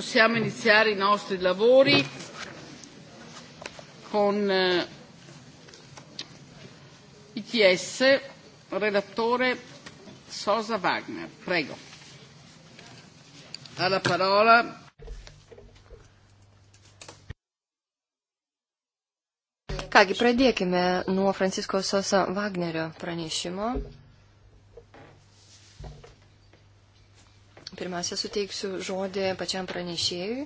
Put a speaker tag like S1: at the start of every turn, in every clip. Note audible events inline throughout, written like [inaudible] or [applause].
S1: possiamo iniziare i nostri lavori con eh, ITS, relatore Sosa Wagner. Prego. Ha la parola.
S2: Kągi, pradėkime nuo Francisko Sosa Wagnerio pranešimo. Pirmiausia, suteiksiu žodį pačiam pranešėjui,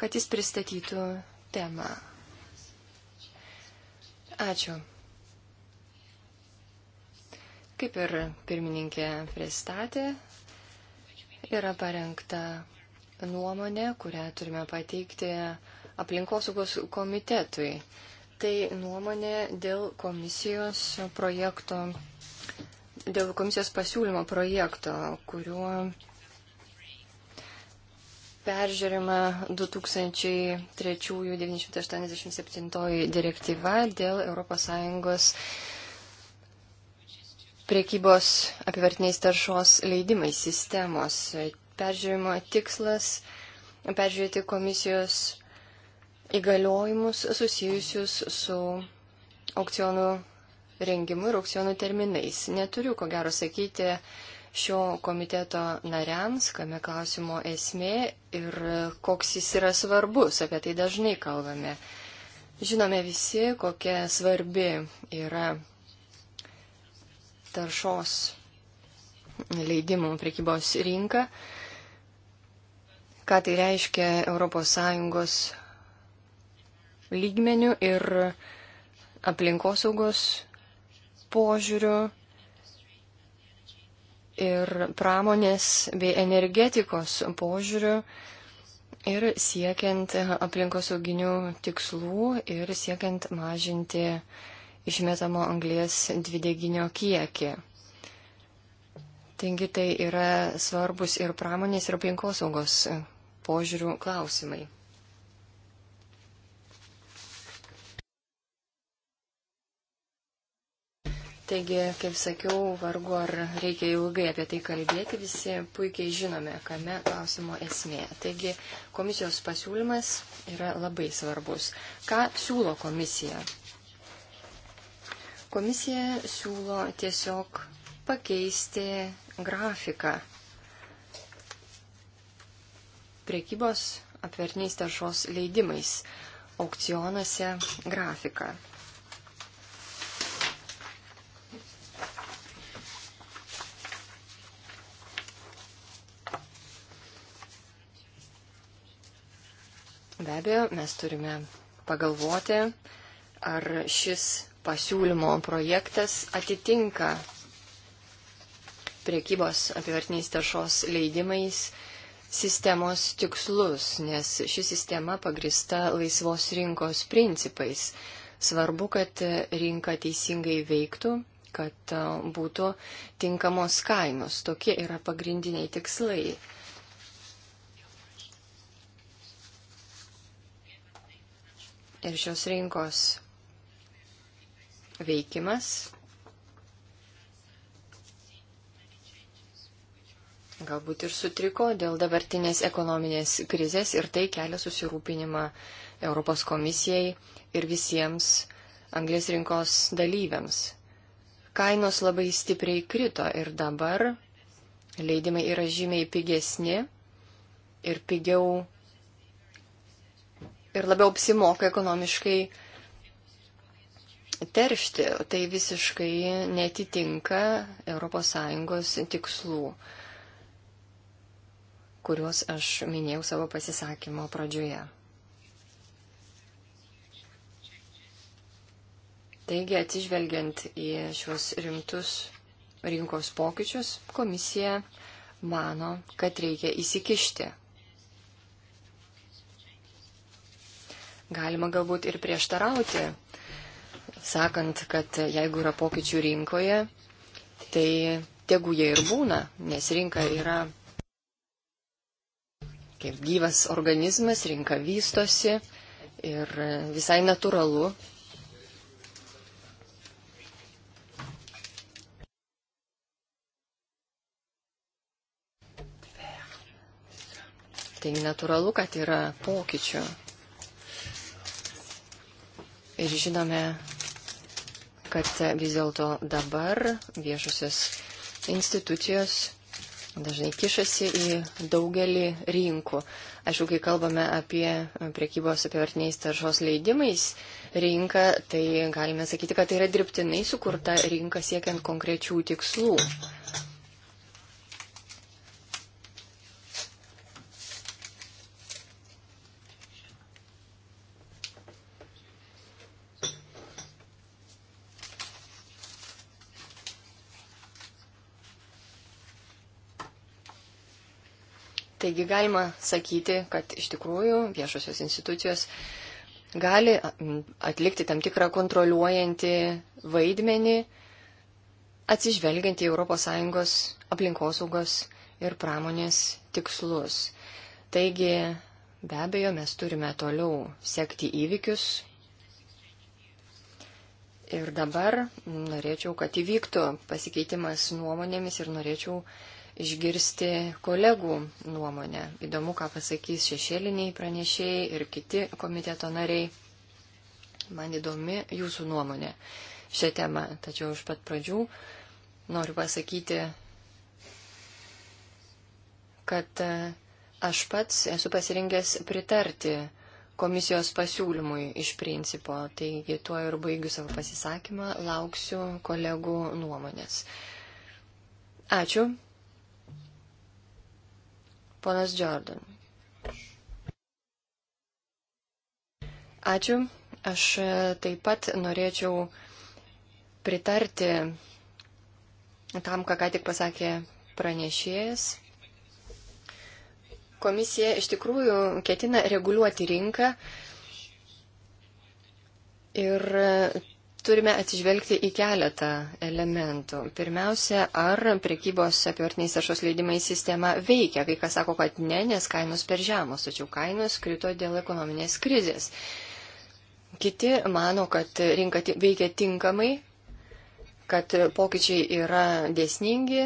S2: kad jis pristatytų temą. Ačiū. Kaip ir pirmininkė pristatė, yra parengta nuomonė, kurią turime pateikti aplinkosaugos komitetui. Tai nuomonė dėl komisijos projekto dėl komisijos pasiūlymo projekto, kuriuo peržiūrima 2003-987 direktyva dėl ES priekybos apivartiniais taršos leidimais sistemos. Peržiūrimo tikslas - peržiūrėti komisijos įgaliojimus susijusius su aukcionų rengimu ir aukcionų terminais. Neturiu, ko gero, sakyti šio komiteto nariams, kame klausimo esmė ir koks jis yra svarbus, apie tai dažnai kalbame. Žinome visi, kokia svarbi yra taršos leidimų prekybos rinka, ką tai reiškia ES lygmenių ir aplinkosaugos požiūriu ir pramonės bei energetikos požiūriu ir siekiant aplinkosauginių tikslų ir siekiant mažinti išmetamo anglės dvideginio kiekį. Taigi tai yra svarbus ir pramonės ir aplinkosaugos požiūrių klausimai. Taigi, kaip sakiau, vargu ar reikia ilgai apie tai kalbėti, visi puikiai žinome, kame klausimo esmė. Taigi, komisijos pasiūlymas yra labai svarbus. Ką siūlo komisija? Komisija siūlo tiesiog pakeisti grafiką priekybos apvertiniais taršos leidimais aukcionuose grafiką. Be abejo, mes turime pagalvoti, ar šis pasiūlymo projektas atitinka priekybos apivartiniais taršos leidimais sistemos tikslus, nes ši sistema pagrista laisvos rinkos principais. Svarbu, kad rinka teisingai veiktų, kad būtų tinkamos kainos. Tokie yra pagrindiniai tikslai. ir šios rinkos veikimas. Galbūt ir sutriko dėl dabartinės ekonominės krizės ir tai kelia susirūpinimą Europos komisijai ir visiems anglės rinkos dalyviams. Kainos labai stipriai krito ir dabar leidimai yra žymiai pigesni ir pigiau ir labiau apsimoka ekonomiškai teršti. Tai visiškai netitinka ES tikslų, kuriuos aš minėjau savo pasisakymo pradžioje. Taigi, atsižvelgiant į šios rimtus rinkos pokyčius, komisija mano, kad reikia įsikišti Galima galbūt ir prieštarauti, sakant, kad jeigu yra pokyčių rinkoje, tai tegu jie ir būna, nes rinka yra kaip gyvas organizmas, rinka vystosi ir visai natūralu. Tai natūralu, kad yra pokyčių. Ir žinome, kad vis dėlto dabar viešusios institucijos dažnai kišasi į daugelį rinkų. Aišku, kai kalbame apie priekybos apivartiniais taršos leidimais rinką, tai galime sakyti, kad tai yra dirbtinai sukurta rinka siekiant konkrečių tikslų. Taigi galima sakyti, kad iš tikrųjų viešosios institucijos gali mm, atlikti tam tikrą kontroliuojantį vaidmenį, atsižvelgiant į ES aplinkosaugos ir pramonės tikslus. Taigi, be abejo, mes turime toliau sekti įvykius. Ir dabar norėčiau, kad įvyktų pasikeitimas nuomonėmis ir norėčiau, išgirsti kolegų nuomonę. Įdomu, ką pasakys šešėliniai pranešėjai ir kiti komiteto nariai. Man įdomi jūsų nuomonė šią temą. Tačiau iš pat pradžių noriu pasakyti, kad e, aš pats esu pasirinkęs pritarti komisijos pasiūlymui iš principo. Taigi tuo ir baigiu savo pasisakymą, lauksiu kolegų nuomonės. Ačiū. Ponas Jordan. Ačiū. Aš taip pat norėčiau pritarti tam, ką ką tik pasakė pranešėjas. Komisija iš tikrųjų ketina reguliuoti rinką ir turime atsižvelgti į keletą elementų. Pirmiausia, ar prekybos apivartiniais taršos leidimais sistema veikia. Kai kas sako, kad ne, nes kainos per žemos, tačiau kainos krito dėl ekonominės krizės. Kiti mano, kad rinka veikia tinkamai, kad pokyčiai yra dėsningi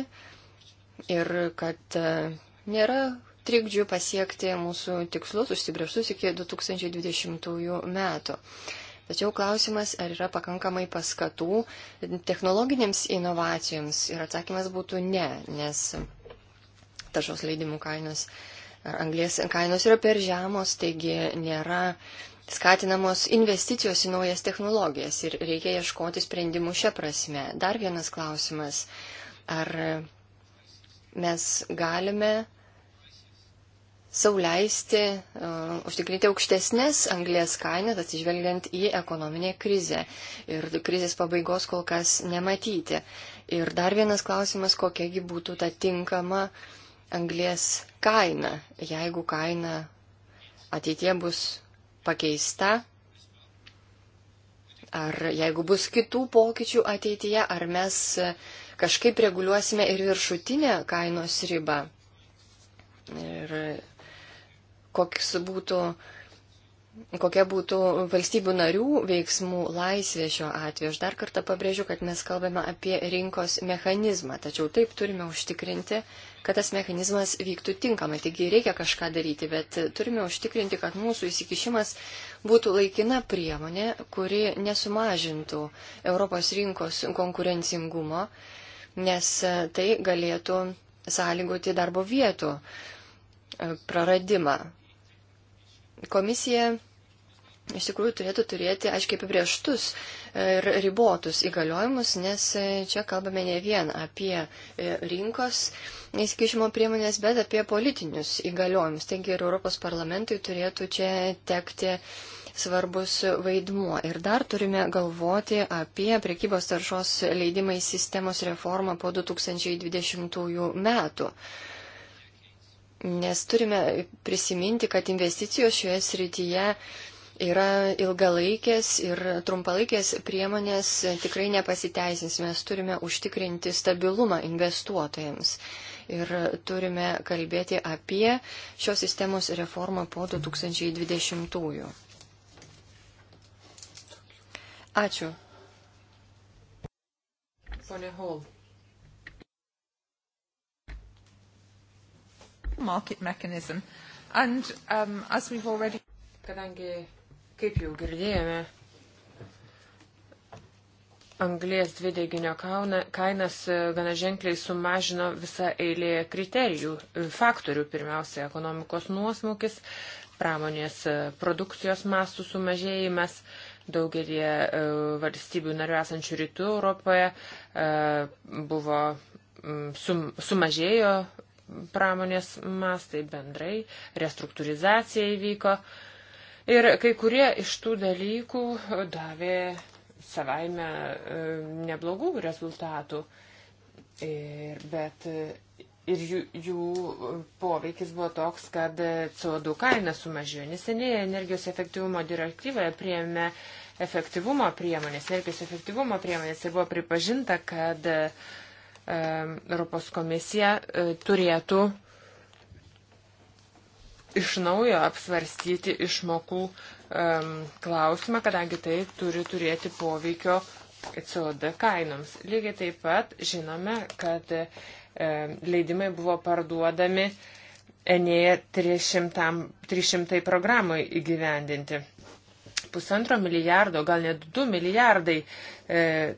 S2: ir kad e, nėra trikdžių pasiekti mūsų tikslus užsibrieštus iki 2020 metų. Tačiau klausimas, ar yra pakankamai paskatų technologinėms inovacijoms ir atsakymas būtų ne, nes taršos leidimų kainos ar anglės kainos yra per žemos, taigi nėra skatinamos investicijos į naujas technologijas ir reikia ieškoti sprendimų šią prasme. Dar vienas klausimas. Ar mes galime sauliaisti uh, užtikrinti aukštesnės anglės kainas, atsižvelgiant į ekonominę krizę. Ir krizės pabaigos kol kas nematyti. Ir dar vienas klausimas, kokiagi būtų ta tinkama anglės kaina, jeigu kaina ateitie bus pakeista, ar jeigu bus kitų pokyčių ateityje, ar mes kažkaip reguliuosime ir viršutinę kainos ribą. Ir koks būtų, kokia būtų valstybių narių veiksmų laisvė šiuo atveju. Aš dar kartą pabrėžiu, kad mes kalbame apie rinkos mechanizmą, tačiau taip turime užtikrinti, kad tas mechanizmas vyktų tinkamai. Taigi reikia kažką daryti, bet turime užtikrinti, kad mūsų įsikišimas būtų laikina priemonė, kuri nesumažintų Europos rinkos konkurencingumo, nes tai galėtų sąlygoti darbo vietų praradimą. Komisija iš tikrųjų turėtų turėti aiškiai apibrieštus e, ir ribotus įgaliojimus, nes e, čia kalbame ne vien apie e, rinkos įsikišimo priemonės, bet apie politinius įgaliojimus. Taigi ir Europos parlamentui turėtų čia tekti svarbus vaidmuo. Ir dar turime galvoti apie priekybos taršos leidimai sistemos reformą po 2020 metų. Nes turime prisiminti, kad investicijos šioje srityje yra ilgalaikės ir trumpalaikės priemonės tikrai nepasiteisins. Mes turime užtikrinti stabilumą investuotojams ir turime kalbėti apie šios sistemos reformą po 2020. -ųjų. Ačiū. Pone Hall. market mechanism.
S3: And um, as we've already... Kadangi, kaip jau girdėjome, anglės dvideginio kauna, kainas e, gana ženkliai sumažino visą eilę kriterijų, e, faktorių, pirmiausia, ekonomikos nuosmukis, pramonės e, produkcijos mastų sumažėjimas, daugelį valstybių narių esančių rytų Europoje buvo sum, sumažėjo pramonės mastai bendrai, restruktūrizacija įvyko. Ir kai kurie iš tų dalykų davė savaime e, neblogų rezultatų, ir, bet e, ir jų, jų poveikis buvo toks, kad CO2 kaina sumažėjo. Neseniai energijos efektyvumo direktyvoje priėmė efektyvumo priemonės, energijos efektyvumo priemonės ir buvo pripažinta, kad uh, Europos komisija e, turėtų iš naujo apsvarstyti išmokų klausimą, kadangi tai turi turėti poveikio CO2 kainoms. Lygiai taip pat žinome, kad leidimai buvo parduodami Enėje 300, 300 programai įgyvendinti pusantro milijardo, gal net 2 milijardai e,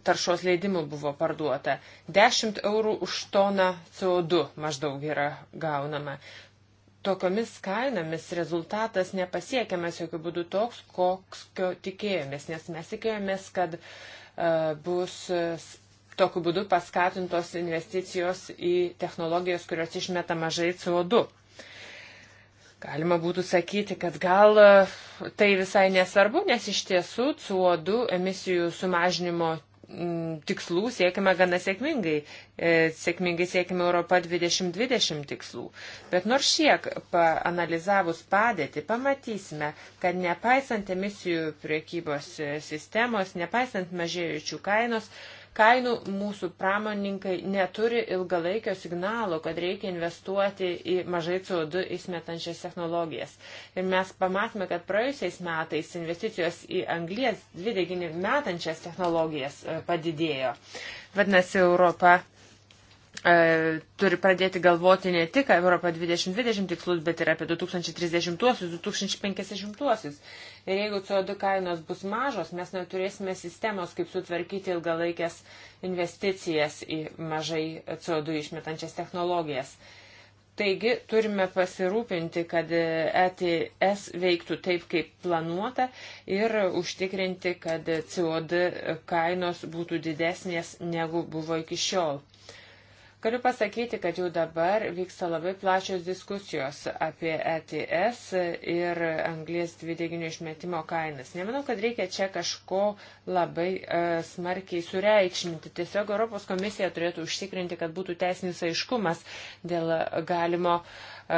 S3: taršos leidimų buvo parduota. 10 eurų už toną CO2 maždaug yra gaunama. Tokiomis kainomis rezultatas nepasiekiamas jokių būdų toks, kokio tikėjomės, nes mes tikėjomės, kad e, bus tokiu būdu paskatintos investicijos į technologijas, kurios išmeta mažai CO2. Galima būtų sakyti, kad gal e, tai visai nesvarbu, nes iš tiesų CO2 emisijų sumažinimo mm, tikslų siekime gana sėkmingai. E, sėkmingai siekime Europą 2020 tikslų. Bet nors šiek analizavus padėtį, pamatysime, kad nepaisant emisijų priekybos e, sistemos, nepaisant mažėjučių kainos, kainų mūsų pramoninkai neturi ilgalaikio signalo, kad reikia investuoti į mažai CO2 įsmetančias technologijas. Ir mes pamatome, kad praėjusiais metais investicijos į anglies dvideginį metančias technologijas e, padidėjo. Vadinasi, Europa E, turi pradėti galvoti ne tik Europą 2020 tikslus, bet ir apie 2030-uosius, 2050-uosius. Ir jeigu CO2 kainos bus mažos, mes neturėsime sistemos, kaip sutvarkyti ilgalaikės investicijas į mažai CO2 išmetančias technologijas. Taigi turime pasirūpinti, kad ETS veiktų taip, kaip planuota ir užtikrinti, kad CO2 kainos būtų didesnės negu buvo iki šiol. Uh, Galiu pasakyti, kad jau dabar vyksta labai plačios diskusijos apie ETS ir anglės dvideginio išmetimo kainas. Nemanau, kad reikia čia kažko labai e, smarkiai sureikšminti. Tiesiog Europos komisija turėtų užtikrinti, kad būtų teisinis aiškumas dėl galimo e,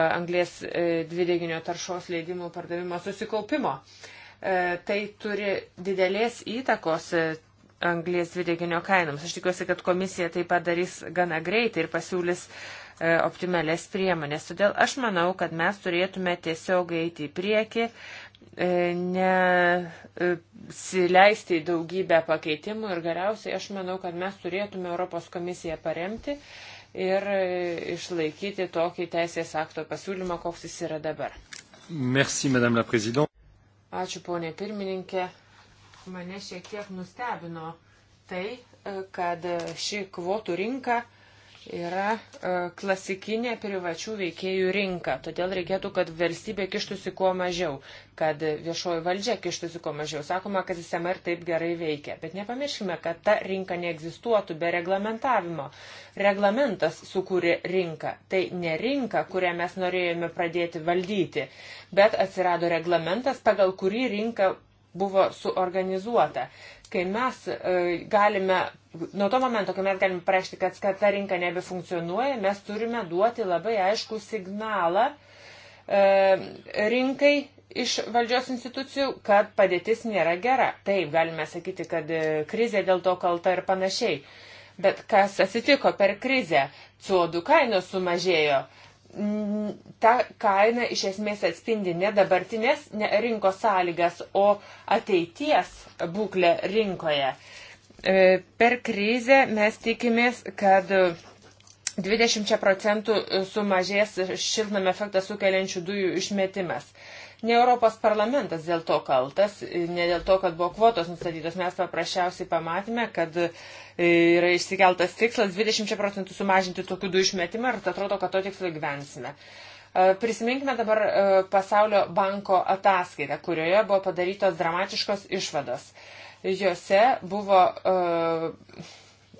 S3: anglės e, dvideginio taršos leidimų pardavimo susikaupimo. E, tai turi didelės įtakos anglės dvideginio kainoms. Aš tikiuosi, kad komisija tai padarys gana greitai ir pasiūlys e, optimalės priemonės. Todėl aš manau, kad mes turėtume tiesiog eiti į priekį, e, nesileisti e, į daugybę pakeitimų ir galiausiai aš manau, kad mes turėtume Europos komisiją paremti ir išlaikyti tokį teisės akto pasiūlymą, koks jis yra dabar.
S4: Merci,
S3: Ačiū, ponė pirmininkė mane šiek tiek nustebino tai, e, kad e, ši kvotų rinka yra e, klasikinė privačių veikėjų rinka. Todėl reikėtų, kad valstybė kištusi kuo mažiau, kad viešoji valdžia kištusi kuo mažiau. Sakoma, kad sistema ir taip gerai veikia. Bet nepamirškime, kad ta rinka neegzistuotų be reglamentavimo. Reglamentas sukūrė rinką. Tai ne rinka, kurią mes norėjome pradėti valdyti, bet atsirado reglamentas, pagal kurį rinka buvo suorganizuota. Kai mes e, galime, nuo to momento, kai mes galime prašyti, kad, kad ta rinka nebefunkcionuoja, mes turime duoti labai aišku signalą e, rinkai iš valdžios institucijų, kad padėtis nėra gera. Taip, galime sakyti, kad e, krizė dėl to kalta ir panašiai. Bet kas atsitiko per krizę? CO2 kainos sumažėjo, ta kaina iš esmės atspindi ne dabartinės ne rinkos sąlygas, o ateities būklę rinkoje. E, per krizę mes tikimės, kad 20 procentų sumažės šiltnamio efektą sukeliančių dujų išmetimas. Ne Europos parlamentas dėl to kaltas, ne dėl to, kad buvo kvotos nustatytos. Mes paprasčiausiai pamatėme, kad e, yra išsikeltas tikslas 20 procentų sumažinti tokių dujų išmetimą ir atrodo, kad to tikslo gyvensime. E, prisiminkime dabar e, pasaulio banko ataskaitą, kurioje buvo padarytos dramatiškos išvados. Jose buvo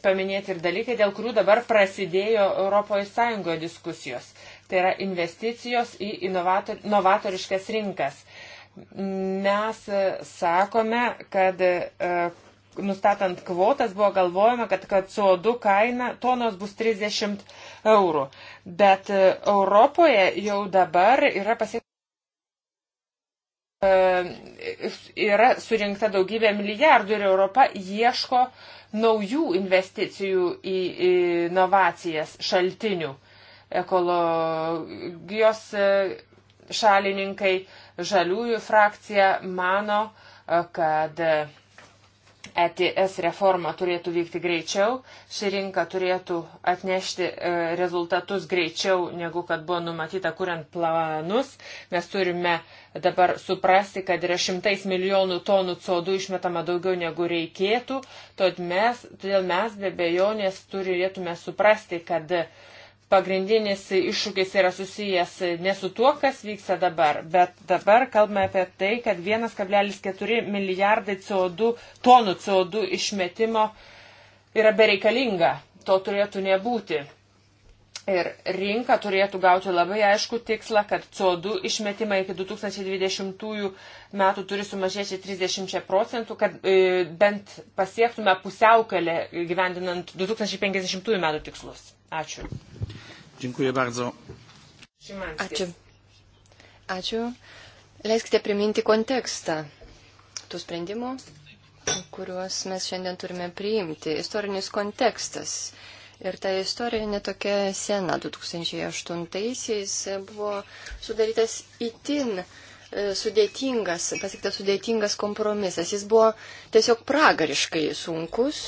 S3: paminėti ir dalykai, dėl kurių dabar prasidėjo Europoje Sąjungoje diskusijos tai yra investicijos į inovator, novatoriškas rinkas. Mes e, sakome, kad e, nustatant kvotas buvo galvojama, kad, kad CO2 kaina tonos bus 30 eurų. Bet e, Europoje jau dabar yra pasiekta yra surinkta daugybė milijardų ir Europa ieško naujų investicijų į inovacijas šaltinių ekologijos e, šalininkai, žaliųjų frakcija mano, e, kad ETS reforma turėtų vykti greičiau, ši rinka turėtų atnešti e, rezultatus greičiau, negu kad buvo numatyta kuriant planus. Mes turime dabar suprasti, kad yra šimtais milijonų tonų CO2 išmetama daugiau negu reikėtų, todėl mes, todėl mes be bejonės turėtume suprasti, kad uh, pagrindinis iššūkis yra susijęs ne su tuo, kas vyksta dabar, bet dabar kalbame apie tai, kad 1,4 milijardai CO2, tonų CO2 išmetimo yra bereikalinga. To turėtų nebūti. Ir rinka turėtų gauti labai aišku tikslą, kad CO2 išmetimai iki 2020 metų turi sumažėti 30 procentų, kad e, bent pasiektume pusiaukelę gyvendinant 2050 metų tikslus. Ačiū.
S4: Dziękuję bardzo.
S2: Ačiū. Ačiū. Leiskite priminti kontekstą tų sprendimų, kuriuos mes šiandien turime priimti. Istorinis kontekstas. Ir ta istorija netokia sena. 2008-aisiais buvo sudarytas itin e, sudėtingas, pasiektas sudėtingas kompromisas. Jis buvo tiesiog pragariškai sunkus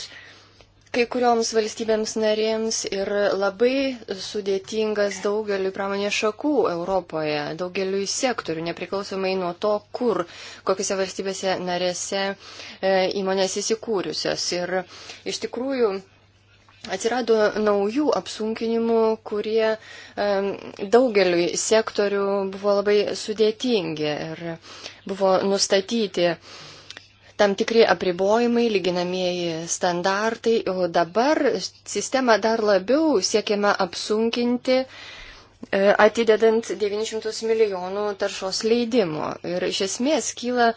S2: kai kurioms valstybėms narėms ir labai sudėtingas daugeliu pramonės šakų Europoje, daugeliu sektorių, nepriklausomai nuo to, kur, kokiuose valstybėse narėse e, įmonės įsikūrusios. Ir iš tikrųjų atsirado naujų apsunkinimų, kurie e, daugeliui sektorių buvo labai sudėtingi ir buvo nustatyti tam tikri apribojimai, lyginamieji standartai, o dabar sistemą dar labiau siekiame apsunkinti, e, atidedant 900 milijonų taršos leidimo. Ir iš esmės kyla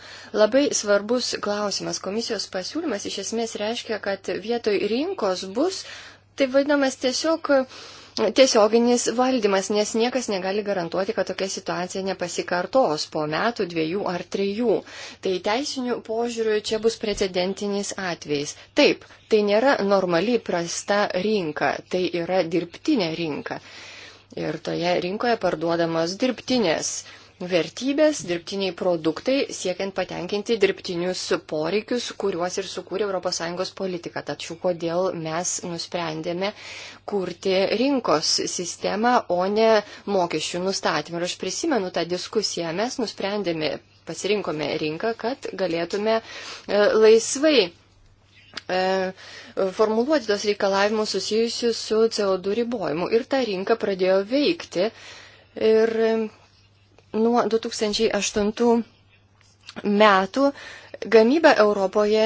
S2: labai svarbus klausimas. Komisijos pasiūlymas iš esmės reiškia, kad vietoj rinkos bus, tai vadinamas tiesiog tiesioginis valdymas, nes niekas negali garantuoti, kad tokia situacija nepasikartos po metų, dviejų ar trijų. Tai teisinių požiūrių čia bus precedentinis atvejs. Taip, tai nėra normali prasta rinka, tai yra dirbtinė rinka. Ir toje rinkoje parduodamos dirbtinės vertybės, dirbtiniai produktai, siekiant patenkinti dirbtinius poreikius, kuriuos ir sukūrė ES politika. Tačiau kodėl mes nusprendėme kurti rinkos sistemą, o ne mokesčių nustatymą. Ir aš prisimenu tą diskusiją. Mes nusprendėme, pasirinkome rinką, kad galėtume e, laisvai e, formuluoti tos reikalavimus susijusius su CO2 ribojimu. Ir ta rinka pradėjo veikti. Ir nuo 2008 metų gamyba Europoje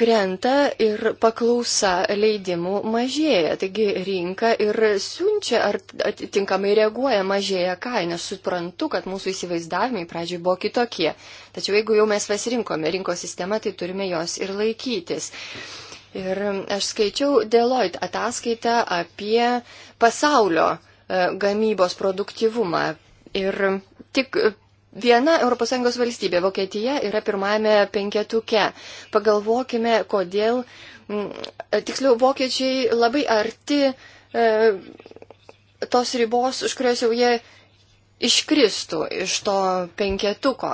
S2: krenta ir paklausa leidimų mažėja. Taigi rinka ir siunčia, ar atitinkamai reaguoja, mažėja kaina. Suprantu, kad mūsų įsivaizdavimai pradžioj buvo kitokie. Tačiau jeigu jau mes pasirinkome rinkos sistemą, tai turime jos ir laikytis. Ir aš skaičiau Deloitte ataskaitą apie pasaulio e, gamybos produktivumą Ir tik viena ES valstybė, Vokietija, yra pirmajame penketuke. Pagalvokime, kodėl. Tiksliau, vokiečiai labai arti e, tos ribos, už kurios jau jie iškristų iš to penketuko.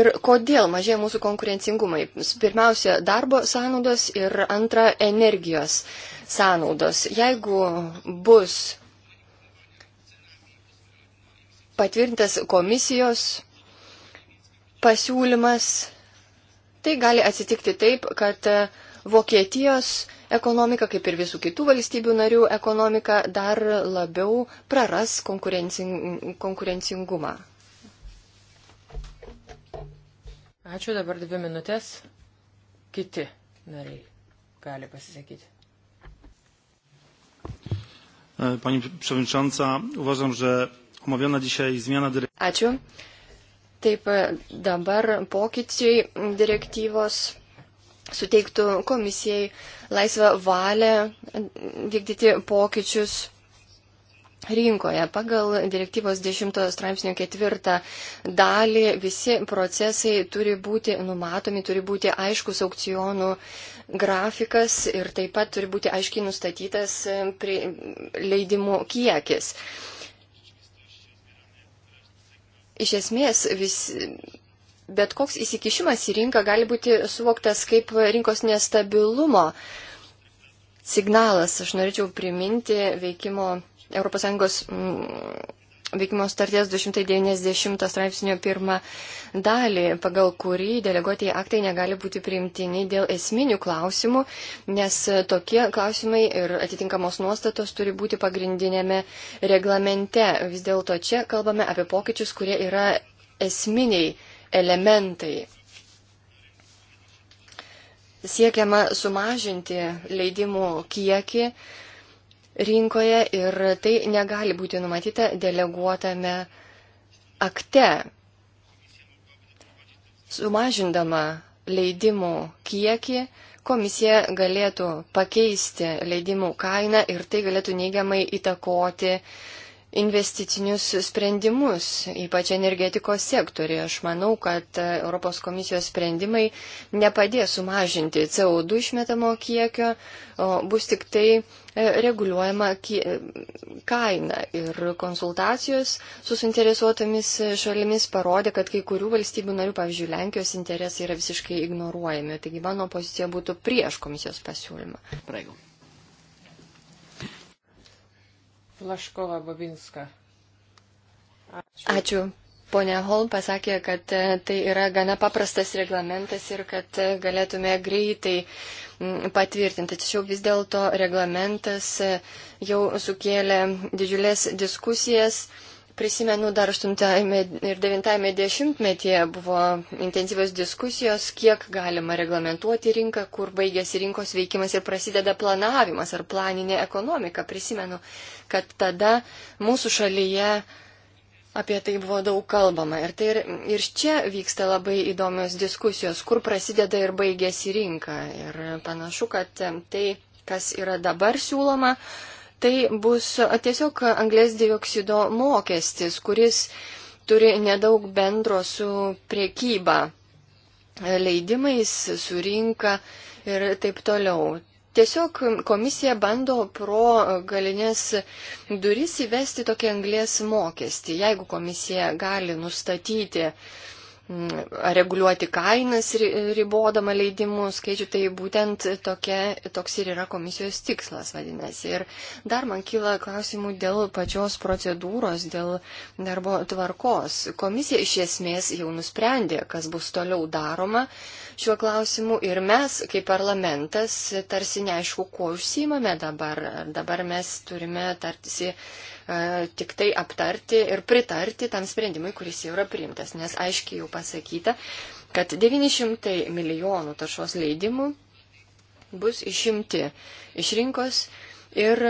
S2: Ir kodėl mažėja mūsų konkurencingumai? Pirmiausia, darbo sąnaudos ir antra, energijos sąnaudos. Jeigu bus patvirtintas komisijos pasiūlymas, tai gali atsitikti taip, kad e, Vokietijos ekonomika, kaip ir visų kitų valstybių narių ekonomika, dar labiau praras konkurencing, konkurencingumą.
S3: Ačiū dabar dvi minutės. Kiti nariai gali pasisakyti.
S4: E, pani Przewodnicząca, uważam, że Omawiana dzisiaj zmiana dyrektywy. Ačiū.
S2: Taip, dabar pokyčiai direktyvos suteiktų komisijai laisvą valią vykdyti pokyčius rinkoje. Pagal direktyvos 10 straipsnio ketvirtą dalį visi procesai turi būti numatomi, turi būti aiškus aukcionų grafikas ir taip pat turi būti aiškiai nustatytas leidimų kiekis. Iš esmės, vis, bet koks įsikišimas į rinką gali būti suvoktas kaip rinkos nestabilumo signalas. Aš norėčiau priminti veikimo ES veikimo starties 290 straipsnio pirmą dalį, pagal kurį deleguotieji aktai negali būti priimtini dėl esminių klausimų, nes tokie klausimai ir atitinkamos nuostatos turi būti pagrindinėme reglamente. Vis dėlto čia kalbame apie pokyčius, kurie yra esminiai elementai. Siekiama sumažinti leidimų kiekį rinkoje ir tai negali būti numatyta deleguotame akte. Sumažindama leidimų kiekį, komisija galėtų pakeisti leidimų kainą ir tai galėtų neigiamai įtakoti investicinius sprendimus, ypač energetikos sektoriuje. Aš manau, kad Europos komisijos sprendimai nepadės sumažinti CO2 išmetamo kiekio, bus tik tai E, reguliuojama e, kaina ir konsultacijos su suinteresuotomis šalimis parodė, kad kai kurių valstybių narių, pavyzdžiui, Lenkijos interesai yra visiškai ignoruojami. Taigi mano pozicija būtų prieš komisijos pasiūlymą. Praegu.
S3: Laškova Babinska.
S2: Ačiū. Ačiū, Pone Hol pasakė, kad e, tai yra gana paprastas reglamentas ir kad e, galėtume greitai patvirtinti. Tačiau vis dėlto reglamentas e, jau sukėlė didžiulės diskusijas. Prisimenu, dar 8 ir 9 dešimtmetyje buvo intensyvios diskusijos, kiek galima reglamentuoti rinką, kur baigėsi rinkos veikimas ir prasideda planavimas ar planinė ekonomika. Prisimenu, kad tada mūsų šalyje uh, Apie tai buvo daug kalbama. Ir, tai ir, ir čia vyksta labai įdomios diskusijos, kur prasideda ir baigėsi rinka. Ir panašu, kad tai, kas yra dabar siūloma, tai bus tiesiog anglės dioksido mokestis, kuris turi nedaug bendro su priekyba leidimais, su rinka ir taip toliau. Tiesiog komisija bando pro galinės duris įvesti tokį anglės mokestį. Jeigu komisija gali nustatyti uh, Mm, reguliuoti kainas ribodama leidimų skaičių, tai būtent tokia, toks ir yra komisijos tikslas, vadinasi. Ir dar man kyla klausimų dėl pačios procedūros, dėl darbo tvarkos. Komisija iš esmės jau nusprendė, kas bus toliau daroma šiuo klausimu ir mes, kaip parlamentas, tarsi neaišku, kuo užsimame dabar. Dabar mes turime tarsi E, tik tai aptarti ir pritarti tam sprendimui, kuris jau yra priimtas, nes aiškiai jau pasakyta, kad 900 milijonų taršos leidimų bus išimti iš rinkos ir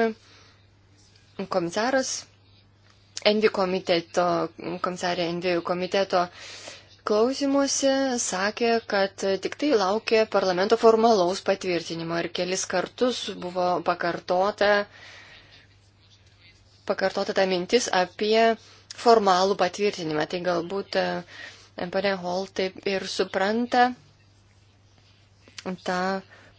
S2: komisaras Envi komiteto, komisarė Envi komiteto klausimuose sakė, kad tik tai laukia parlamento formalaus patvirtinimo ir kelis kartus buvo pakartota uh, pakartota ta mintis apie formalų patvirtinimą. Tai galbūt e, pane Hol taip ir supranta tą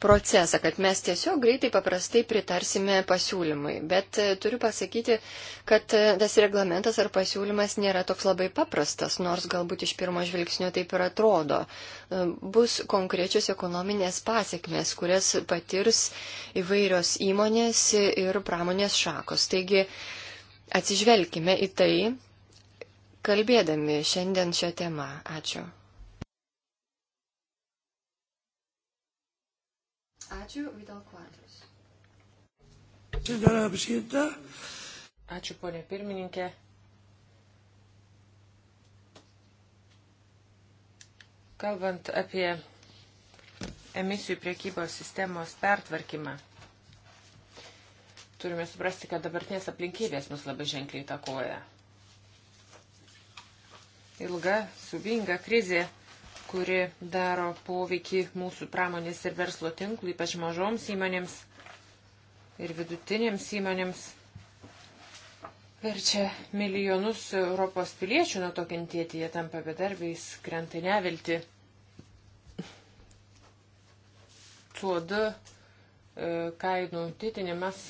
S2: procesą, kad mes tiesiog greitai paprastai pritarsime pasiūlymui. Bet e, turiu pasakyti, kad e, tas reglamentas ar pasiūlymas nėra toks labai paprastas, nors galbūt iš pirmo žvilgsnio taip ir atrodo. Bus konkrečios ekonominės pasiekmes, kurias patirs įvairios įmonės ir pramonės šakos. Taigi, Atsižvelkime į tai, kalbėdami šiandien šią temą. Ačiū. Ačiū, Vidal Kvartus.
S3: Senora Presidenta. Ačiū, ponė pirmininkė. Kalbant apie emisijų priekybos sistemos pertvarkymą, Turime suprasti, kad dabartinės aplinkybės mus labai ženkliai takoja. Ilga, subinga krizė, kuri daro poveikį mūsų pramonės ir verslo tinklui, ypač mažoms įmonėms ir vidutinėms įmonėms, verčia milijonus Europos piliečių nuo to kentėti, jie tampa bedarbiais, krenta nevilti. Tuodu e, kainų didinimas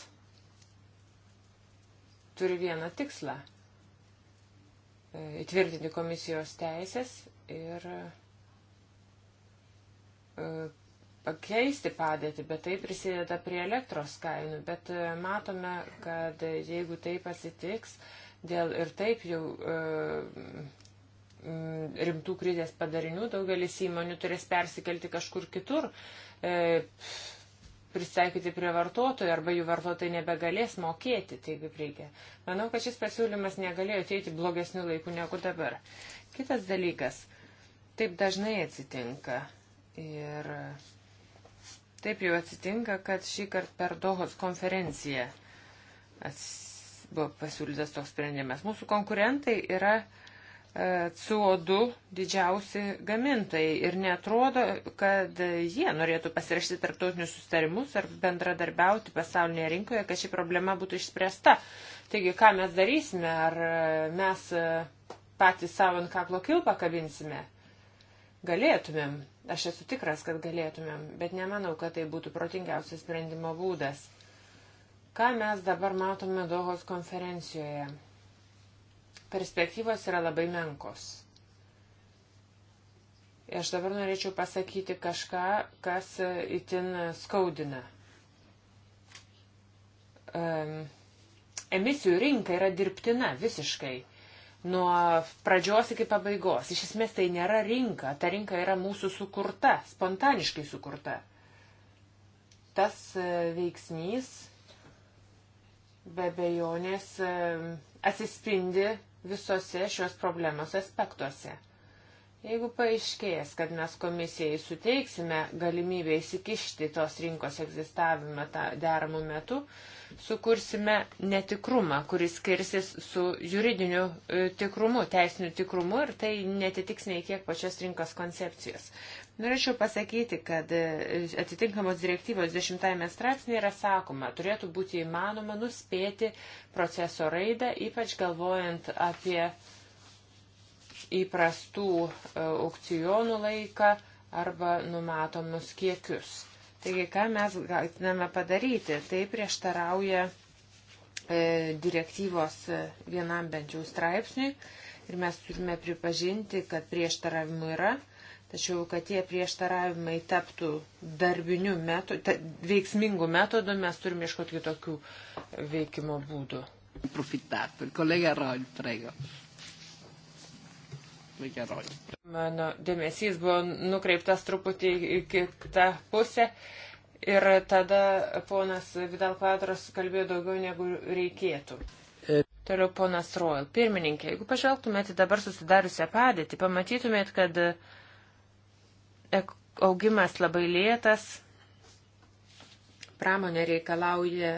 S3: turi vieną tikslą e, - įtvirtinti komisijos teisės ir e, pakeisti padėtį, bet tai prisideda prie elektros kainų. Bet e, matome, kad jeigu taip atsitiks, dėl ir taip jau rimtų krizės padarinių daugelis įmonių turės persikelti kažkur kitur pristaikyti prie vartotojų arba jų vartotojai nebegalės mokėti taip kaip reikia. Manau, kad šis pasiūlymas negalėjo ateiti blogesnių laikų negu dabar. Kitas dalykas. Taip dažnai atsitinka. Ir taip jau atsitinka, kad šį kartą per Dohos konferenciją buvo pasiūlytas toks sprendimas. Mūsų konkurentai yra uh, CO2 didžiausi gamintojai ir netrodo, kad jie norėtų pasirašyti tarptautinius sustarimus ar bendradarbiauti pasaulinėje rinkoje, kad ši problema būtų išspręsta. Taigi, ką mes darysime, ar e, mes e, patys savo ant kaklo kilpą kabinsime? Galėtumėm, aš esu tikras, kad galėtumėm, bet nemanau, kad tai būtų protingiausias sprendimo būdas. Ką mes dabar matome Dohos konferencijoje? perspektyvos yra labai menkos. Ir aš dabar norėčiau pasakyti kažką, kas itin skaudina. Um, emisijų rinka yra dirbtina visiškai nuo pradžios iki pabaigos. Iš esmės tai nėra rinka, ta rinka yra mūsų sukurta, spontaniškai sukurta. Tas e, veiksnys be bejonės e, atsispindi visose šios problemos aspektuose. Jeigu paaiškės, kad mes komisijai suteiksime galimybę įsikišti tos rinkos egzistavimą deramų metų, sukursime netikrumą, kuris skirsis su juridiniu e, tikrumu, teisiniu tikrumu ir tai netitiks nei kiek pačios rinkos koncepcijos. Norėčiau pasakyti, kad e, atitinkamos direktyvos 10 straipsnė yra sakoma, turėtų būti įmanoma nuspėti proceso raidą, ypač galvojant apie įprastų e, aukcijonų laiką arba numatomus kiekius. Taigi, ką mes galime padaryti, tai prieštarauja e, direktyvos vienam bent jau straipsniui ir mes turime pripažinti, kad prieštaravimų yra Tačiau, kad tie prieštaravimai taptų darbiniu metodu, ta, veiksmingu metodu, mes turime ieškoti kitokių veikimo būdų. Profitato. Kolega Roil, prego. Mano dėmesys buvo nukreiptas truputį į kitą pusę ir tada ponas Vidal Kvadras kalbėjo daugiau negu reikėtų. E. Toliau ponas Royal. Pirmininkė, jeigu pažvelgtumėte dabar susidariusią padėtį, pamatytumėt, kad uh, augimas labai lėtas, pramonė reikalauja,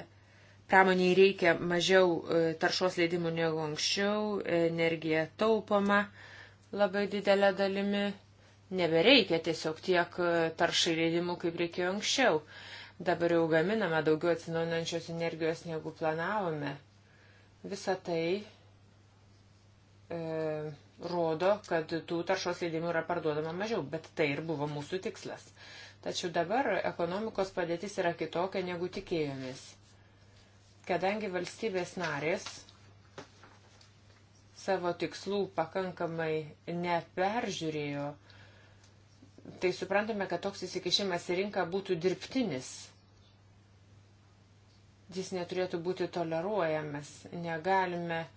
S3: pramoniai reikia mažiau e, taršos leidimų negu anksčiau, energija taupoma labai didelė dalimi, nebereikia tiesiog tiek e, taršai leidimų, kaip reikėjo anksčiau. Dabar jau gaminame daugiau atsinaujinančios energijos, negu planavome. Visą tai e, rodo, kad tų taršos leidimų yra parduodama mažiau, bet tai ir buvo mūsų tikslas. Tačiau dabar ekonomikos padėtis yra kitokia negu tikėjomės. Kadangi valstybės narės savo tikslų pakankamai neperžiūrėjo, tai suprantame, kad toks įsikišimas į rinką būtų dirbtinis. Jis neturėtų būti toleruojamas. Negalime uh,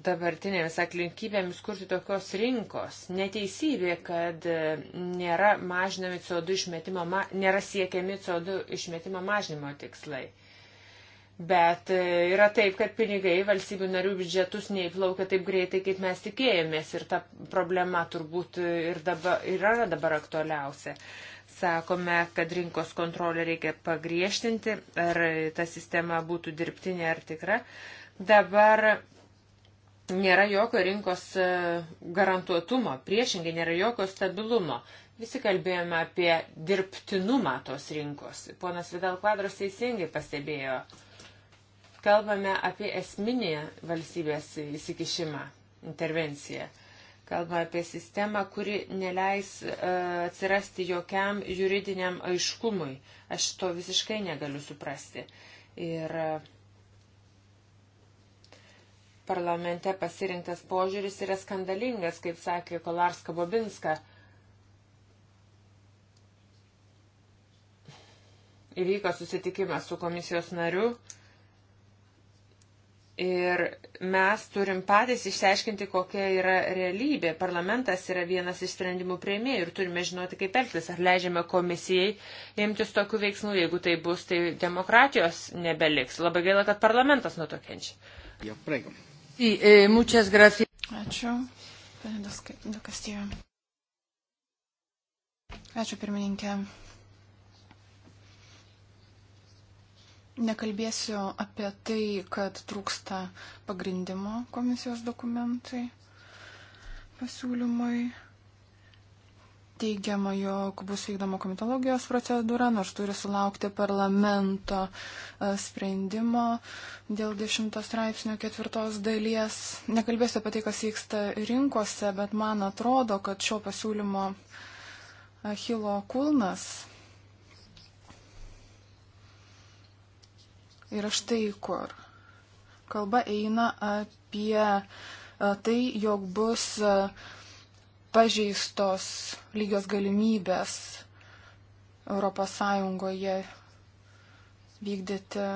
S3: dabartinėmis aplinkybėmis kurti tokios rinkos. Neteisybė, kad e, nėra mažinami CO2 išmetimo, nėra siekiami CO2 išmetimo mažinimo tikslai. Bet e, yra taip, kad pinigai valstybių narių biudžetus neįplaukia taip greitai, kaip mes tikėjomės. Ir ta problema turbūt ir, dabar, ir yra dabar aktualiausia. Sakome, kad rinkos kontrolę reikia pagriežtinti, ar ta sistema būtų dirbtinė ar tikra. Dabar Nėra jokio rinkos e, garantuotumo, priešingai nėra jokio stabilumo. Visi kalbėjome apie dirbtinumą tos rinkos. Ponas Vidal Kvadras teisingai pastebėjo. Kalbame apie esminį valstybės įsikišimą, intervenciją. Kalbame apie sistemą, kuri neleis uh, atsirasti jokiam juridiniam aiškumui. Aš to visiškai negaliu suprasti. Ir uh, parlamente pasirinktas požiūris yra skandalingas, kaip sakė Kolarska Bobinska. Įvyko susitikimas su komisijos nariu ir mes turim patys išsiaiškinti, kokia yra realybė. Parlamentas yra vienas iš sprendimų prieimėjų ir turime žinoti, kaip elgtis. Ar leidžiame komisijai imtis tokių veiksmų, jeigu tai bus, tai demokratijos nebeliks. Labai gaila, kad parlamentas nuo to kenčia. Ja, prieigom. Sí,
S4: eh,
S1: muchas gracias. Ačiū. Dukastyjo. Ačiū pirmininkė. Nekalbėsiu apie tai, kad trūksta pagrindimo komisijos dokumentai pasiūlymui teigiama, jog bus vykdoma komitologijos procedūra, nors turi sulaukti parlamento e, sprendimo dėl 10 straipsnio ketvirtos dalies. Nekalbėsiu apie tai, kas vyksta rinkose, bet man atrodo, kad šio pasiūlymo Achilo kulnas yra štai kur. Kalba eina apie e, tai, jog bus uh, pažeistos lygios galimybės ES vykdyti e,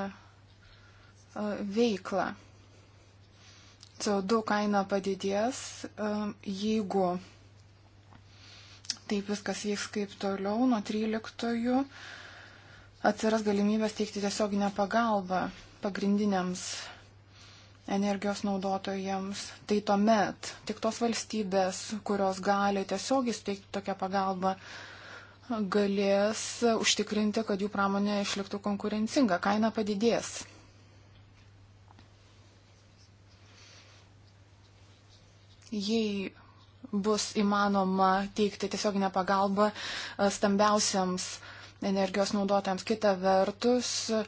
S1: veiklą. CO2 kaina padidės, e, jeigu taip viskas vyks kaip toliau nuo 13-ojų, atsiras galimybės teikti tiesioginę pagalbą pagrindiniams energijos naudotojams, tai tuomet tik tos valstybės, kurios gali tiesiogiai suteikti tokią pagalbą, galės užtikrinti, kad jų pramonė išliktų konkurencinga, kaina padidės. Jei bus įmanoma teikti tiesioginę pagalbą e, stambiausiams energijos naudotojams, kita vertus, e,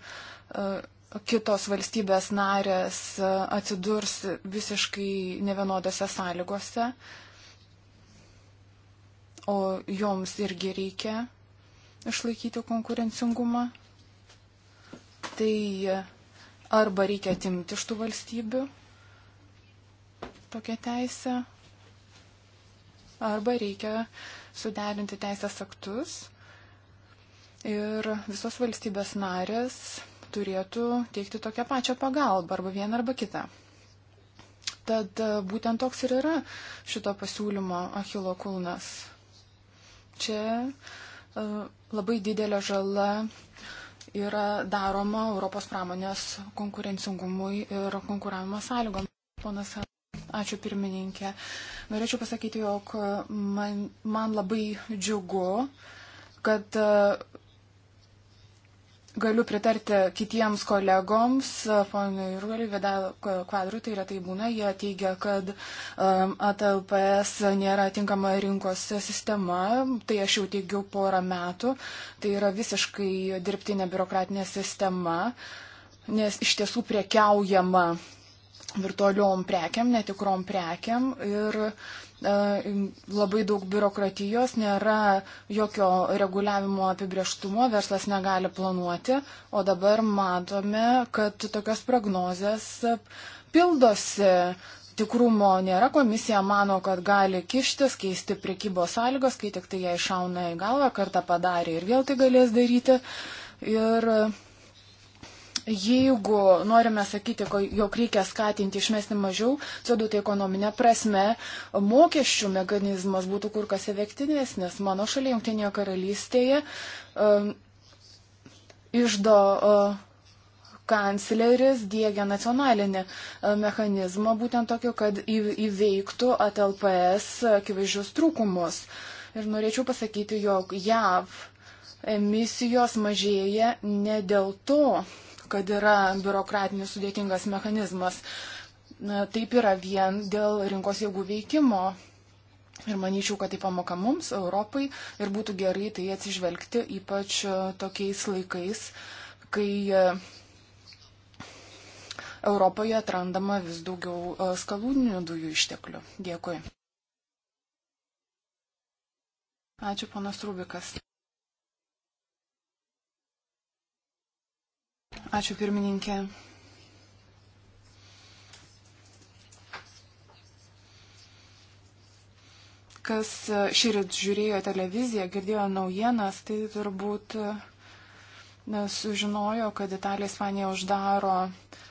S1: kitos valstybės narės e, atsidurs visiškai nevienodose sąlygose, o joms irgi reikia išlaikyti konkurencingumą. Tai e, arba reikia atimti iš tų valstybių tokią teisę, arba reikia suderinti teisės aktus ir visos valstybės narės turėtų teikti tokią pačią pagalbą arba vieną arba kitą. Tad e, būtent toks ir yra šito pasiūlymo Achilo kulnas. Čia e, labai didelė žala yra daroma Europos pramonės konkurencingumui ir konkuravimo sąlygom. Ponas, ačiū pirmininkė. Norėčiau pasakyti, jog man, man labai džiugu, kad e, Galiu pritarti kitiems kolegoms, ponui Rūliui, Vidal Kvadrui, tai retai būna, jie teigia, kad um, ATLPS nėra tinkama rinkos sistema, tai aš jau teigiau porą metų, tai yra visiškai dirbtinė biurokratinė sistema, nes iš tiesų priekiaujama virtualiom prekiam, netikrom prekiam ir e, labai daug biurokratijos, nėra jokio reguliavimo apibrieštumo, verslas negali planuoti, o dabar matome, kad tokios prognozės pildosi. Tikrumo nėra, komisija mano, kad gali kištis, keisti priekybos sąlygos, kai tik tai jai šauna į galvą, kartą padarė ir vėl tai galės daryti. Ir uh, Jeigu norime sakyti, jog reikia skatinti išmesti mažiau CO2 tai ekonominė prasme, mokesčių mechanizmas būtų kur kas efektyvesnis. Mano šalia Junktinėje karalystėje um, išdo uh, kancleris dėgia nacionalinį e, mechanizmą, būtent tokiu, kad įveiktų ATLPS akivaizdžius trūkumus. Ir norėčiau pasakyti, jog JAV emisijos mažėja ne dėl to, kad yra biurokratinis sudėtingas mechanizmas. Taip yra vien dėl rinkos jėgų veikimo. Ir manyčiau, kad tai pamoka mums, Europai, ir būtų gerai tai atsižvelgti, ypač e, tokiais laikais, kai e, Europoje atrandama vis daugiau e, skalūninių dujų išteklių. Dėkui. Ačiū, panas Rubikas. Ačiū pirmininkė. Kas širit žiūrėjo televiziją, girdėjo naujienas, tai turbūt sužinojo, kad Italija Ispanija uždaro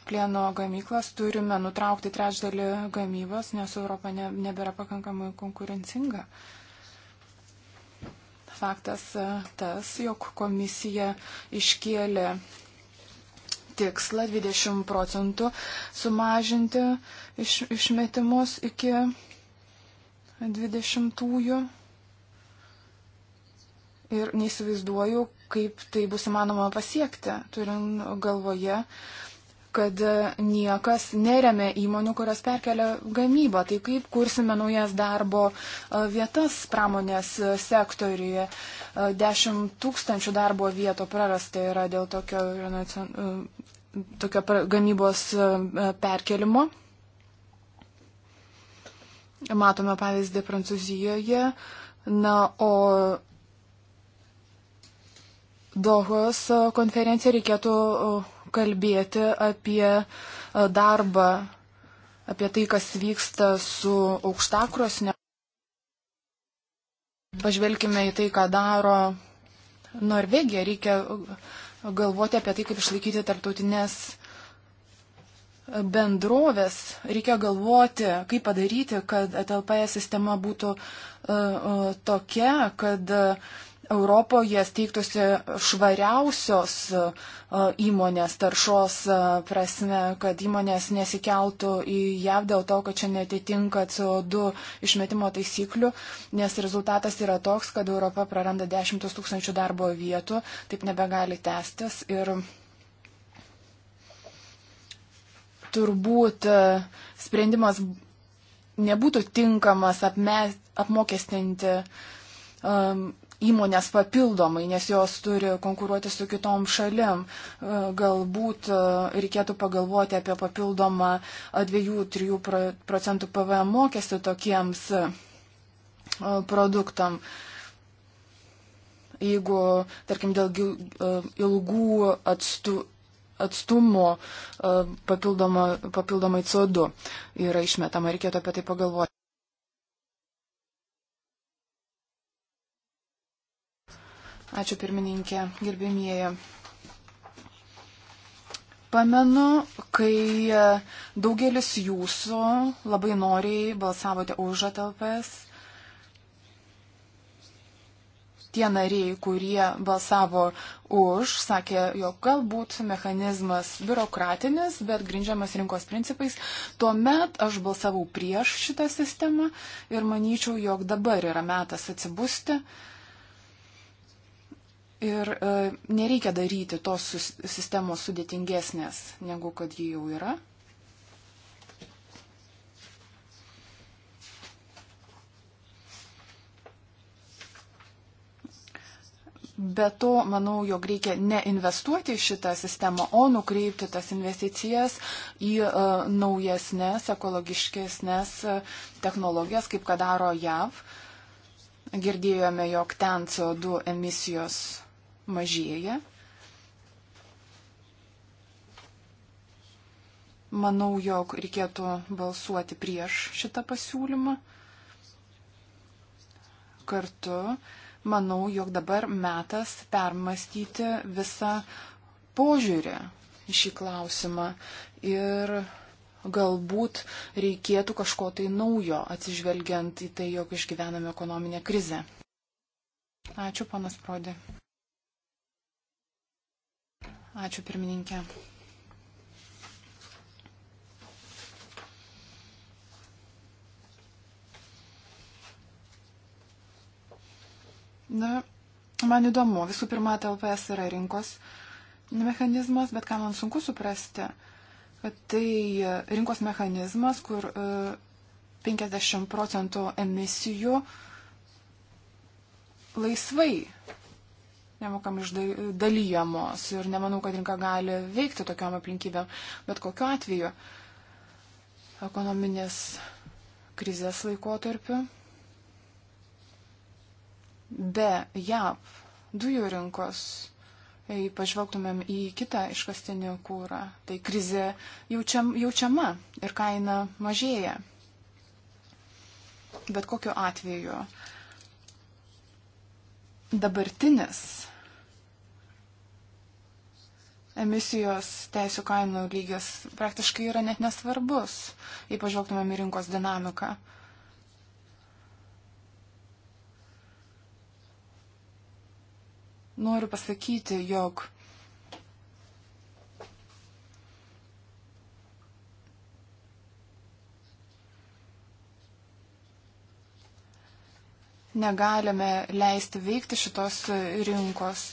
S1: plieno gamyklas, turime nutraukti trečdalį gamybos, nes Europa ne, nebėra pakankamai konkurencinga. Faktas tas, jog komisija iškėlė tikslą 20 procentų sumažinti iš, išmetimus iki 20-ųjų. Ir neįsivaizduoju, kaip tai bus įmanoma pasiekti, turint galvoje kad e, niekas neremia įmonių, kurios perkelia gamybą. Tai kaip kursime naujas darbo e, vietas pramonės e, sektoriuje. 10 tūkstančių darbo vietų prarasta yra dėl tokio, tokio gamybos perkelimo. Matome pavyzdį Prancūzijoje. Na, o Dohos konferenciją reikėtų kalbėti apie e, darbą, apie tai, kas vyksta su aukštakrosne. Pažvelkime į tai, ką daro Norvegija. Reikia galvoti apie tai, kaip išlaikyti tarptautinės bendrovės reikia galvoti, kaip padaryti, kad LPS sistema būtų uh, uh, tokia, kad uh, Europoje steigtųsi švariausios e, įmonės taršos e, prasme, kad įmonės nesikeltų į JAV dėl to, kad čia netitinka CO2 išmetimo taisyklių, nes rezultatas yra toks, kad Europa praranda dešimtus tūkstančių darbo vietų, taip nebegali tęstis ir turbūt e, sprendimas nebūtų tinkamas apmes, apmokestinti um, įmonės papildomai, nes jos turi konkuruoti su kitom šalim. E, galbūt e, reikėtų pagalvoti apie papildomą 2-3 procentų PVM mokestį tokiems e, produktam. Jeigu, tarkim, dėl ilgų atstu, atstumo papildomai CO2 yra išmetama, reikėtų apie tai pagalvoti. Ačiū pirmininkė, gerbėmieji. Pamenu, kai daugelis jūsų labai noriai balsavote už atalpes. Tie nariai, kurie balsavo už, sakė, jog galbūt mechanizmas biurokratinis, bet grindžiamas rinkos principais. Tuomet aš balsavau prieš šitą sistemą ir manyčiau, jog dabar yra metas atsibusti. Uh, Ir e, nereikia daryti tos sus, sistemos sudėtingesnės, negu kad ji jau yra. Be to, manau, jog reikia neinvestuoti į šitą sistemą, o nukreipti tas investicijas į uh, e, naujesnės, ekologiškesnės uh, technologijas, kaip kad daro JAV. Girdėjome, jog ten CO2 emisijos mažėja. Manau, jog reikėtų balsuoti prieš šitą pasiūlymą. Kartu manau, jog dabar metas permastyti visą požiūrį į šį klausimą ir galbūt reikėtų kažko tai naujo, atsižvelgiant į tai, jog išgyvename ekonominę krizę. Ačiū, panas Prodė. Ačiū pirmininkė. Na, man įdomu, visų pirma, TLPS yra rinkos mechanizmas, bet ką man sunku suprasti, kad tai rinkos mechanizmas, kur 50 e, procentų emisijų laisvai nemokam išdalyjamos ir nemanau, kad rinka gali veikti tokiam aplinkybėm, bet kokiu atveju ekonominės krizės laikotarpiu be JAV dujų rinkos, jei pažvelgtumėm į kitą iškastinį kūrą, tai krizė jaučiam, jaučiama ir kaina mažėja. Bet kokiu atveju dabartinis emisijos teisų kainų lygis praktiškai yra net nesvarbus, jei pažvelgtumėm į rinkos dinamiką. Noriu pasakyti, jog negalime leisti veikti šitos rinkos,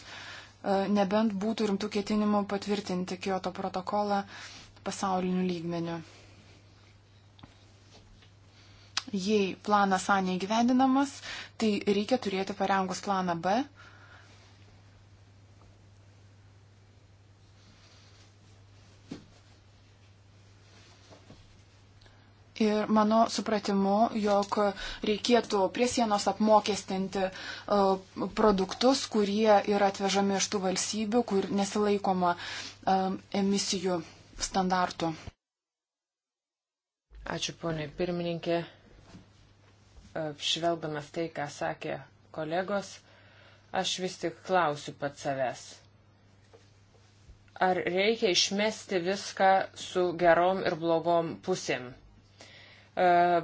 S1: e, nebent būtų rimtų ketinimų patvirtinti Kyoto protokolą pasauliniu lygmeniu. Jei planas A neįgyvendinamas, tai reikia turėti parengus planą B, Ir mano supratimu, jog reikėtų prie sienos apmokestinti e, produktus, kurie yra atvežami iš tų valstybių, kur nesilaikoma e,
S3: emisijų standartų. Ačiū, ponė pirmininkė. Apšvelgdamas e, tai, ką sakė kolegos, aš vis tik klausiu pat savęs ar reikia išmesti viską su gerom ir blogom pusėm. E,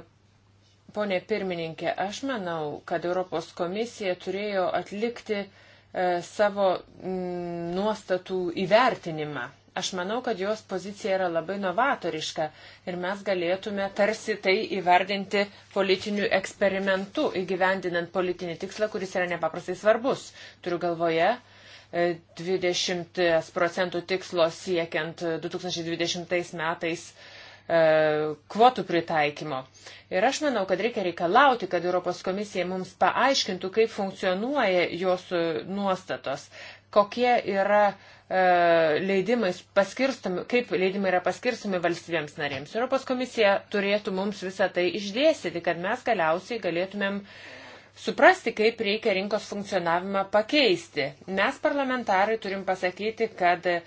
S3: Pone pirmininkė, aš manau, kad Europos komisija turėjo atlikti e, savo nuostatų įvertinimą. Aš manau, kad jos pozicija yra labai novatoriška ir mes galėtume tarsi tai įvardinti politiniu eksperimentu, įgyvendinant politinį tikslą, kuris yra nepaprastai svarbus. Turiu galvoje 20 e, procentų tikslo siekiant 2020 metais E, kvotų pritaikymo. Ir aš manau, kad reikia reikalauti, kad Europos komisija mums paaiškintų, kaip funkcionuoja jos e, nuostatos, kokie yra e, leidimai paskirstomi, kaip leidimai yra paskirstomi valstybėms narėms. Europos komisija turėtų mums visą tai išdėstyti, kad mes galiausiai galėtumėm suprasti, kaip reikia rinkos funkcionavimą pakeisti. Mes parlamentarai turim pasakyti, kad uh,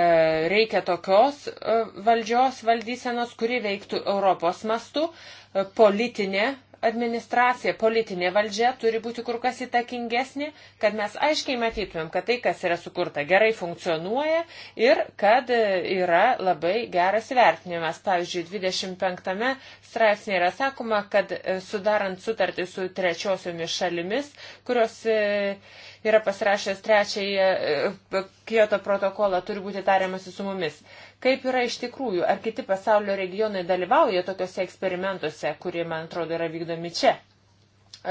S3: E, reikia tokios e, valdžios valdysenos, kuri veiktų Europos mastu, e, politinė administracija, politinė valdžia turi būti kur kas įtakingesnė, kad mes aiškiai matytumėm, kad tai, kas yra sukurta, gerai funkcionuoja ir kad yra labai geras vertinimas. Pavyzdžiui, 25 straipsnė yra sakoma, kad e, sudarant sutartį su trečiosiomis šalimis, kurios e, yra pasirašęs trečiąją e, Kyoto protokolą, turi būti tariamasi su mumis. Kaip yra iš tikrųjų, ar kiti pasaulio regionai dalyvauja tokiuose eksperimentuose, kurie, man atrodo, yra vykdomi čia?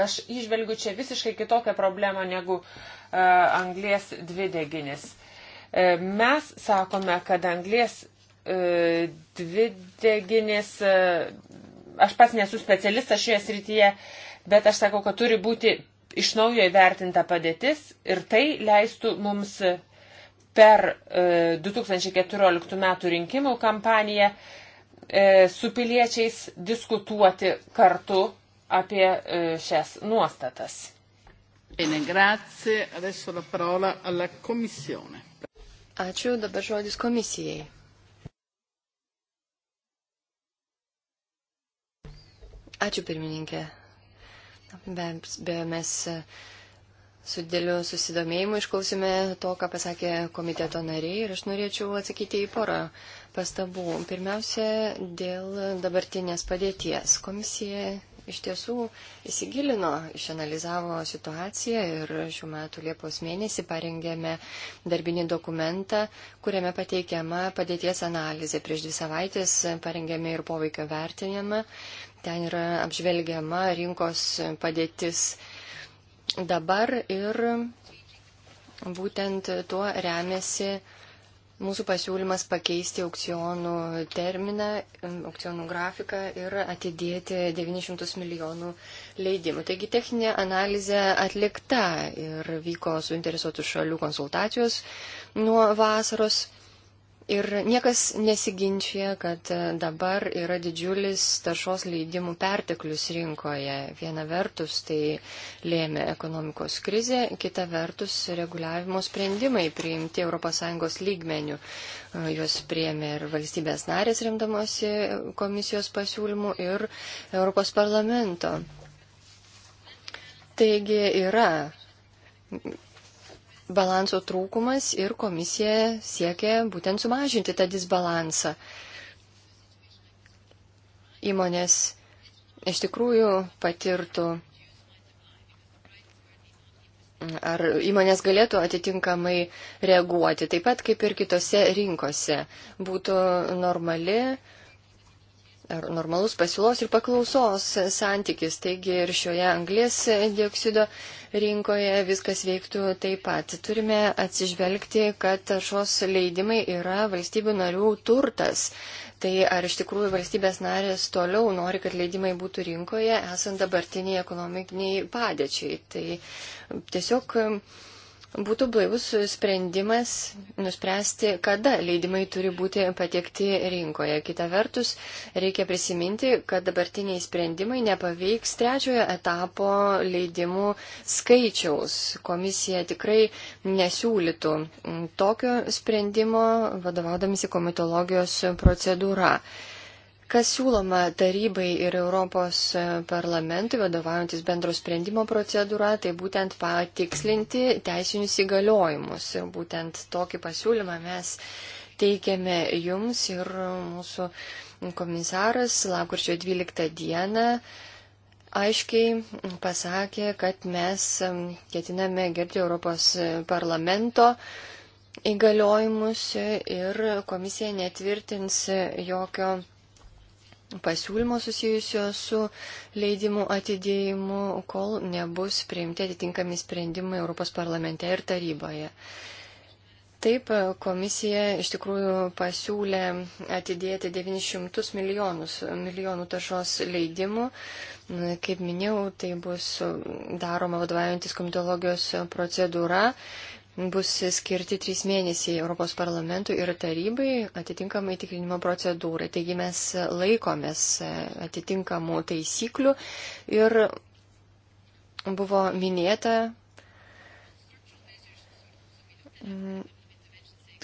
S3: Aš išvelgiu čia visiškai kitokią problemą negu uh, e, anglės dvideginis. Uh, mes sakome, kad anglės uh, e, dvideginis, uh, aš pats nesu specialistas šioje srityje, bet aš sakau, kad turi būti iš naujo įvertinta padėtis ir tai leistų mums per 2014 e, metų rinkimų kampaniją e, su piliečiais diskutuoti kartu apie e, šias nuostatas. Bene,
S4: grazie. Adesso la parola alla Commissione.
S2: Ačiū, dabar žodis komisijai. Ačiū pirmininkė. Be, be mes. Uh, Su dėliu susidomėjimu išklausime to, ką pasakė komiteto nariai ir aš norėčiau atsakyti į porą pastabų. Pirmiausia, dėl dabartinės padėties. Komisija iš tiesų įsigilino, išanalizavo situaciją ir šiuo metu Liepos mėnesį parengėme darbinį dokumentą, kuriame pateikiama padėties analizė. Prieš dvi savaitės parengėme ir poveikio vertinimą. Ten yra apžvelgiama rinkos padėtis dabar ir būtent tuo remiasi mūsų pasiūlymas pakeisti aukcionų terminą, aukcionų grafiką ir atidėti 900 milijonų leidimų. Taigi techninė analizė atlikta ir vyko suinteresuotų šalių konsultacijos nuo vasaros. Ir niekas nesiginčia, kad e, dabar yra didžiulis taršos leidimų perteklius rinkoje. Viena vertus tai lėmė ekonomikos krizė, kita vertus reguliavimo sprendimai priimti ES lygmenių. E, juos priėmė ir valstybės narės rimdamosi komisijos pasiūlymų ir Europos parlamento. Taigi yra balanso trūkumas ir komisija siekia būtent sumažinti tą disbalansą. Įmonės iš tikrųjų patirtų ar įmonės galėtų atitinkamai reaguoti, taip pat kaip ir kitose rinkose. Būtų normali ar normalus pasiūlos ir paklausos santykis. Taigi ir šioje anglės dioksido rinkoje viskas veiktų taip pat. Turime atsižvelgti, kad taršos leidimai yra valstybių narių turtas. Tai ar iš tikrųjų valstybės narės toliau nori, kad leidimai būtų rinkoje, esant dabartiniai ekonominiai padėčiai. Tai tiesiog būtų blaivus sprendimas nuspręsti, kada leidimai turi būti patiekti rinkoje. Kita vertus, reikia prisiminti, kad dabartiniai sprendimai nepaveiks trečiojo etapo leidimų skaičiaus. Komisija tikrai nesiūlytų tokio sprendimo, vadovaudamasi komitologijos procedūra. Kas siūloma tarybai ir Europos e, parlamentui, vadovaujantis bendro sprendimo procedūra, tai būtent patikslinti teisinius įgaliojimus. Ir būtent tokį pasiūlymą mes teikiame jums ir mūsų komisaras lakurčio 12 dieną aiškiai pasakė, kad mes e, ketiname gerti Europos e, parlamento įgaliojimus ir komisija netvirtins jokio pasiūlymo susijusio su leidimu atidėjimu, kol nebus priimti atitinkami sprendimai Europos parlamente ir taryboje. Taip, komisija iš tikrųjų pasiūlė atidėti 900 milijonus, milijonų taršos leidimų. Kaip minėjau, tai bus daroma vadovaujantis komitologijos procedūra bus skirti trys mėnesiai Europos parlamentui ir tarybai atitinkamai tikrinimo procedūrai. Taigi mes laikomės atitinkamų taisyklių ir buvo minėta,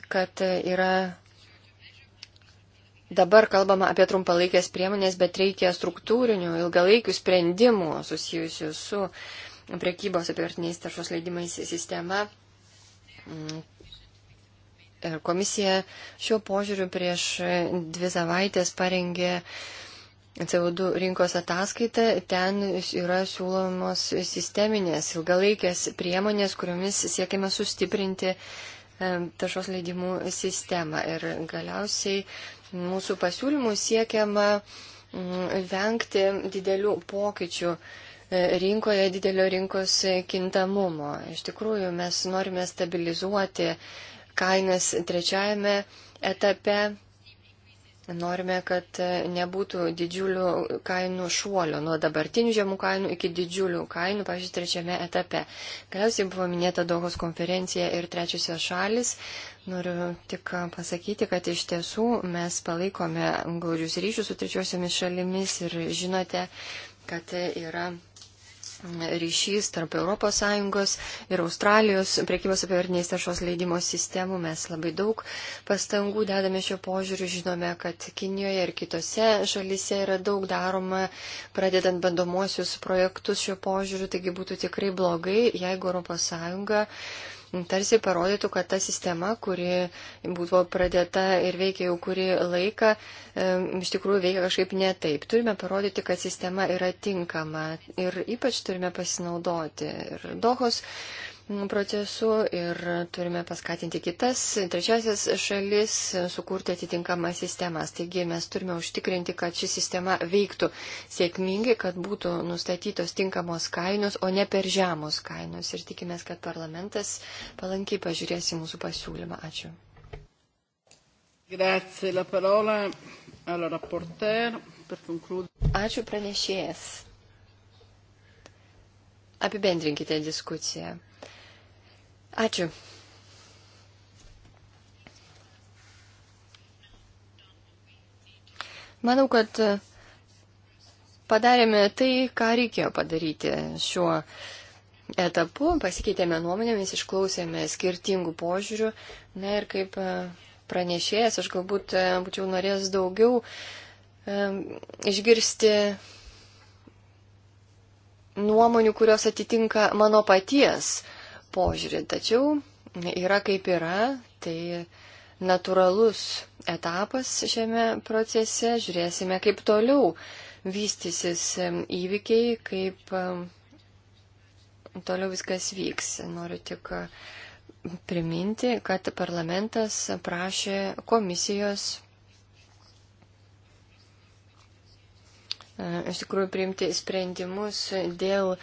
S2: kad yra Dabar kalbama apie trumpalaikės priemonės, bet reikia struktūrinių, ilgalaikių sprendimų susijusių su priekybos apivartiniais taršos leidimais sistema. Mm. Ir komisija šiuo požiūriu prieš dvi savaitės parengė CO2 rinkos ataskaitą. Ten yra siūlomos sisteminės ilgalaikės priemonės, kuriomis siekime sustiprinti taršos leidimų sistemą. Ir galiausiai mūsų pasiūlymų siekiama mm, vengti didelių pokyčių E, rinkoje didelio rinkos kintamumo. Iš tikrųjų, mes norime stabilizuoti kainas trečiajame etape. Norime, kad e, nebūtų didžiulių kainų šuolio nuo dabartinių žemų kainų iki didžiulių kainų, pažiūrėjau, trečiame etape. Galiausiai buvo minėta Dohos konferencija ir trečiosios šalis. Noriu tik pasakyti, kad iš tiesų mes palaikome glaudžius ryšius su trečiosiomis šalimis ir žinote, kad yra ryšys tarp ES ir Australijos priekybos apivartiniais taršos leidimo sistemų. Mes labai daug pastangų dedame šio požiūriu. Žinome, kad Kinijoje ir kitose šalise yra daug daroma, pradedant bandomuosius projektus šio požiūriu. Taigi būtų tikrai blogai, jeigu ES tarsi parodytų, kad ta sistema, kuri buvo pradėta ir veikia jau kurį laiką, iš tikrųjų veikia kažkaip ne taip. Turime parodyti, kad sistema yra tinkama ir ypač turime pasinaudoti ir Dohos procesu ir turime paskatinti kitas trečiasis šalis sukurti atitinkamas sistemas. Taigi mes turime užtikrinti, kad ši sistema veiktų sėkmingai, kad būtų nustatytos tinkamos kainos, o ne per žemos kainos. Ir tikimės, kad parlamentas palankiai pažiūrės į mūsų pasiūlymą. Ačiū. Grazie, la parola alla rapporteur per concludere. Ačiū pranešėjas. Apibendrinkite diskusiją. Ačiū. Manau, kad padarėme tai, ką reikėjo padaryti šiuo etapu, pasikeitėme nuomonėmis, išklausėme skirtingų požiūrių. Na ir kaip pranešėjas, aš galbūt e, būčiau norėjęs daugiau e, išgirsti nuomonių, kurios atitinka mano paties požiūrį. Tačiau yra kaip yra, tai natūralus etapas šiame procese. Žiūrėsime, kaip toliau vystysis įvykiai, kaip um, toliau viskas vyks. Noriu tik priminti, kad parlamentas prašė komisijos iš tikrųjų priimti sprendimus dėl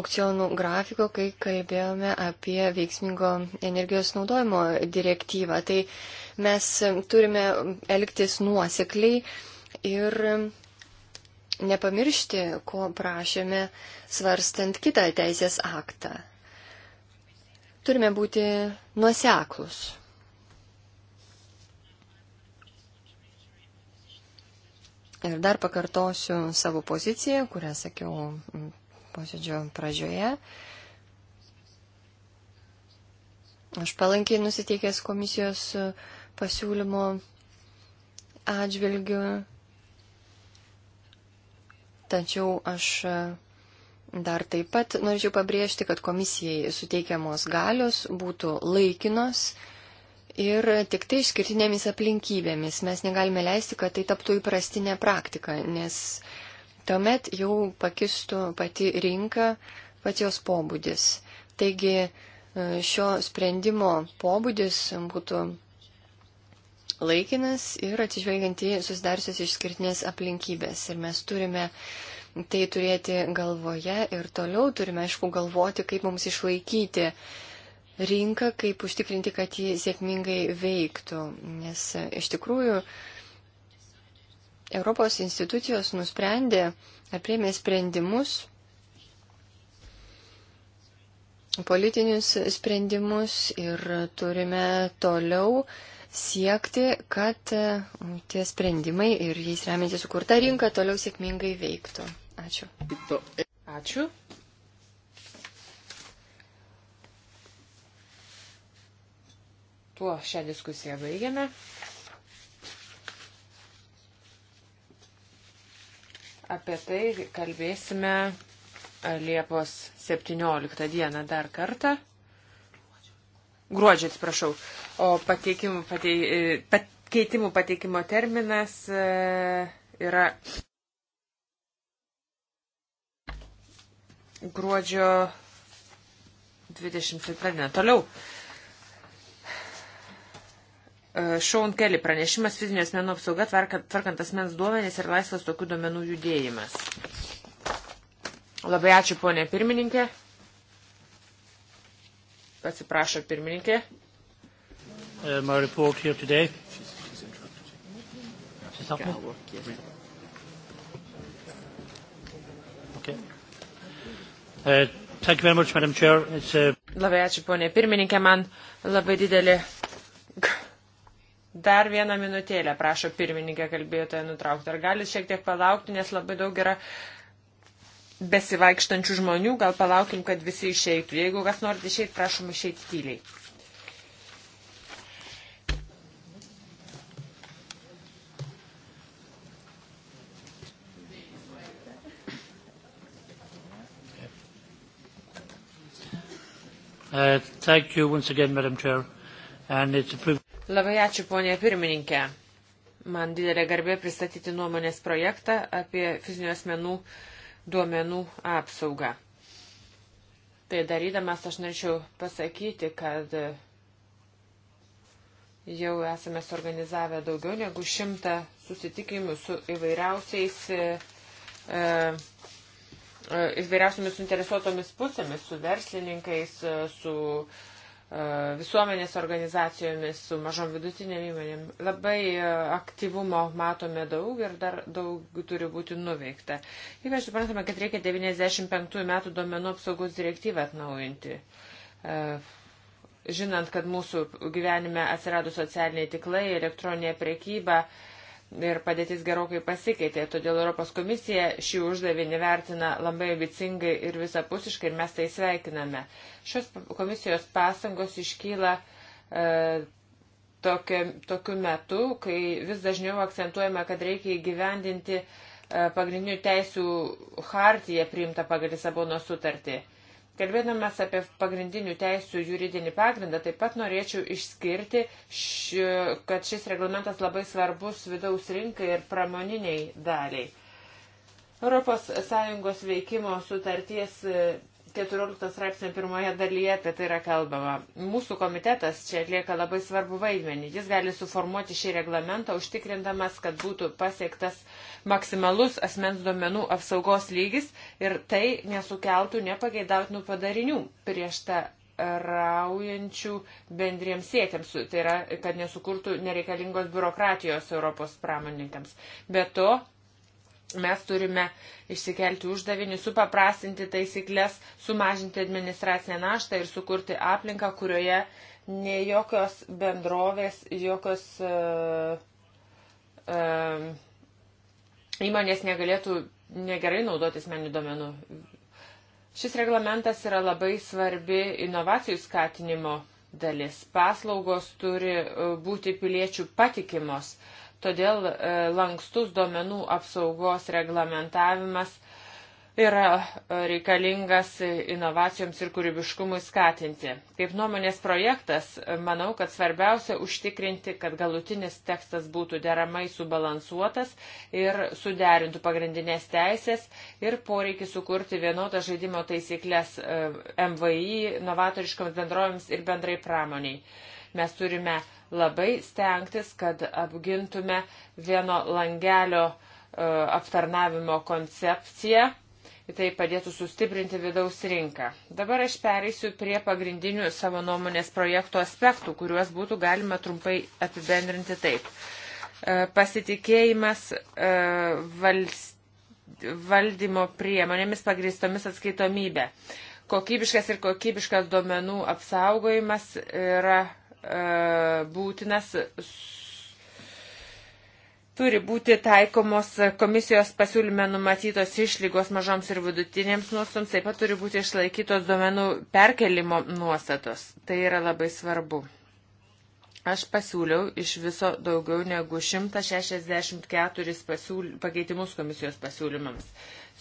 S2: aukcionų grafiko, kai kalbėjome apie veiksmingo energijos naudojimo direktyvą. Tai mes turime elgtis nuosekliai ir nepamiršti, ko prašėme svarstant kitą teisės aktą. Turime būti nuoseklus. Ir dar pakartosiu savo poziciją, kurią sakiau posėdžio pradžioje. Aš palankiai nusiteikęs komisijos pasiūlymo atžvilgiu, tačiau aš Dar taip pat norėčiau pabrėžti, kad komisijai suteikiamos galios būtų laikinos Ir tik tai išskirtinėmis aplinkybėmis mes negalime leisti, kad tai taptų įprastinė praktika, nes tuomet jau pakistų pati rinka, pats jos pobūdis. Taigi e, šio sprendimo pobūdis būtų laikinas ir atsižvelgiant į susidariusios išskirtinės aplinkybės. Ir mes turime tai turėti galvoje ir toliau turime, aišku, galvoti, kaip mums išlaikyti uh, rinką, kaip užtikrinti, kad ji sėkmingai veiktų. Nes e, iš tikrųjų Europos institucijos nusprendė ar priemė sprendimus, politinius sprendimus ir turime toliau siekti, kad e, tie sprendimai ir jais remiantis sukurta rinka toliau sėkmingai veiktų. Ačiū. Ačiū.
S3: Tuo šią diskusiją baigiame. Apie tai kalbėsime Liepos 17 dieną dar kartą. Gruodžio, atsiprašau. O pateikimų, patei, pakeitimų pateikimo terminas e, yra gruodžio 27. Toliau. E, Šaun Keli pranešimas fizinio asmenų apsauga tvarkant asmens duomenys ir laisvas tokių duomenų judėjimas. Labai ačiū ponė pirmininkė. Atsiprašo pirmininkė.
S4: Uh, my report here today.
S3: Is that one?
S2: Okay. Uh, thank you very much, Madam Chair. It's, uh...
S3: Labai ačiū ponė pirmininkė. Man labai didelė Dar vieną minutėlę, prašo pirmininkė kalbėtoja nutraukti. Ar galit šiek tiek palaukti, nes labai daug yra besivaikštančių žmonių, gal palaukim, kad visi išeitų. Jeigu kas norit išeiti, prašom išeiti tyliai. Uh, thank you once again, Madam Chair, and it's a privilege. Labai ačiū, ponė pirmininkė. Man didelė garbė pristatyti nuomonės projektą apie fizinių asmenų duomenų apsaugą. Tai darydamas aš norėčiau pasakyti, kad jau esame suorganizavę daugiau negu šimtą susitikimų su įvairiausiais e, e, įvairiausiamis suinteresuotomis pusėmis, su verslininkais, e, su uh, visuomenės organizacijomis, su mažom vidutinėm įmonėm. Labai e, aktyvumo matome daug ir dar daug turi būti nuveikta. Ypač suprantame, kad reikia 95 metų domenų apsaugos direktyvą atnaujinti. E, žinant, kad mūsų gyvenime atsirado socialiniai tiklai, elektroninė priekyba, ir padėtis gerokai pasikeitė. Todėl Europos komisija šį uždavinį vertina labai ambicingai ir visapusiškai ir mes tai sveikiname. Šios komisijos pastangos iškyla e, tokio, tokiu metu, kai vis dažniau akcentuojame, kad reikia įgyvendinti e, pagrindinių teisių hartiją priimtą pagal Lisabono sutartį. E, Kalbėdamas apie pagrindinių teisų juridinį pagrindą, taip pat norėčiau išskirti, š, kad šis reglamentas labai svarbus vidaus rinkai ir pramoniniai daliai. ES veikimo sutarties 14 straipsnio pirmoje dalyje apie tai yra kalbama. Mūsų komitetas čia atlieka labai svarbu vaidmenį. Jis gali suformuoti šį reglamentą, užtikrindamas, kad būtų pasiektas maksimalus asmens duomenų apsaugos lygis ir tai nesukeltų nepageidautinų padarinių prieš tą raujančių bendriems siekiams, tai yra, kad nesukurtų nereikalingos biurokratijos Europos pramoninkams. Be to, Mes turime išsikelti uždavinį, supaprastinti taisyklės, sumažinti administracinę naštą ir sukurti aplinką, kurioje ne jokios bendrovės, jokios uh, uh, įmonės negalėtų negerai naudotis meninių domenų. Šis reglamentas yra labai svarbi inovacijų skatinimo dalis. Paslaugos turi e, būti piliečių patikimos. Uh, Todėl e, lankstus duomenų apsaugos reglamentavimas yra e, reikalingas inovacijoms ir kūrybiškumui skatinti. Kaip nuomonės projektas, manau, kad svarbiausia užtikrinti, kad galutinis tekstas būtų deramai subalansuotas ir suderintų pagrindinės teisės ir poreikį sukurti vienodą žaidimo taisyklės e, MVI, novatoriškoms bendrovėms ir bendrai pramoniai. Mes turime labai stengtis, kad apgintume vieno langelio e, aptarnavimo koncepciją. Tai padėtų sustiprinti vidaus rinką. Dabar aš pereisiu prie pagrindinių savo nuomonės projektų aspektų, kuriuos būtų galima trumpai apibendrinti taip. E, pasitikėjimas e, valstybės valdymo priemonėmis pagrįstomis atskaitomybė. Kokybiškas ir kokybiškas duomenų apsaugojimas yra E, būtinas turi būti taikomos komisijos pasiūlyme numatytos išlygos mažoms ir vidutinėms nuostams, taip pat turi būti išlaikytos duomenų perkelimo nuostatos. Tai yra labai svarbu. Aš pasiūliau iš viso daugiau negu 164 pasiūly, pakeitimus komisijos pasiūlymams.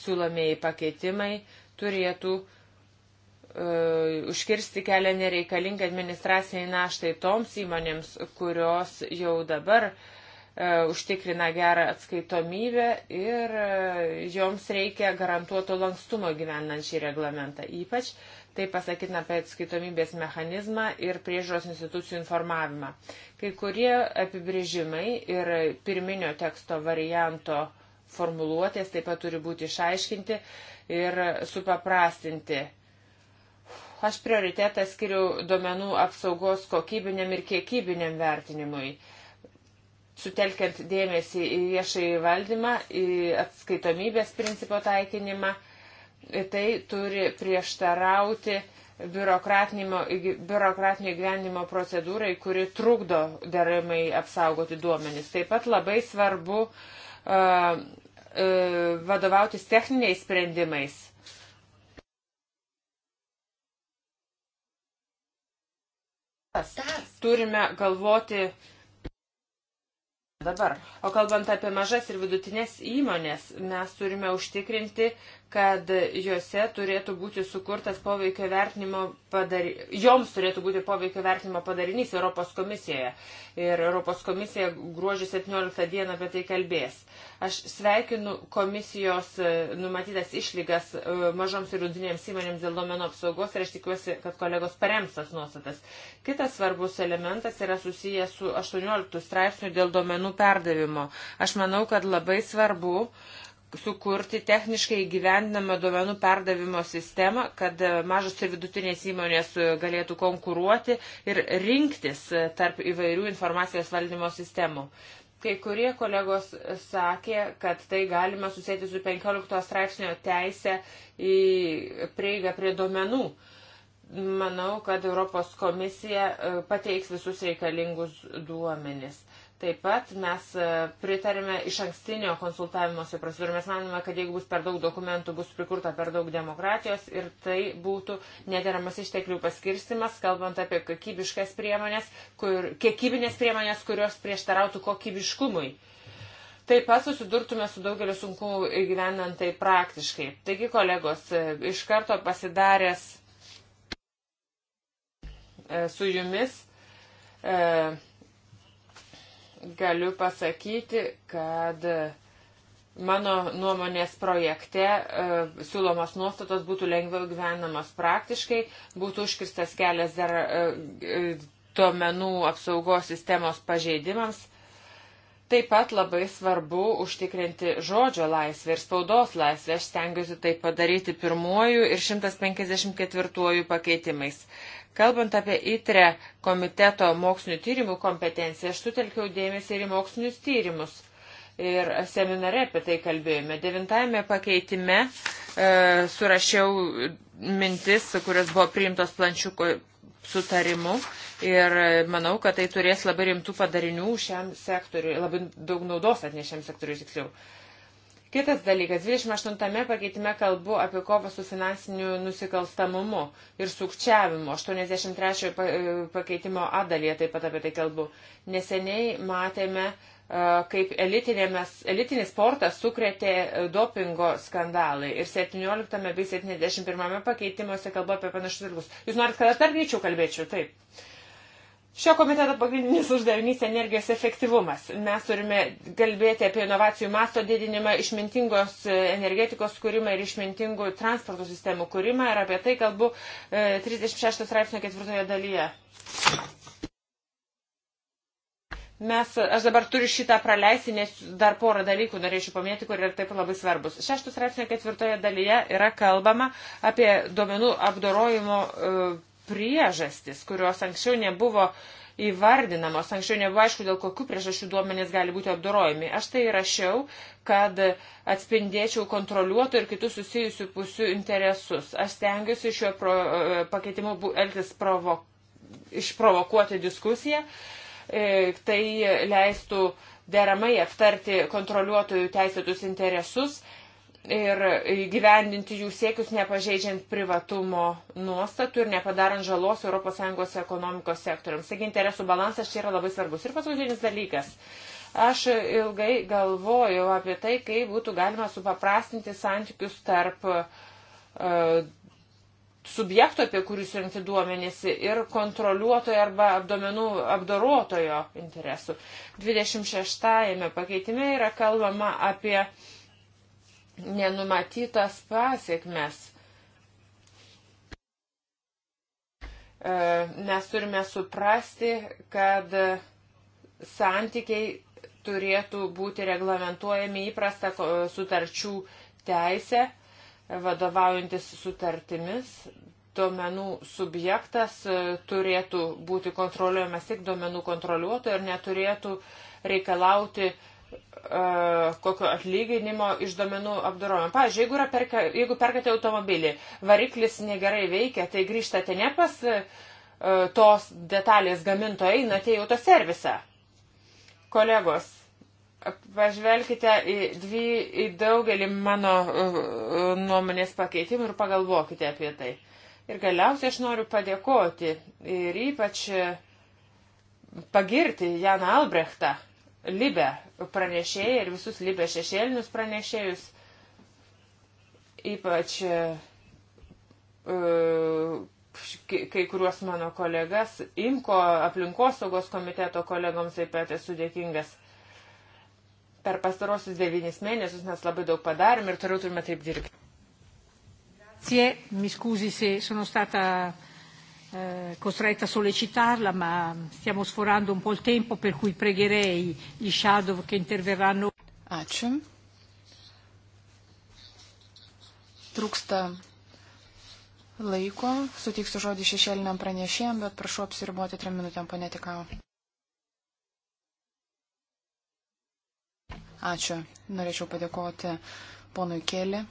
S3: Siūlomieji pakeitimai turėtų uh, E, užkirsti kelią nereikalingą administraciniai naštai toms įmonėms, kurios jau dabar e, užtikrina gerą atskaitomybę ir e, joms reikia garantuoto lankstumo gyvenant šį reglamentą. Ypač tai pasakytina apie atskaitomybės mechanizmą ir priežos institucijų informavimą. Kai kurie apibrėžimai ir pirminio teksto varianto formuluotės taip pat turi būti išaiškinti ir supaprastinti Aš prioritetą skiriu duomenų apsaugos kokybiniam ir kiekybiniam vertinimui, sutelkiant dėmesį į viešąjį valdymą, į atskaitomybės principo taikinimą. Tai turi prieštarauti biurokratinio gyvenimo procedūrai, kuri trukdo deramai apsaugoti duomenis. Taip pat labai svarbu uh, uh, vadovautis techniniais sprendimais Turime galvoti dabar. O kalbant apie mažas ir vidutinės įmonės, mes turime užtikrinti, kad juose turėtų būti sukurtas poveikio vertinimo padarinys, joms turėtų būti poveikio vertinimo padarinys Europos komisijoje. Ir Europos komisija gruodžio 17 dieną apie tai kalbės. Aš sveikinu komisijos e, numatytas išlygas e, mažoms ir rudinėms įmonėms dėl domenų apsaugos ir aš tikiuosi, kad kolegos parems tas nuostatas. Kitas svarbus elementas yra susijęs su 18 straipsniu dėl domenų perdavimo. Aš manau, kad labai svarbu uh, sukurti techniškai gyvendinamą duomenų perdavimo sistemą, kad mažos ir vidutinės įmonės galėtų konkuruoti ir rinktis tarp įvairių informacijos valdymo sistemų. Kai kurie kolegos sakė, kad tai galima susėti su 15 straipsnio teisė į prieigą prie duomenų. Manau, kad Europos komisija pateiks visus reikalingus duomenis. Taip pat mes e, pritarėme iš ankstinio konsultavimuose procedūrų. Mes manome, kad jeigu bus per daug dokumentų, bus prikurta per daug demokratijos ir tai būtų nederamas išteklių paskirstimas, kalbant apie kokybiškas priemonės, kur, kiekybinės priemonės, kurios prieštarautų kokybiškumui. Taip pat susidurtume su daugeliu sunkumų įgyvenant tai praktiškai. Taigi, kolegos, e, iš karto pasidaręs e, su jumis. E, galiu pasakyti, kad mano nuomonės projekte e, siūlomos nuostatos būtų lengviau gyvenamos praktiškai, būtų užkirstas kelias dar e, e, duomenų e, apsaugos sistemos pažeidimams. Taip pat labai svarbu užtikrinti žodžio laisvę ir spaudos laisvę. Aš stengiuosi tai padaryti pirmojų ir 154 pakeitimais. Kalbant apie ITRE komiteto mokslinių tyrimų kompetenciją, aš sutelkiau dėmesį ir į mokslinius tyrimus. Ir seminare apie tai kalbėjome. Devintajame pakeitime e, surašiau mintis, kurios buvo priimtos plančių sutarimu. Ir manau, kad tai turės labai rimtų padarinių šiam sektoriui, labai daug naudos atnešiam sektoriui tiksliau. E, Kitas dalykas, 28 pakeitime kalbu apie kovą su finansiniu nusikalstamumu ir sukčiavimu. 83 e, pakeitimo A dalyje taip pat apie tai kalbu. Neseniai matėme, e, kaip elitinis sportas sukrėtė e, dopingo skandalai. Ir 17 bei 71 pakeitimuose kalbu apie panašus dalykus. Jūs norit, kad aš dar greičiau kalbėčiau? Taip. Šio komiteto pagrindinis uždavinys - energijos efektyvumas. Mes turime kalbėti apie inovacijų masto didinimą, išmintingos e, energetikos kūrimą ir išmintingų transporto sistemų kūrimą ir apie tai kalbu 36 e, straipsnio ketvirtoje dalyje. Mes, aš dabar turiu šitą praleisti, nes dar porą dalykų norėčiau paminėti, kur yra taip labai svarbus. Šeštų straipsnio ketvirtoje dalyje yra kalbama apie duomenų apdorojimo e, priežastis, kurios anksčiau nebuvo įvardinamos, anksčiau nebuvo aišku, dėl kokių priežasčių duomenys gali būti apdorojami. Aš tai rašiau, kad atspindėčiau kontroliuotų ir kitų susijusių pusių interesus. Aš stengiuosi šiuo pro, e, pakeitimu elgtis provo, išprovokuoti diskusiją. E, tai leistų deramai aptarti kontroliuotojų teisėtus interesus ir įgyvendinti jų siekius nepažeidžiant privatumo nuostatų ir nepadarant žalos ES ekonomikos sektoriams. Taigi interesų balansas čia yra labai svarbus. Ir paskutinis dalykas. Aš ilgai galvojau apie tai, kaip būtų galima supaprastinti santykius tarp uh, e, subjekto, apie kurį surinkti duomenys, ir kontroliuotojo arba duomenų apdorotojo interesų. 26-ame pakeitime yra kalbama apie uh, nenumatytas pasiekmes. E, mes turime suprasti, kad santykiai turėtų būti reglamentuojami įprasta sutarčių teisė, vadovaujantis sutartimis. Duomenų subjektas turėtų būti kontroliuojamas tik duomenų kontroliuotojo ir neturėtų reikalauti uh, E, kokio atlyginimo iš domenų apdorojimo. Pavyzdžiui, jeigu, perka, jeigu perkate automobilį, variklis negerai veikia, tai grįžtate ne pas e, tos detalės gamintoją, einate į autoservisą. Kolegos, pažvelkite į, dvi, į daugelį mano e, nuomonės pakeitimų ir pagalvokite apie tai. Ir galiausiai aš noriu padėkoti ir ypač pagirti Janą Albrechtą Libę pranešėją ir visus Libę šešėlinius pranešėjus, ypač e, kai kuriuos mano kolegas, Imko aplinkosaugos komiteto kolegoms taip pat esu dėkingas. Per pastarosius devynis mėnesius mes labai daug padarėm ir toliau turime taip dirbti. Grazie, mi scusi se sono stata eh, costretta a sollecitarla, ma stiamo sforando un po' il tempo, per cui pregherei gli shadow che interverranno. Ačiū.
S1: Trūksta laiko, sutiksiu žodį šešėliniam pranešėjim, bet prašau apsiriboti trim minutėm, ponė Tikau. Ačiū. Norėčiau padėkoti ponui Kėlį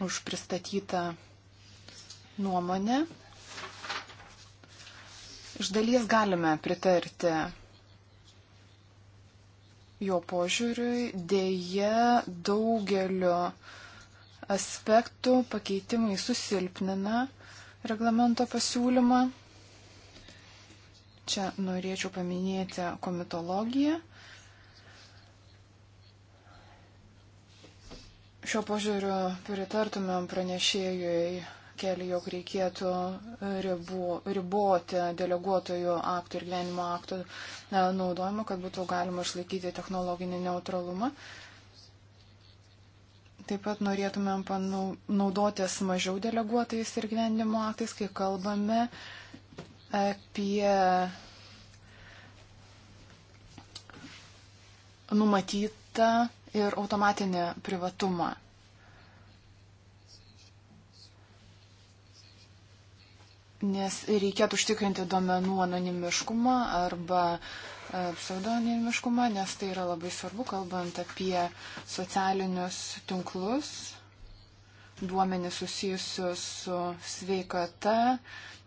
S1: už pristatytą nuomonę iš dalies galime pritarti jo požiūriui, dėje daugeliu aspektų pakeitimai susilpnina reglamento pasiūlymą. Čia norėčiau paminėti komitologiją. Šio požiūriu pritartumėm pranešėjui keli, jog reikėtų ribu, riboti deleguotojų aktų ir gyvenimo aktų naudojimą, kad būtų galima išlaikyti technologinį neutralumą. Taip pat norėtumėm naudotis mažiau deleguotais ir gyvenimo aktais, kai kalbame apie numatytą ir automatinį privatumą. nes reikėtų užtikrinti duomenų anonimiškumą arba e, pseudonimiškumą, nes tai yra labai svarbu, kalbant apie socialinius tinklus, duomenys susijusius su sveikata,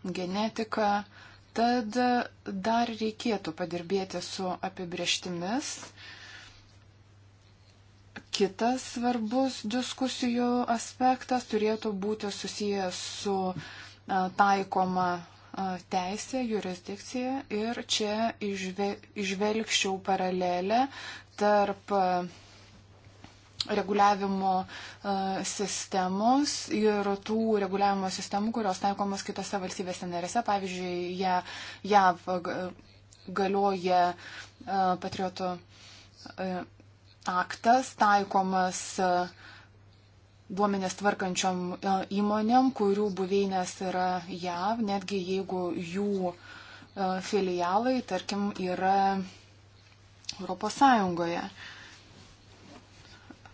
S1: genetika. Tad dar reikėtų padirbėti su apibrieštimis. Kitas svarbus diskusijų aspektas turėtų būti susijęs su taikoma teisė, jurisdikcija ir čia išve, išvelgčiau paralelę tarp reguliavimo sistemos ir tų reguliavimo sistemų, kurios taikomos kitose valstybėse narėse. Pavyzdžiui, JAV galioja patriotų aktas taikomas uh, duomenės tvarkančiom e, įmonėm, kurių buveinės yra JAV, netgi jeigu jų e, filialai, tarkim, yra Europos Sąjungoje.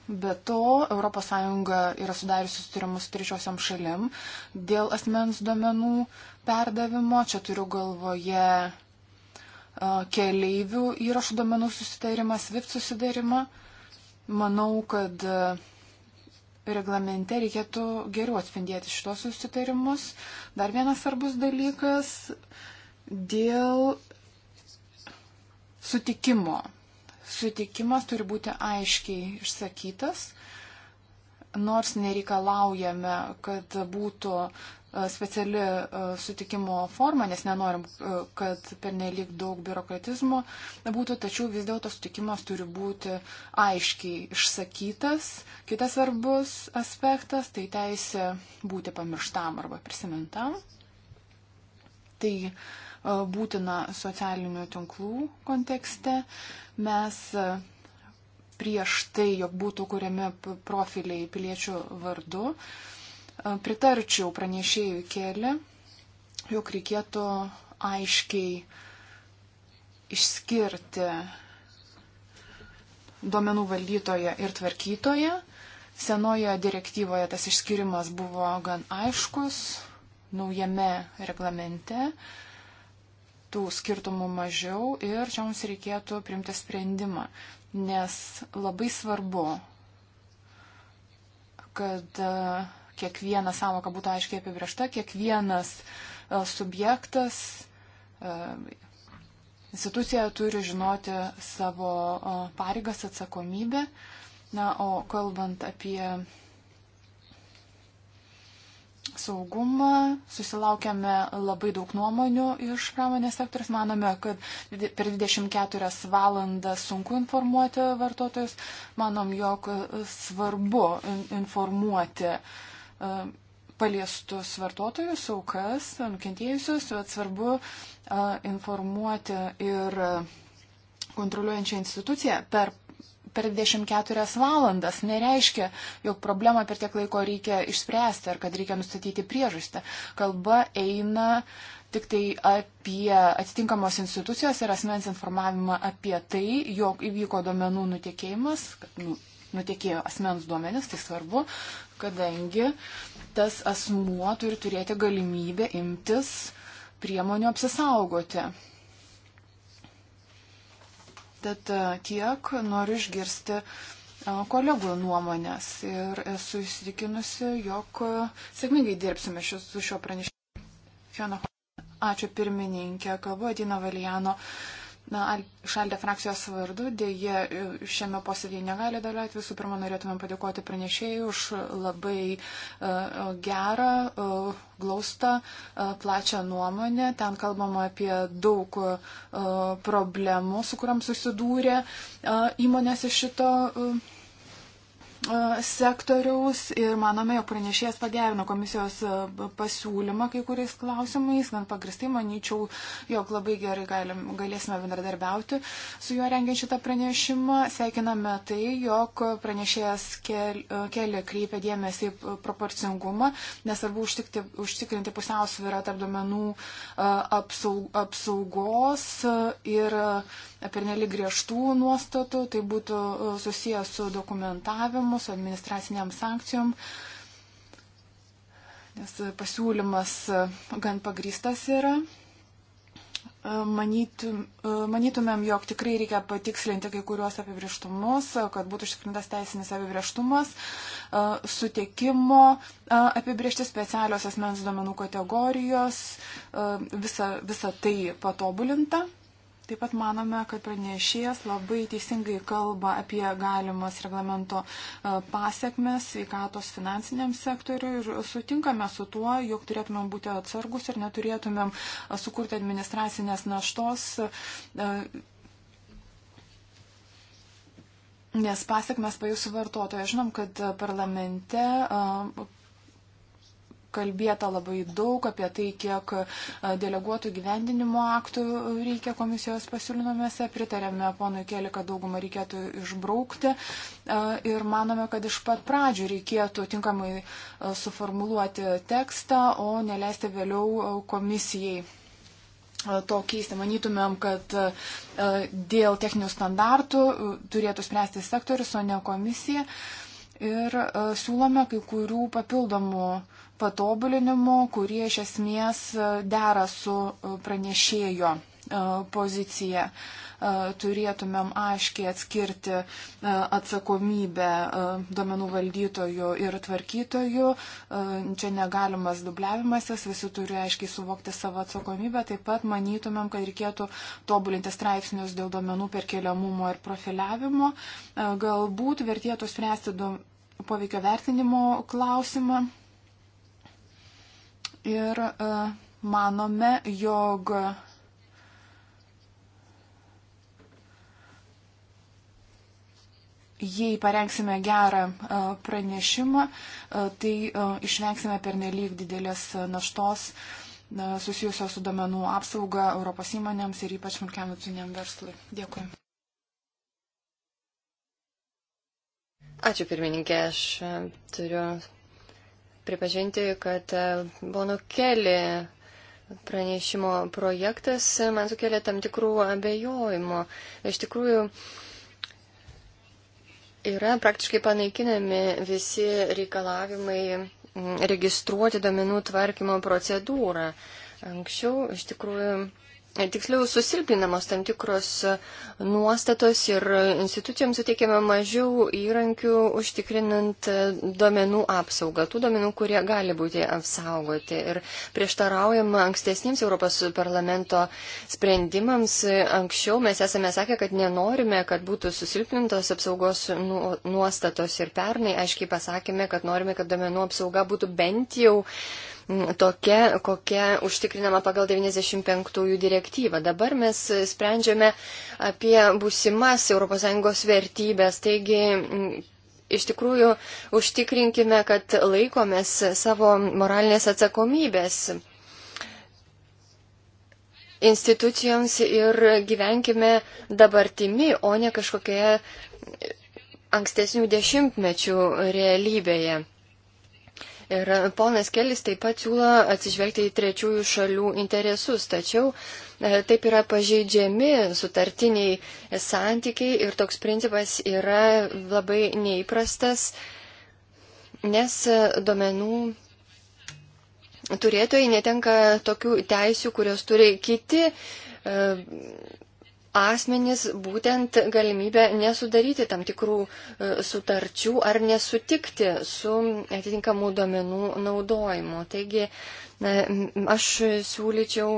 S1: Be to, ES yra sudariusi sutarimus trečiosiam šalim dėl asmens duomenų perdavimo. Čia turiu galvoje e, keleivių įrašų duomenų susitarimą, SWIFT susitarimą. Manau, kad reglamente reikėtų geriau atspindėti šitos susitarimus. Dar vienas svarbus dalykas dėl sutikimo. Sutikimas turi būti aiškiai išsakytas, nors nereikalaujame, kad būtų speciali sutikimo forma, nes nenorim, kad pernelyg daug biurokratizmo būtų, tačiau vis dėlto sutikimas turi būti aiškiai išsakytas. Kitas svarbus aspektas - tai teisė būti pamirštam arba prisimintam. Tai būtina socialinių tinklų kontekste. Mes prieš tai, jog būtų kuriami profiliai piliečių vardu, Pritarčiau pranešėjų keli, jog reikėtų aiškiai išskirti duomenų valdytoje ir tvarkytoje. Senoje direktyvoje tas išskirimas buvo gan aiškus, naujame reglamente tų skirtumų mažiau ir čia mums reikėtų primti sprendimą, nes labai svarbu, kad uh, kiekviena savoka būtų aiškiai apibriešta, kiekvienas e, subjektas, e, institucija turi žinoti savo e, pareigas, atsakomybę. Na, o kalbant apie saugumą, susilaukėme labai daug nuomonių iš pramonės sektorius. Manome, kad per 24 valandas sunku informuoti vartotojus. Manom, jog svarbu informuoti uh, E, paliestus vartotojus, aukas, nukentėjusius, bet svarbu e, informuoti ir kontroliuojančią instituciją per per 24 valandas nereiškia, jog problemą per tiek laiko reikia išspręsti ar kad reikia nustatyti priežastį. Kalba eina tik tai apie atitinkamos institucijos ir asmens informavimą apie tai, jog įvyko domenų nutekėjimas, kad nu, nutekėjo asmens duomenis, tai svarbu, kadangi tas asmuo turi turėti galimybę imtis priemonių apsisaugoti. Tad e, tiek noriu išgirsti e, kolegų nuomonės ir esu įsitikinusi, jog e, sėkmingai dirbsime šio, su šiuo pranešimu. Ačiū pirmininkė, kalbu Adina Valijano Na, šaldė frakcijos vardu, dėje e, šiame posėdėje negali dalyvauti. Visų pirma, norėtumėm padėkoti pranešėjai už labai uh, gerą, uh, glaustą, uh, plačią nuomonę. Ten kalbama apie daug uh, problemų, su kuriam susidūrė uh, įmonės iš šito. Uh, sektoriaus ir manome, jog pranešėjas pagerino komisijos e, pasiūlymą kai kuriais klausimais, gan pagristai manyčiau, jog labai gerai galim, galėsime bendradarbiauti su juo rengiant šitą pranešimą. Sveikiname tai, jog pranešėjas kel, e, keli kreipia dėmesį į proporcingumą, nesvarbu užtikti, užtikrinti pusiausvyrą tarp duomenų e, apsaug, apsaugos ir E, pernelyg griežtų nuostatų, tai būtų e, susijęs su dokumentavimu, su administraciniam sankcijom, nes pasiūlymas e, gan pagrystas yra. Manytum, manytumėm, jog tikrai reikia patikslinti kai kuriuos apibrieštumus, kad būtų išsikrintas teisinis apibrieštumas, sutikimo apibriešti specialios asmens duomenų kategorijos, visa, visa tai patobulinta. Taip pat manome, kad pranešėjas labai teisingai kalba apie galimas reglamento e, pasiekmes sveikatos finansiniam sektoriu ir sutinkame su tuo, jog turėtumėm būti atsargus ir neturėtumėm e, sukurti administracinės naštos. E, nes pasiekmes pajus vartotoja. Žinom, kad parlamente kalbėta labai daug apie tai, kiek e, deleguotų gyvendinimo aktų reikia komisijos pasiūlymėse. Pritarėme ponui Keli, kad daugumą reikėtų išbraukti e, ir manome, kad iš pat pradžių reikėtų tinkamai e, suformuluoti tekstą, o neleisti vėliau komisijai to keisti. Manytumėm, kad dėl techninių standartų turėtų spręsti sektorius, o ne komisija. Ir siūlome kai kurių papildomų patobulinimų, kurie iš esmės e, dera su e, pranešėjo e, pozicija. Turėtumėm aiškiai atskirti atsakomybę duomenų valdytojų ir tvarkytojų. Čia negalimas dubliavimasis, visi turi aiškiai suvokti savo atsakomybę. Taip pat manytumėm, kad reikėtų tobulinti straipsnius dėl duomenų perkeliamumo ir profiliavimo. Galbūt vertėtų spręsti poveikio vertinimo klausimą ir e, manome, jog jei parengsime gerą e, pranešimą, e, tai išvengsime pernelyg didelės naštos susijusios su domenų apsauga Europos įmonėms ir ypač smulkiam vidutiniam verslui.
S2: Dėkui. Ačiū pirmininkė, aš turiu pripažinti, kad e, Bono Keli pranešimo projektas e, man sukėlė tam tikrų abejojimų. Iš tikrųjų, yra praktiškai panaikinami visi reikalavimai registruoti domenų tvarkymo procedūrą. Anksčiau iš tikrųjų E, tiksliau susilpinamos tam tikros e, nuostatos ir institucijoms suteikiama mažiau įrankių užtikrinant e, duomenų apsaugą, tų duomenų, kurie gali būti apsaugoti. Ir prieštaraujama ankstesniems Europos parlamento sprendimams. Anksčiau mes esame sakę, kad nenorime, kad būtų susilpnintos apsaugos nu, nuostatos ir pernai aiškiai pasakėme, kad norime, kad duomenų apsauga būtų bent jau tokia, kokia užtikrinama pagal 95-ųjų direktyvą. Dabar mes sprendžiame apie būsimas ES vertybės. Taigi, Iš tikrųjų, užtikrinkime, kad laikomės savo moralinės atsakomybės institucijoms ir gyvenkime dabartimi, o ne kažkokioje ankstesnių dešimtmečių realybėje. Ir ponas Kelis taip pat siūlo atsižvelgti į trečiųjų šalių interesus, tačiau e, taip yra pažeidžiami sutartiniai santykiai ir toks principas yra labai neįprastas, nes duomenų turėtojai netenka tokių teisių, kurios turi kiti e, asmenys būtent galimybę nesudaryti tam tikrų e, sutarčių ar nesutikti su atitinkamų duomenų naudojimu. Taigi na, aš siūlyčiau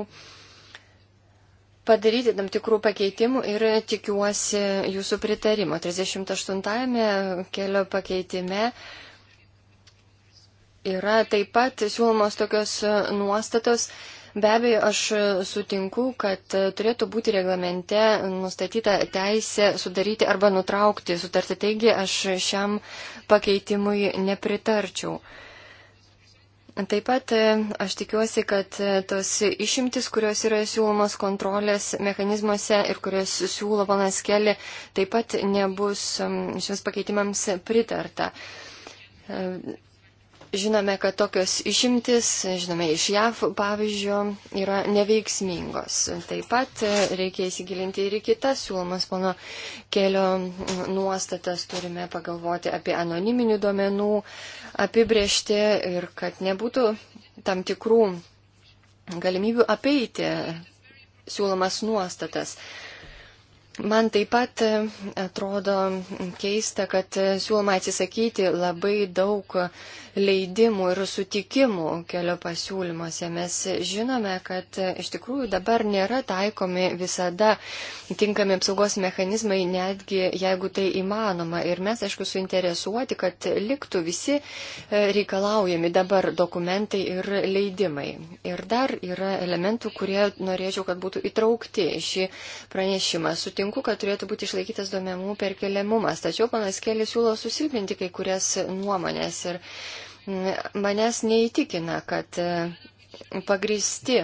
S2: padaryti tam tikrų pakeitimų ir tikiuosi jūsų pritarimo. 38-ame kelio pakeitime yra taip pat siūlomos tokios nuostatos, Be abejo, aš sutinku, kad turėtų būti reglamente nustatyta teisė sudaryti arba nutraukti sutartį. Taigi aš šiam pakeitimui nepritarčiau. Taip pat e, aš tikiuosi, kad e, tos išimtis, kurios yra siūlomas kontrolės mechanizmuose ir kurios siūlo panas keli, taip pat nebus šiems pakeitimams pritarta. E, Žinome, kad tokios išimtis, žinome, iš JAV pavyzdžio yra neveiksmingos. Taip pat e, reikia įsigilinti ir į kitas siūlomas mano kelio nuostatas. Turime pagalvoti apie anoniminių duomenų apibriežti ir kad nebūtų tam tikrų galimybių apeiti siūlomas nuostatas. Man taip pat e, atrodo keista, kad e, siūloma atsisakyti labai daug leidimų ir sutikimų kelio pasiūlymuose. Mes žinome, kad iš tikrųjų dabar nėra taikomi visada tinkami apsaugos mechanizmai, netgi jeigu tai įmanoma. Ir mes, aišku, suinteresuoti, kad liktų visi e, reikalaujami dabar dokumentai ir leidimai. Ir dar yra elementų, kurie norėčiau, kad būtų įtraukti į šį pranešimą. Sutinku, kad turėtų būti išlaikytas duomenų perkeliamumas. Tačiau panas Kelis siūlo susilpinti kai kurias nuomonės. Ir Manęs neįtikina, kad e, pagristi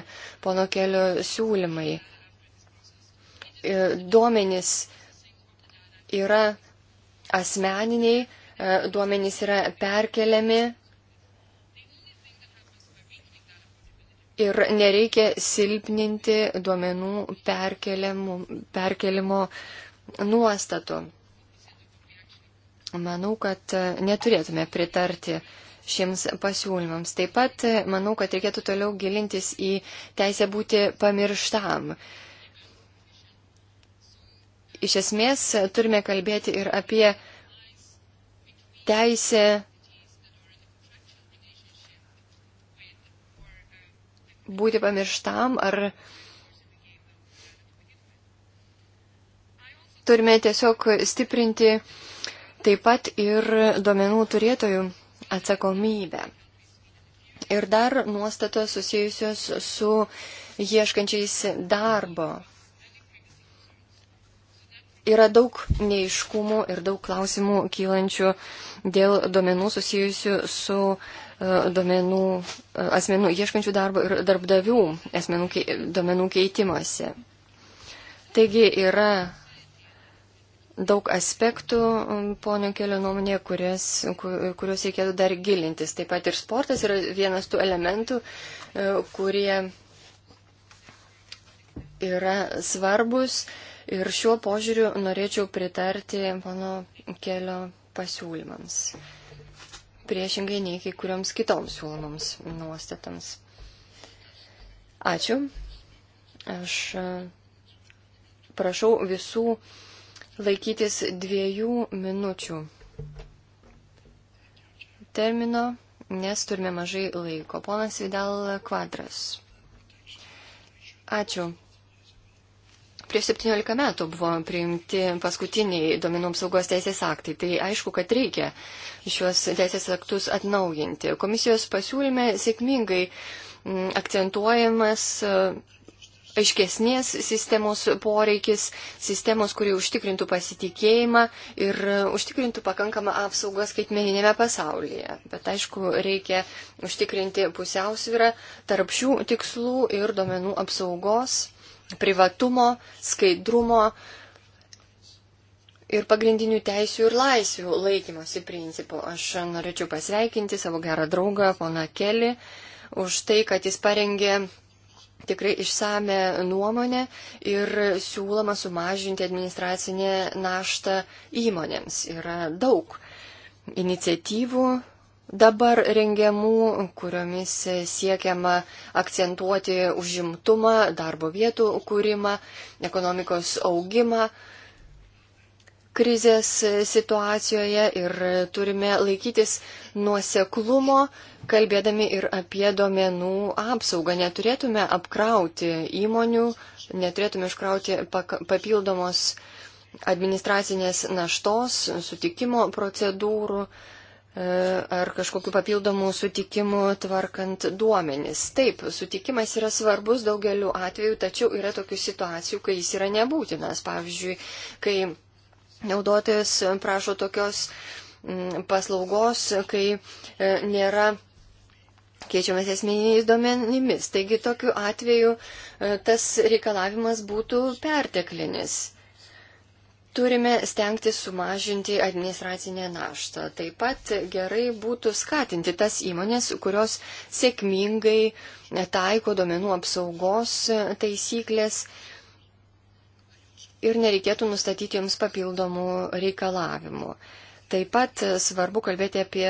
S2: pono kelio siūlymai. E, duomenys yra asmeniniai, e, duomenys yra perkeliami ir nereikia silpninti duomenų perkelimo nuostatų. Manau, kad neturėtume pritarti šiems pasiūlymams. Taip pat e, manau, kad reikėtų toliau gilintis į teisę būti pamirštam. Iš esmės turime kalbėti ir apie teisę būti pamirštam ar turime tiesiog stiprinti taip pat ir duomenų turėtojų atsakomybę. Ir dar nuostatos susijusios su ieškančiais darbo. Yra daug neiškumų ir daug klausimų kylančių dėl domenų susijusių su e, domenų, e, asmenų ieškančių darbo ir darbdavių asmenų domenų keitimuose. Taigi yra daug aspektų, um, ponio kelio nuomonė, kuriuos reikėtų dar gilintis. Taip pat ir sportas yra vienas tų elementų, e, kurie yra svarbus. Ir šiuo požiūriu norėčiau pritarti mano kelio pasiūlymams. Priešingai nei kai kurioms kitoms siūlomoms nuostatams. Ačiū. Aš e, prašau visų laikytis dviejų minučių termino, nes turime mažai laiko. Ponas Vidal Kvadras. Ačiū. Prieš 17 metų buvo priimti paskutiniai duomenų apsaugos teisės aktai. Tai aišku, kad reikia šiuos teisės aktus atnaujinti. Komisijos pasiūlyme sėkmingai mm, akcentuojamas aiškesnės sistemos poreikis, sistemos, kuri užtikrintų pasitikėjimą ir užtikrintų pakankamą apsaugą skaitmeninėme pasaulyje. Bet aišku, reikia užtikrinti pusiausvyrą tarp šių tikslų ir domenų apsaugos, privatumo, skaidrumo ir pagrindinių teisių ir laisvių laikymosi principų. Aš norėčiau pasveikinti savo gerą draugą, poną Kelį, už tai, kad jis parengė tikrai išsame nuomonę ir siūloma sumažinti administracinę naštą įmonėms. Yra daug iniciatyvų dabar rengiamų, kuriomis siekiama akcentuoti užimtumą, darbo vietų kūrimą, ekonomikos augimą, krizės situacijoje ir turime laikytis nuoseklumo, kalbėdami ir apie domenų apsaugą. Neturėtume apkrauti įmonių, neturėtume iškrauti papildomos administracinės naštos, sutikimo procedūrų e, ar kažkokiu papildomu sutikimu tvarkant duomenis. Taip, sutikimas yra svarbus daugeliu atveju, tačiau yra tokių situacijų, kai jis yra nebūtinas. Pavyzdžiui, kai naudotis prašo tokios mm, paslaugos, kai e, nėra keičiamas esminiais duomenimis. Taigi tokiu atveju e, tas reikalavimas būtų perteklinis. Turime stengti sumažinti administracinę naštą. Taip pat gerai būtų skatinti tas įmonės, kurios sėkmingai taiko duomenų apsaugos e, taisyklės, ir nereikėtų nustatyti jums papildomų reikalavimų. Taip pat svarbu kalbėti apie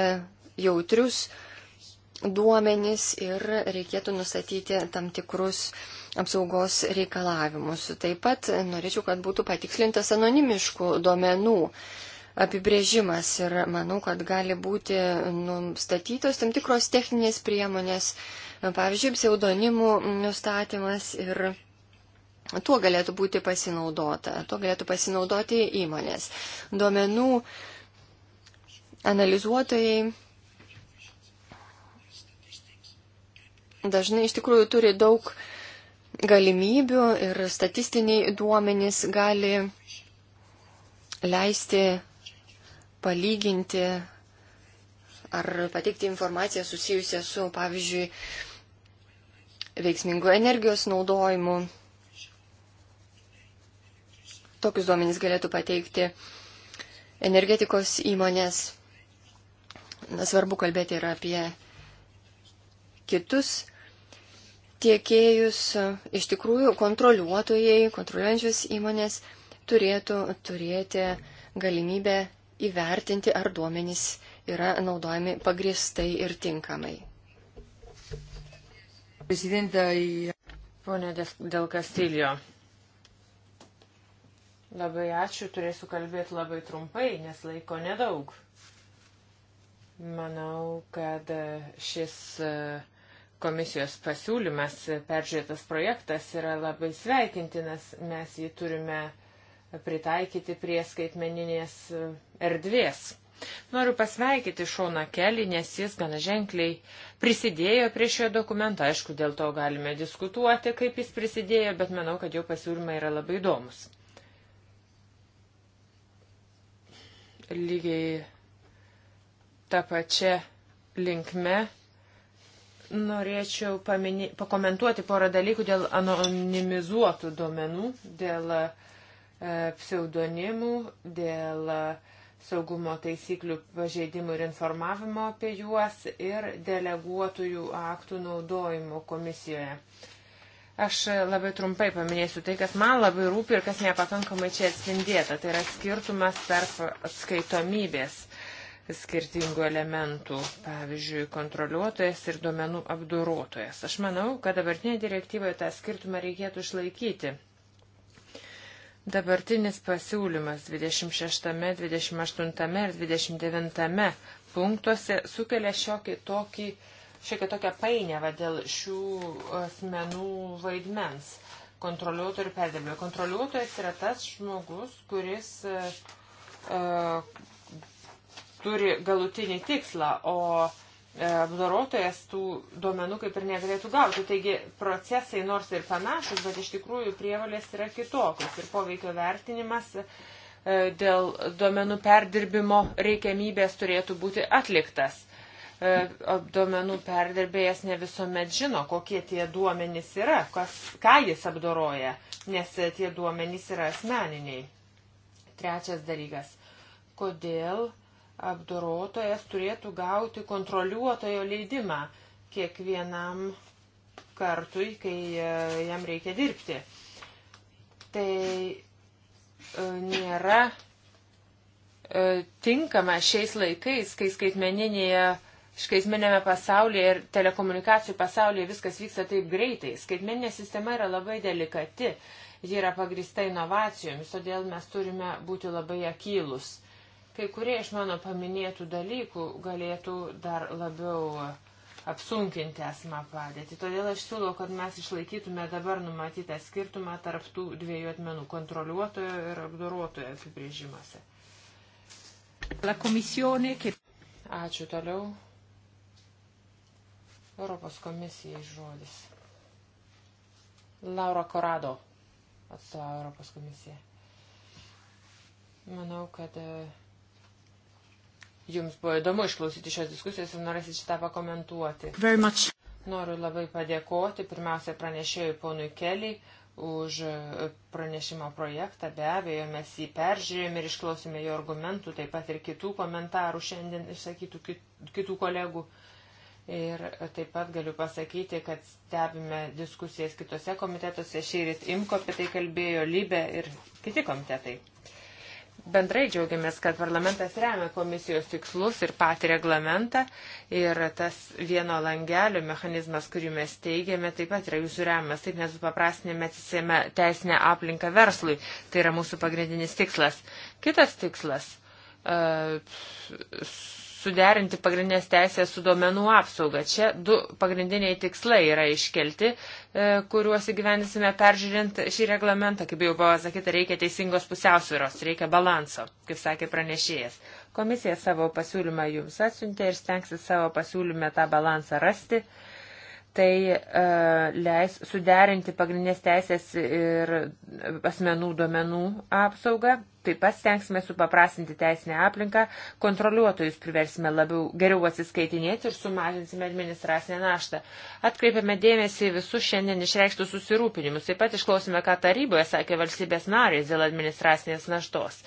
S2: jautrius duomenys ir reikėtų nustatyti tam tikrus apsaugos reikalavimus. Taip pat norėčiau, kad būtų patikslintas anonimiškų duomenų apibrėžimas ir manau, kad gali būti nustatytos tam tikros techninės priemonės, pavyzdžiui, pseudonimų nustatymas ir Tuo galėtų būti pasinaudota, tuo galėtų pasinaudoti įmonės. Duomenų analizuotojai dažnai iš tikrųjų turi daug galimybių ir statistiniai duomenys gali leisti palyginti ar pateikti informaciją susijusią su, pavyzdžiui, veiksmingu energijos naudojimu tokius duomenys galėtų pateikti energetikos įmonės. Na, svarbu kalbėti ir apie kitus tiekėjus. Iš tikrųjų, kontroliuotojai, kontroliuojančios įmonės turėtų turėti galimybę įvertinti, ar duomenys yra naudojami pagristai ir tinkamai. Prezidentai. Pone Del Castillo, Labai
S3: ačiū, turėsiu kalbėti labai trumpai, nes laiko nedaug. Manau, kad e, šis e, komisijos pasiūlymas, e, peržiūrėtas projektas yra labai sveikintinas. Mes jį turime pritaikyti prie skaitmeninės erdvės. Noriu pasveikyti Šoną Kelį, nes jis gana ženkliai prisidėjo prie šio dokumento. Aišku, dėl to galime diskutuoti, kaip jis prisidėjo, bet manau, kad jo pasiūlymai yra labai įdomus. lygiai tą pačią linkmę norėčiau paminė, pakomentuoti porą dalykų dėl anonimizuotų duomenų, dėl e, pseudonimų, dėl e, saugumo taisyklių pažeidimų ir informavimo apie juos ir deleguotųjų aktų naudojimo komisijoje. E, Aš labai trumpai paminėsiu tai, kas man labai rūpi ir kas nepakankamai čia atspindėta. Tai yra skirtumas tarp atskaitomybės skirtingų elementų, pavyzdžiui, kontroliuotojas ir duomenų apdorotojas. Aš manau, kad dabartinėje direktyvoje tą skirtumą reikėtų išlaikyti. Dabartinis pasiūlymas 26, 28 ir 29 punktuose sukelia šiokį tokį uh, šiek tiek tokią painiavą dėl šių asmenų vaidmens kontroliuotojų ir perdėmėjų. Kontroliuotojas yra tas žmogus, kuris uh, turi galutinį tikslą, o e, apdorotojas tų duomenų kaip ir negalėtų gauti. Taigi procesai nors ir panašus, bet iš tikrųjų prievalės yra kitokios ir poveikio vertinimas dėl duomenų perdirbimo reikiamybės turėtų būti atliktas. E, duomenų perdirbėjas ne visuomet žino, kokie tie duomenys yra, kas, ką jis apdoroja, nes tie duomenys yra asmeniniai. Trečias dalykas. Kodėl apdorotojas turėtų gauti kontroliuotojo leidimą kiekvienam kartui, kai e, jam reikia dirbti? Tai e, nėra tinkama šiais laikais, kai skaitmeninėje Skaitmeninėme pasaulyje ir telekomunikacijų pasaulyje viskas vyksta taip greitai. Skaitmeninė sistema yra labai delikati, ji yra pagrįsta inovacijomis, todėl mes turime būti labai akylus. Kai kurie iš mano paminėtų dalykų galėtų dar labiau apsunkinti esmą padėtį. Todėl aš siūlau, kad mes išlaikytume dabar numatytą skirtumą tarp tų dviejų atmenų - kontroliuotojo ir apdorotojo apibrėžimuose. Ačiū toliau. Europos komisijai žodis. Laura Korado atstovauja Europos komisiją. Manau, kad e, jums buvo įdomu išklausyti šios diskusijos ir norėsit šitą pakomentuoti. Noriu labai padėkoti pirmiausia pranešėjui ponui Keliai už e, pranešimo projektą. Be abejo, mes jį peržiūrėjome ir išklausėme jo argumentų, taip pat ir kitų komentarų šiandien išsakytų kitų kolegų. Ir taip pat galiu pasakyti, kad stebime diskusijas kitose komitetuose. Šeirit Imko apie tai kalbėjo Lybė ir kiti komitetai. Bendrai džiaugiamės, kad parlamentas remia komisijos tikslus ir patį reglamentą. Ir tas vieno langelio mechanizmas, kurį mes teigiame, taip pat yra jūsų remiamas. Taip mes supaprastinėme atsisėmę teisinę aplinką verslui. Tai yra mūsų pagrindinis tikslas. Kitas tikslas. Uh, suderinti pagrindinės teisės su duomenų apsauga. Čia du pagrindiniai tikslai yra iškelti, e, kuriuos įgyvendysime peržiūrint šį reglamentą. Kaip jau buvo sakyta, reikia teisingos pusiausvyros, reikia balanso, kaip sakė pranešėjas. Komisija savo pasiūlymą jums atsiuntė ir stengsis savo pasiūlymę tą balansą rasti tai e, leis suderinti pagrindinės teisės ir asmenų duomenų apsaugą. Taip pat stengsime supaprastinti teisinę aplinką, kontroliuotojus priversime labiau geriau atsiskaitinėti ir sumažinsime administracinę naštą. Atkreipiame dėmesį visus šiandien išreikštus susirūpinimus. Taip pat išklausime, ką taryboje sakė valstybės narės dėl administracinės naštos.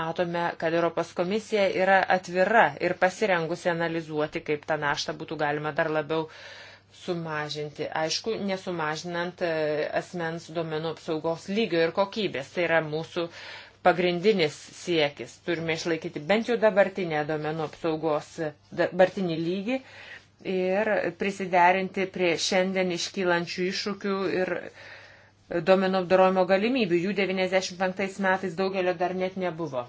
S3: Matome, kad Europos komisija yra atvira ir pasirengusi analizuoti, kaip tą naštą būtų galima dar labiau uh, sumažinti, aišku, nesumažinant e, asmens duomenų apsaugos lygio ir kokybės. Tai yra mūsų pagrindinis siekis. Turime išlaikyti bent jau dabartinę duomenų apsaugos dabartinį lygį ir prisiderinti prie šiandien iškylančių iššūkių ir duomenų apdarojimo galimybių. Jų 95 metais daugelio dar net nebuvo.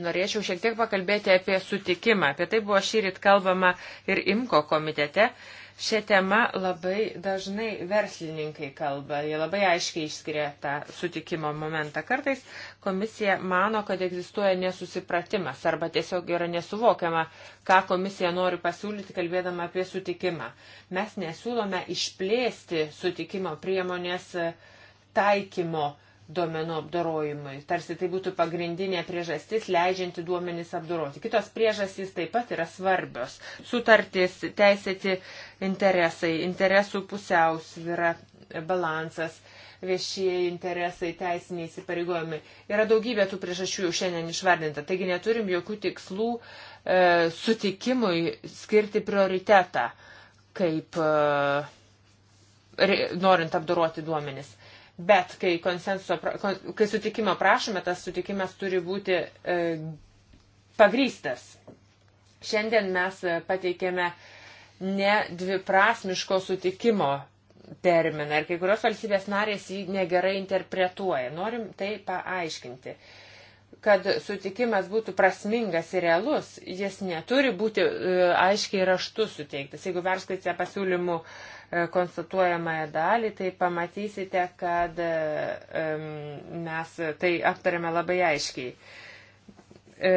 S3: Norėčiau šiek tiek pakalbėti apie sutikimą. Apie tai buvo šį ryt kalbama ir IMKO komitete. Uh, Šią temą labai dažnai verslininkai kalba, jie labai aiškiai išskiria tą sutikimo momentą. Kartais komisija mano, kad egzistuoja nesusipratimas arba tiesiog yra nesuvokiama, ką komisija nori pasiūlyti, kalbėdama apie sutikimą. Mes nesiūlome išplėsti sutikimo priemonės taikymo uh, duomenų apdorojimui. Tarsi tai būtų pagrindinė priežastis leidžianti duomenys apdoroti. Kitos priežastys taip pat yra svarbios. Sutartys, teisėti interesai, interesų pusiausvyra, balansas, viešieji interesai, teisiniai įsipareigojimai. Yra daugybė tų priežasčių jau šiandien išvardinta. Taigi neturim jokių tikslų e, sutikimui skirti prioritetą, kaip e, norint apdoroti duomenis Bet kai, kai sutikimo prašome, tas sutikimas turi būti e, pagrystas. Šiandien mes e, pateikėme ne dviprasmiško sutikimo terminą ir kai kurios valstybės narės jį negerai interpretuoja. Norim tai paaiškinti. Kad sutikimas būtų prasmingas ir realus, jis neturi būti e, aiškiai raštu suteiktas. Jeigu perskaitysite pasiūlymų e, konstatuojamąją dalį, tai pamatysite, kad mes tai aptarėme labai aiškiai. E,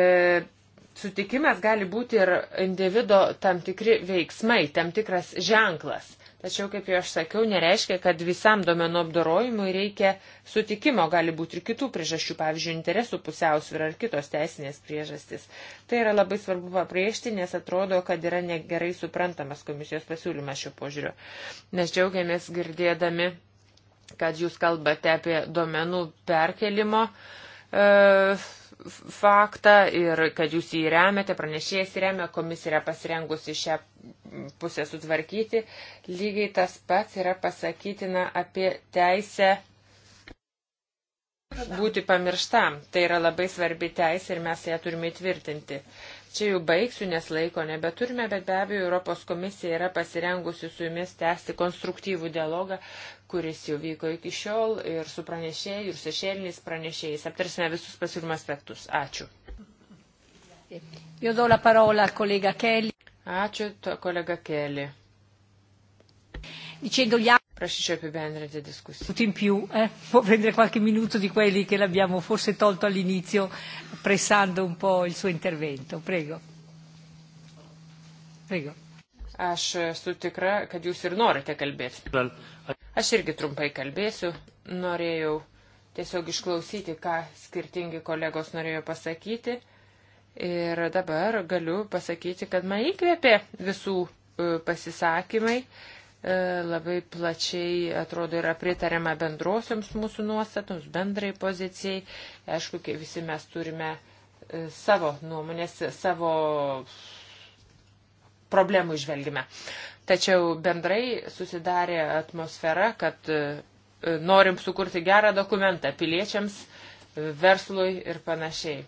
S3: sutikimas gali būti ir individo tam tikri veiksmai, tam tikras ženklas. Tačiau, kaip jau aš sakiau, nereiškia, kad visam domenų apdorojimui reikia sutikimo, gali būti ir kitų priežasčių, pavyzdžiui, interesų pusiausvyrą ar kitos teisinės priežastys. Tai yra labai svarbu papriešti, nes atrodo, kad yra negerai suprantamas komisijos pasiūlymas šio požiūrio. Nes džiaugiamės girdėdami, kad jūs kalbate apie domenų perkelimo. Uh, e, faktą ir kad jūs jį remiate, pranešėjas remia, komisija yra pasirengusi šią pusę sutvarkyti. Lygiai tas pats yra pasakytina apie teisę būti pamirštam. Tai yra labai svarbi teisė ir mes ją turime įtvirtinti. Uh, Čia jau baigsiu, nes laiko nebeturime, bet be abejo Europos komisija yra pasirengusi su jumis tęsti konstruktyvų dialogą, kuris jau vyko iki šiol ir su pranešėjai, ir su šešėliniais pranešėjais. Aptarsime visus pasiūlymo aspektus. Ačiū.
S2: Io do la parola al collega Kelly.
S3: Ačiū, kolega Kelly. Dicendo gli altri. Prašyčiau apibendrinti diskusiją. In più, eh, può prendere qualche minuto di quelli che l'abbiamo forse tolto all'inizio, pressando un po' il suo intervento. Prego. Prego. Aš esu tikra, kad jūs ir norite kalbėti. Aš irgi trumpai kalbėsiu. Norėjau tiesiog išklausyti, ką skirtingi kolegos norėjo pasakyti. Ir dabar galiu pasakyti, kad man įkvėpė visų e, pasisakymai E, labai plačiai, atrodo, yra pritariama bendrosioms mūsų nuostatoms, bendrai pozicijai. Aišku, visi mes turime e, savo nuomonės, savo problemų išvelgime. Tačiau bendrai susidarė atmosfera, kad e, norim sukurti gerą dokumentą piliečiams, verslui ir panašiai.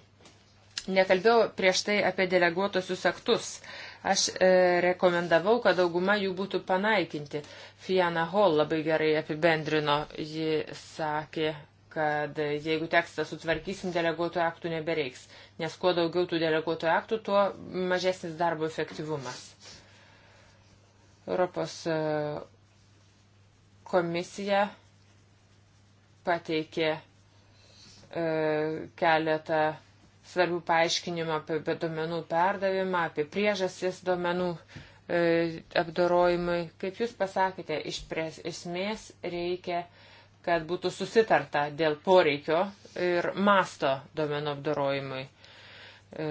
S3: Nekalbėjau prieš tai apie deleguotosius aktus. Uh, Aš e, rekomendavau, kad dauguma jų būtų panaikinti. Fiona Hall labai gerai apibendrino. Ji sakė, kad jeigu tekstą sutvarkysim, deleguotų aktų nebereiks, nes kuo daugiau tų deleguotų aktų, tuo mažesnis darbo efektyvumas. Europos e, komisija pateikė e, keletą svarbių paaiškinimų apie duomenų perdavimą, apie priežastis duomenų e, apdorojimui. Kaip Jūs pasakėte, iš esmės reikia, kad būtų susitarta dėl poreikio ir masto duomenų apdorojimui. E,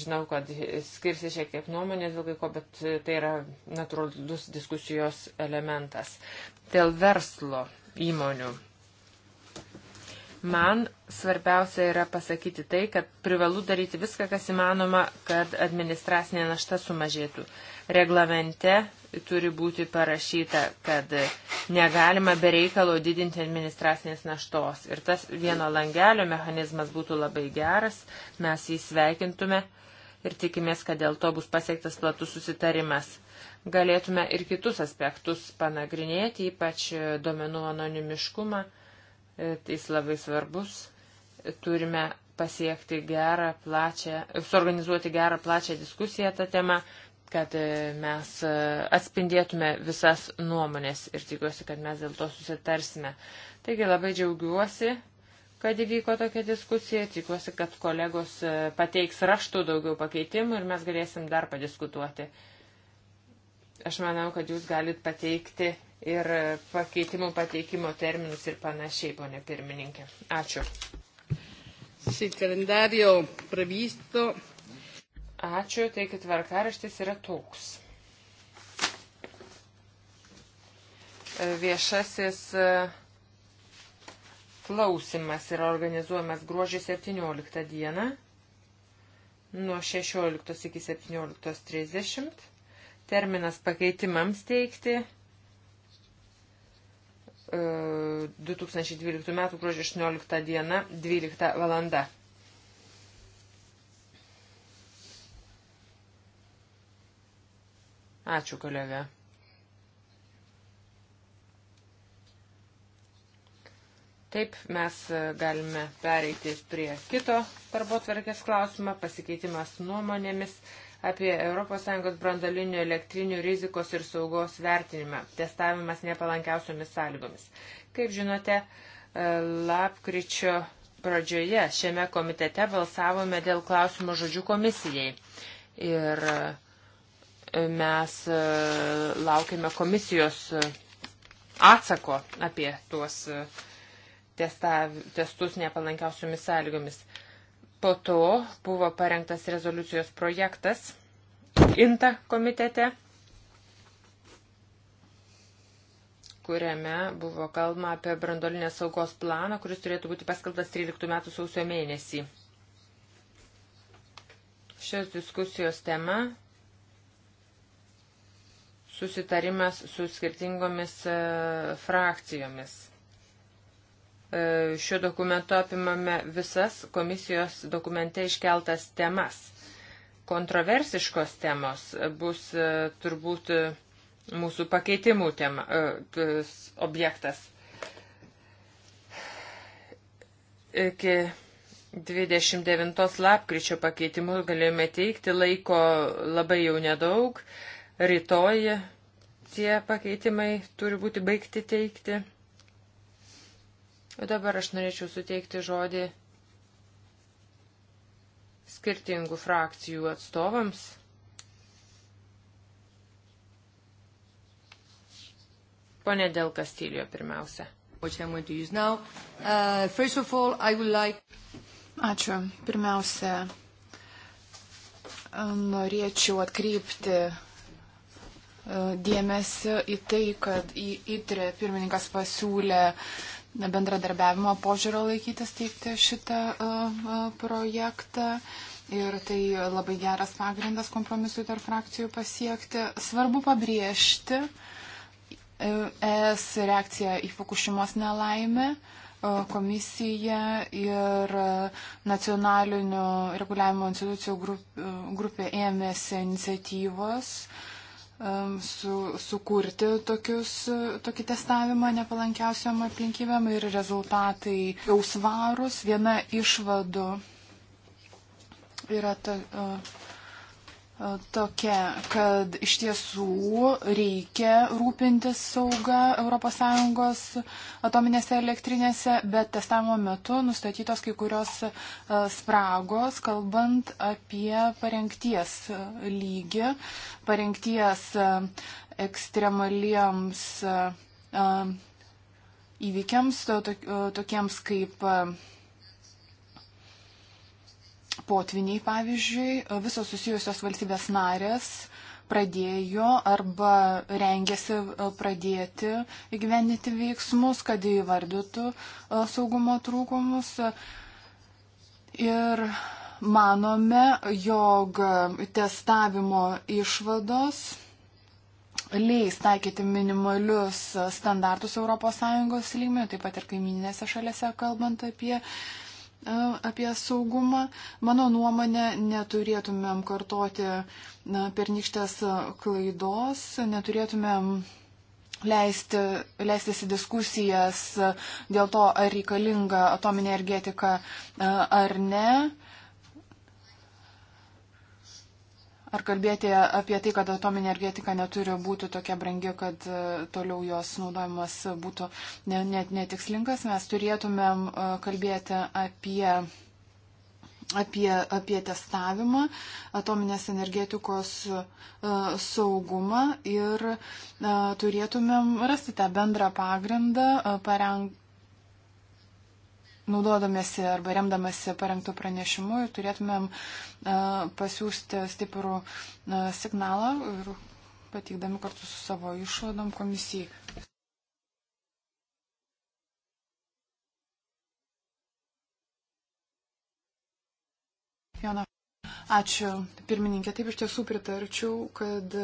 S3: žinau, kad skirsi šiek tiek nuomonės dėl kai ko, bet tai yra natūralus diskusijos elementas. Dėl verslo įmonių Man svarbiausia yra pasakyti tai, kad privalu daryti viską, kas įmanoma, kad administracinė našta sumažėtų. Reglamente turi būti parašyta, kad negalima bereikalo didinti administracinės naštos. Ir tas vieno langelio mechanizmas būtų labai geras, mes jį sveikintume ir tikimės, kad dėl to bus pasiektas platus susitarimas. Galėtume ir kitus aspektus panagrinėti, ypač duomenų anonimiškumą E, tai jis labai svarbus. Turime pasiekti gerą, plačią, suorganizuoti gerą, plačią diskusiją tą temą, kad e, mes e, atspindėtume visas nuomonės ir tikiuosi, kad mes dėl to susitarsime. Taigi labai džiaugiuosi, kad įvyko tokia diskusija, tikiuosi, kad kolegos pateiks raštų daugiau pakeitimų ir mes galėsim dar padiskutuoti. Aš manau, kad jūs galit pateikti ir pakeitimų pateikimo terminus ir panašiai, ponė pirmininkė. Ačiū. Ačiū, taigi tvarkaraštis yra toks. E, viešasis e, klausimas yra organizuojamas gruožį 17 dieną nuo 16 iki 17.30. Terminas pakeitimams teikti 2012 e, m. gruodžio 18 d. 12 val. Ačiū, kolega. Taip, mes e, galime pereiti prie kito darbo tvarkės klausimą, pasikeitimas nuomonėmis apie ES brandalinių elektrinių rizikos ir saugos vertinimą - testavimas nepalankiausiomis sąlygomis. Kaip žinote, e, lapkričio pradžioje šiame komitete balsavome dėl klausimo žodžių komisijai. Ir e, mes e, laukime komisijos atsako apie tuos testav, testus nepalankiausiomis sąlygomis. Po to buvo parengtas rezoliucijos projektas INTA komitete, kuriame buvo kalba apie brandolinės saugos planą, kuris turėtų būti paskelbtas 13 metų sausio mėnesį. Šios diskusijos tema susitarimas su skirtingomis e, frakcijomis. E, Šiuo dokumentu apimame visas komisijos dokumente iškeltas temas. Kontroversiškos temos bus e, turbūt e, mūsų pakeitimų tema, objektas. Iki 29 lapkričio pakeitimus galėjome teikti, laiko labai jau nedaug, rytoj tie pakeitimai turi būti baigti teikti. O dabar aš norėčiau suteikti žodį skirtingų frakcijų atstovams. Pone Del Castillo pirmiausia. Uh, Ačiū.
S1: Pirmiausia, norėčiau atkreipti uh, dėmesį į tai, kad į ITRE pirmininkas pasiūlė uh, bendradarbiavimo požiūrio laikytis teikti šitą e, e, projektą. Ir tai labai geras pagrindas kompromisui tarp frakcijų pasiekti. Svarbu pabrėžti e, es reakciją į Fukushimos nelaimę komisija ir nacionalinių reguliavimo institucijų grupė ėmėsi iniciatyvos uh, Um, su, sukurti tokius, tokį testavimą nepalankiausiam aplinkybėm ir rezultatai jau svarus. Viena išvadų yra ta, uh, E, tokia, kad iš tiesų reikia rūpintis saugą ES atominėse elektrinėse, bet testavimo metu nustatytos kai kurios e, spragos, kalbant apie parengties e, lygį, parengties ekstremaliems įvykiams, tokiems kaip potviniai, pavyzdžiui, visos susijusios valstybės narės pradėjo arba rengėsi e, pradėti įgyvendinti veiksmus, kad įvardytų e, saugumo trūkumus. Ir manome, jog testavimo išvados leis taikyti minimalius standartus ES lygmenių, taip pat ir kaiminėse šalėse, kalbant apie uh, apie saugumą. Mano nuomonė, neturėtumėm kartoti pernykštės klaidos, neturėtumėm leisti, leistis į diskusijas dėl to, ar reikalinga atominė energetika ar ne. Ar kalbėti apie tai, kad atominė energetika neturi būti tokia brangi, kad e, toliau jos naudojimas būtų net ne, netikslingas, mes turėtumėm e, kalbėti apie, apie, apie testavimą, atominės energetikos e, saugumą ir turėtumėm rasti tą bendrą pagrindą, pareng, naudodamėsi arba remdamėsi parengtų pranešimų, turėtumėm e, pasiūsti stiprų e, signalą ir pateikdami kartu su savo išvadom komisijai. Jona. Ačiū, pirmininkė. Taip iš tiesų pritarčiau, kad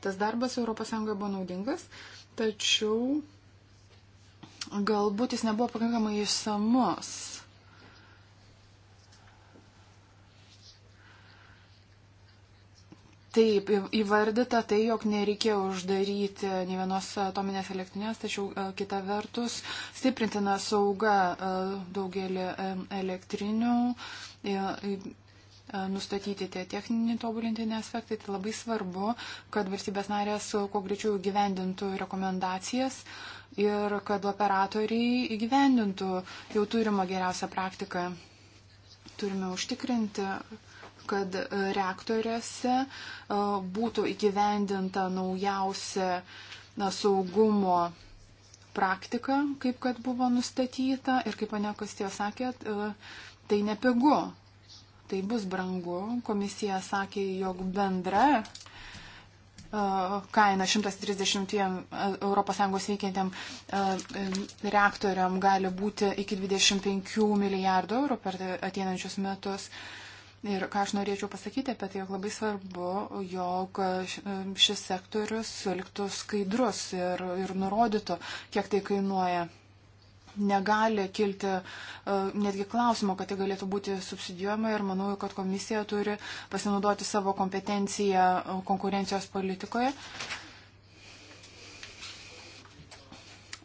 S1: tas darbas ES buvo naudingas, tačiau Galbūt jis nebuvo pakankamai išsamus. Taip, įvardyta tai, jog nereikėjo uždaryti ne vienos atominės elektrinės, tačiau e, kita vertus stiprintina sauga e, daugelį elektrinių e, E, nustatyti tie techniniai tobulintini aspektai, tai labai svarbu, kad valstybės narės e, kuo greičiau gyvendintų rekomendacijas ir kad operatoriai įgyvendintų jau turimą geriausią praktiką. Turime užtikrinti, kad reaktoriuose e, būtų įgyvendinta naujausia na, saugumo praktika, kaip kad buvo nustatyta ir kaip pane Kostė sakė, tai nepigu tai bus brangu. Komisija sakė, jog bendra e, kaina 130 ES veikiantiem e, reaktoriam gali būti iki 25 milijardų eurų per ateinančius metus. Ir ką aš norėčiau pasakyti apie tai, jog labai svarbu, jog e, šis sektorius liktų skaidrus ir, ir nurodytų, kiek tai kainuoja negali kilti e, netgi klausimo, kad tai galėtų būti subsidijuojama ir manau, kad komisija turi pasinaudoti savo kompetenciją e, konkurencijos politikoje.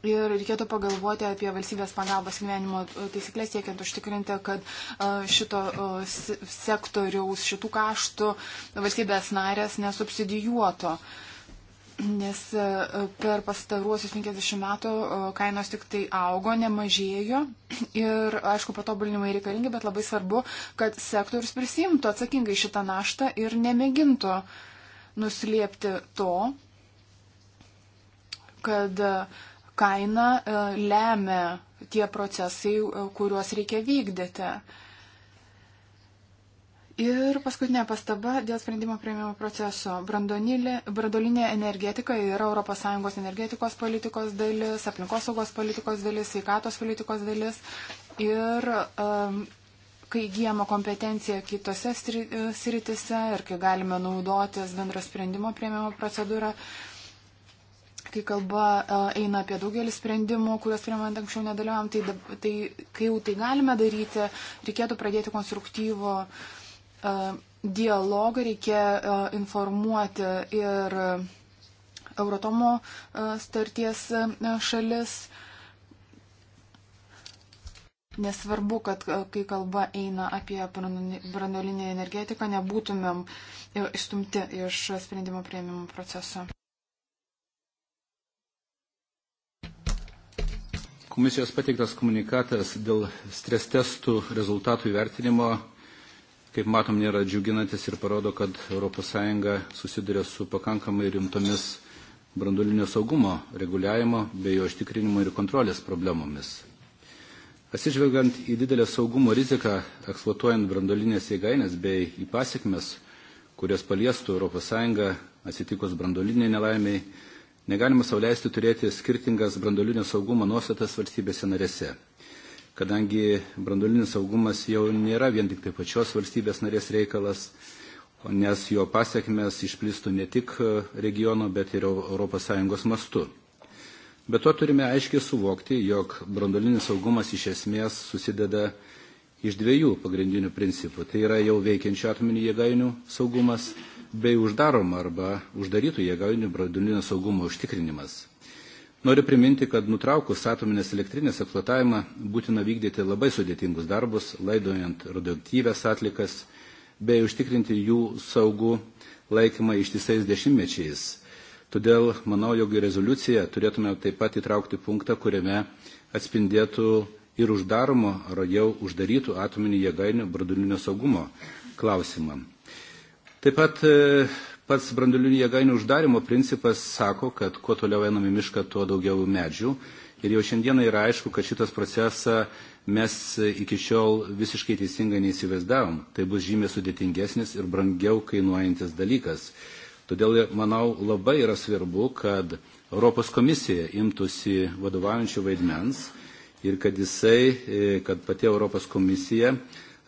S1: Ir reikėtų pagalvoti apie valstybės pagalbos gyvenimo e, taisyklės, siekiant užtikrinti, kad šito sektoriaus, šitų kaštų valstybės narės nesubsidijuoto. Uh, nes e, per pastaruosius 50 metų e, kainos tik tai augo, nemažėjo [clears throat] ir, aišku, patobulinimai reikalingi, bet labai svarbu, kad sektorius prisimtų atsakingai šitą naštą ir nemėgintų nuslėpti to, kad e, kaina lemia tie procesai, kuriuos reikia vykdyti. Ir paskutinė pastaba dėl sprendimo prieimimo proceso. Brandolinė energetika yra ES energetikos politikos dalis, aplinkosaugos politikos dalis, sveikatos politikos dalis. Ir um, kai įgyjama kompetencija kitose sritise ir kai galime naudotis bendro sprendimo prieimimo procedūrą, kai kalba e, eina apie daugelį sprendimų, kuriuos priimant anksčiau nedalyvavom, tai, tai kai jau tai galime daryti, reikėtų pradėti konstruktyvo uh, E, dialogą reikia e, informuoti ir Eurotomo e, starties šalis. Nesvarbu, kad kai kalba eina apie branduolinę energetiką, nebūtumėm išstumti iš sprendimo prieimimo proceso.
S4: Komisijos pateiktas komunikatas dėl stres testų rezultatų įvertinimo kaip matom, nėra džiuginantis ir parodo, kad ES susiduria su pakankamai rimtomis brandulinio saugumo reguliavimo bei jo ištikrinimo ir kontrolės problemomis. Atsižvelgiant į didelę saugumo riziką eksploatuojant brandulinės jėgainės bei į pasiekmes, kurias paliestų ES atsitikus brandoliniai nelaimiai, negalima sauliaisti turėti skirtingas brandolinio saugumo nuostatas valstybėse narėse kadangi branduolinis saugumas jau nėra vien tik tai pačios valstybės narės reikalas, nes jo pasiekmes išplistų ne tik e, regiono, bet ir ES mastu. Bet to turime aiškiai suvokti, jog branduolinis saugumas iš esmės susideda iš dviejų pagrindinių principų. Tai yra jau veikiančių atominių jėgainių saugumas bei uždaroma arba uždarytų jėgainių branduolinio saugumo užtikrinimas. Noriu priminti, kad nutraukus atominės elektrinės eksploatavimą būtina vykdyti labai sudėtingus darbus, laidojant radioaktyves atlikas, bei užtikrinti jų saugų laikymą ištisais dešimtmečiais. Todėl manau, jog į rezoliuciją turėtume taip pat įtraukti punktą, kuriame atspindėtų ir uždaromo ar jau uždarytų atominį jėgainių branduolinio saugumo klausimą. Taip pat e, Pats brandulinių jėgainių uždarimo principas sako, kad kuo toliau einame mišką, tuo daugiau medžių. Ir jau šiandieną yra aišku, kad šitas procesą mes iki šiol visiškai teisingai neįsivaizdavom. Tai bus žymiai sudėtingesnis ir brangiau kainuojantis dalykas. Todėl, manau, labai yra svarbu, kad Europos komisija imtųsi vadovaujančio vaidmens ir kad jisai, e, kad pati Europos komisija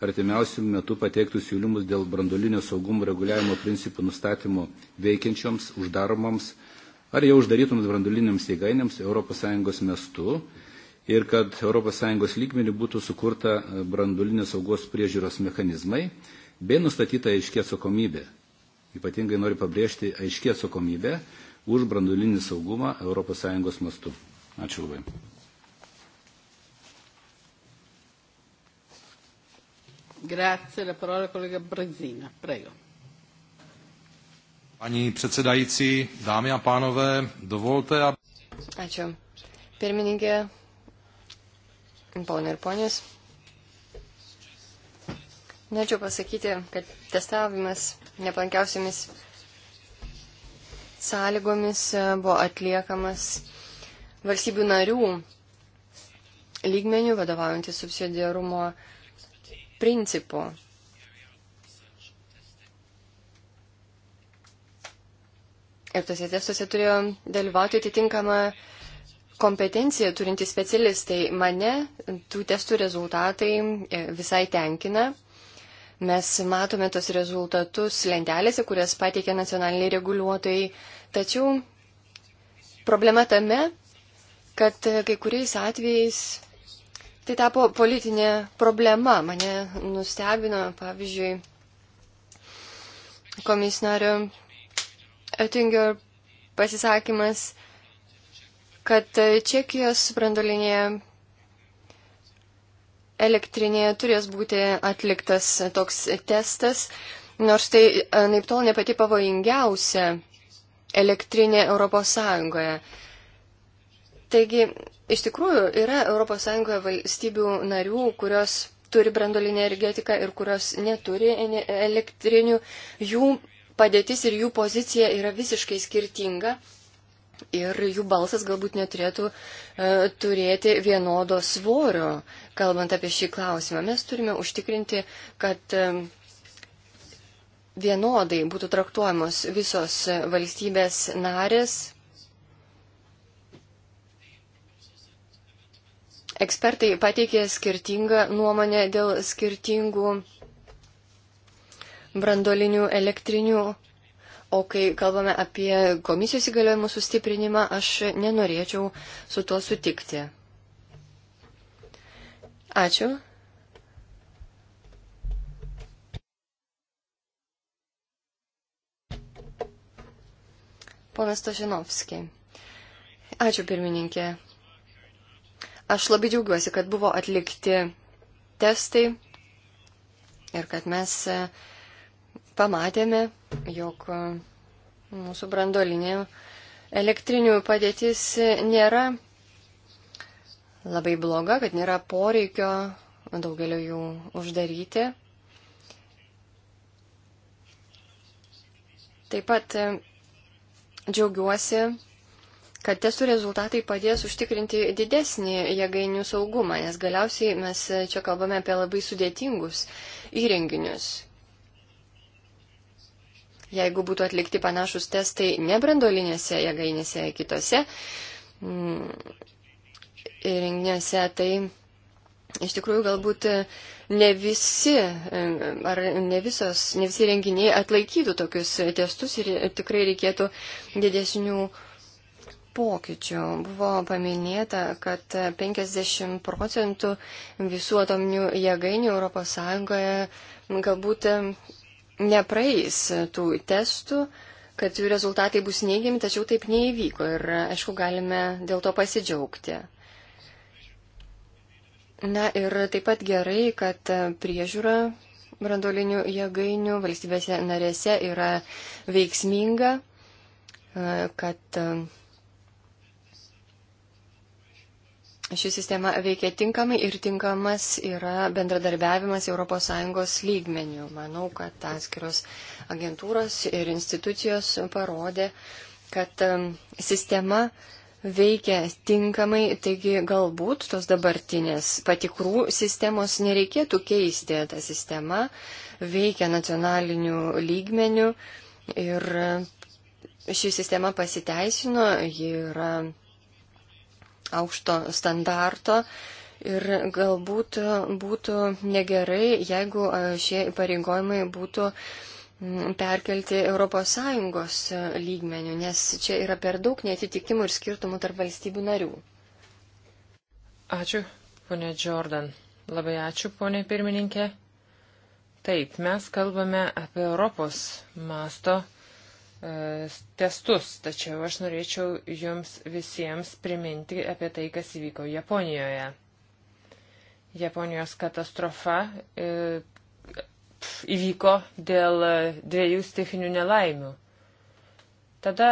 S4: artimiausių metų pateiktų siūlymus dėl brandulinio saugumo reguliavimo principų nustatymo veikiančioms, uždaromoms ar jau uždarytoms brandulinėms jėgainėms ES mestu ir kad ES lygmenį būtų sukurta e, brandulinės saugos priežiūros mechanizmai bei nustatyta aiškė atsakomybė. Ypatingai noriu pabrėžti aiškė atsakomybę už brandulinį saugumą ES mastu. Ačiū labai.
S1: Grazie,
S2: la parola kolega Brezina. Prego.
S4: Paní předsedající, dámy a pánové, dovolte, aby...
S2: Ačiū. Pirmininkė, ponai ir ponios. Norėčiau pasakyti, kad testavimas neplankiausiamis sąlygomis buvo atliekamas valstybių narių lygmenių, vadovaujantis subsidiarumo uh, principu. Ir tuose testuose turėjo dalyvauti atitinkama kompetencija turinti specialistai. Mane tų testų rezultatai e, visai tenkina. Mes matome tos rezultatus lentelėse, kurias pateikia nacionaliniai reguliuotojai. Tačiau problema tame, kad e, kai kuriais atvejais Tai tapo politinė problema. Mane nustebino, pavyzdžiui, komisario Ettinger pasisakymas, kad Čekijos brandolinėje elektrinėje turės būti atliktas toks testas, nors tai naip tol ne pati pavojingiausia elektrinė Europos Sąjungoje. Taigi Iš tikrųjų, yra ES valstybių narių, kurios turi brandolinę energetiką ir kurios neturi elektrinių, jų padėtis ir jų pozicija yra visiškai skirtinga ir jų balsas galbūt neturėtų e, turėti vienodo svorio, kalbant apie šį klausimą. Mes turime užtikrinti, kad e, vienodai būtų traktuojamos visos valstybės narės Ekspertai pateikė skirtingą nuomonę dėl skirtingų brandolinių elektrinių, o kai kalbame apie komisijos įgaliojimų sustiprinimą, aš nenorėčiau su tuo sutikti. Ačiū. Ponas Tošinovski. Ačiū pirmininkė. Aš labai džiaugiuosi, kad buvo atlikti testai ir kad mes e, pamatėme, jog e, mūsų brandolinė elektrinių padėtis e, nėra labai bloga, kad nėra poreikio daugelio jų uždaryti. Taip pat džiaugiuosi kad testų rezultatai padės užtikrinti didesnį jėgainių saugumą, nes galiausiai mes čia kalbame apie labai sudėtingus įrenginius. Jeigu būtų atlikti panašus testai nebrandolinėse jėgainėse, kitose mm, įrenginėse, tai iš tikrųjų galbūt ne visi mm, ar ne, visos, ne visi renginiai atlaikytų tokius testus ir tikrai reikėtų didesnių pokyčių. Buvo paminėta, kad 50 procentų visų atominių jėgainių ES galbūt nepraeis tų testų, kad jų rezultatai bus neigiami, tačiau taip neįvyko ir, aišku, galime dėl to pasidžiaugti. Na ir taip pat gerai, kad priežiūra brandolinių jėgainių valstybėse narėse yra veiksminga, kad ši sistema veikia tinkamai ir tinkamas yra bendradarbiavimas ES lygmenių. Manau, kad atskiros agentūros ir institucijos parodė, kad um, sistema veikia tinkamai, taigi galbūt tos dabartinės patikrų sistemos nereikėtų keisti. Ta sistema veikia nacionaliniu lygmeniu ir uh, ši sistema pasiteisino, ji yra aukšto standarto. Ir galbūt būtų negerai, jeigu e, šie įpareigojimai būtų mm, perkelti ES e, lygmenių, nes čia yra per daug netitikimų ir skirtumų tarp valstybių narių.
S3: Ačiū, ponė Jordan. Labai ačiū, ponė pirmininkė. Taip, mes kalbame apie Europos masto E, testus, tačiau aš norėčiau jums visiems priminti apie tai, kas įvyko Japonijoje. Japonijos katastrofa e, įvyko dėl dviejų stichinių nelaimių. Tada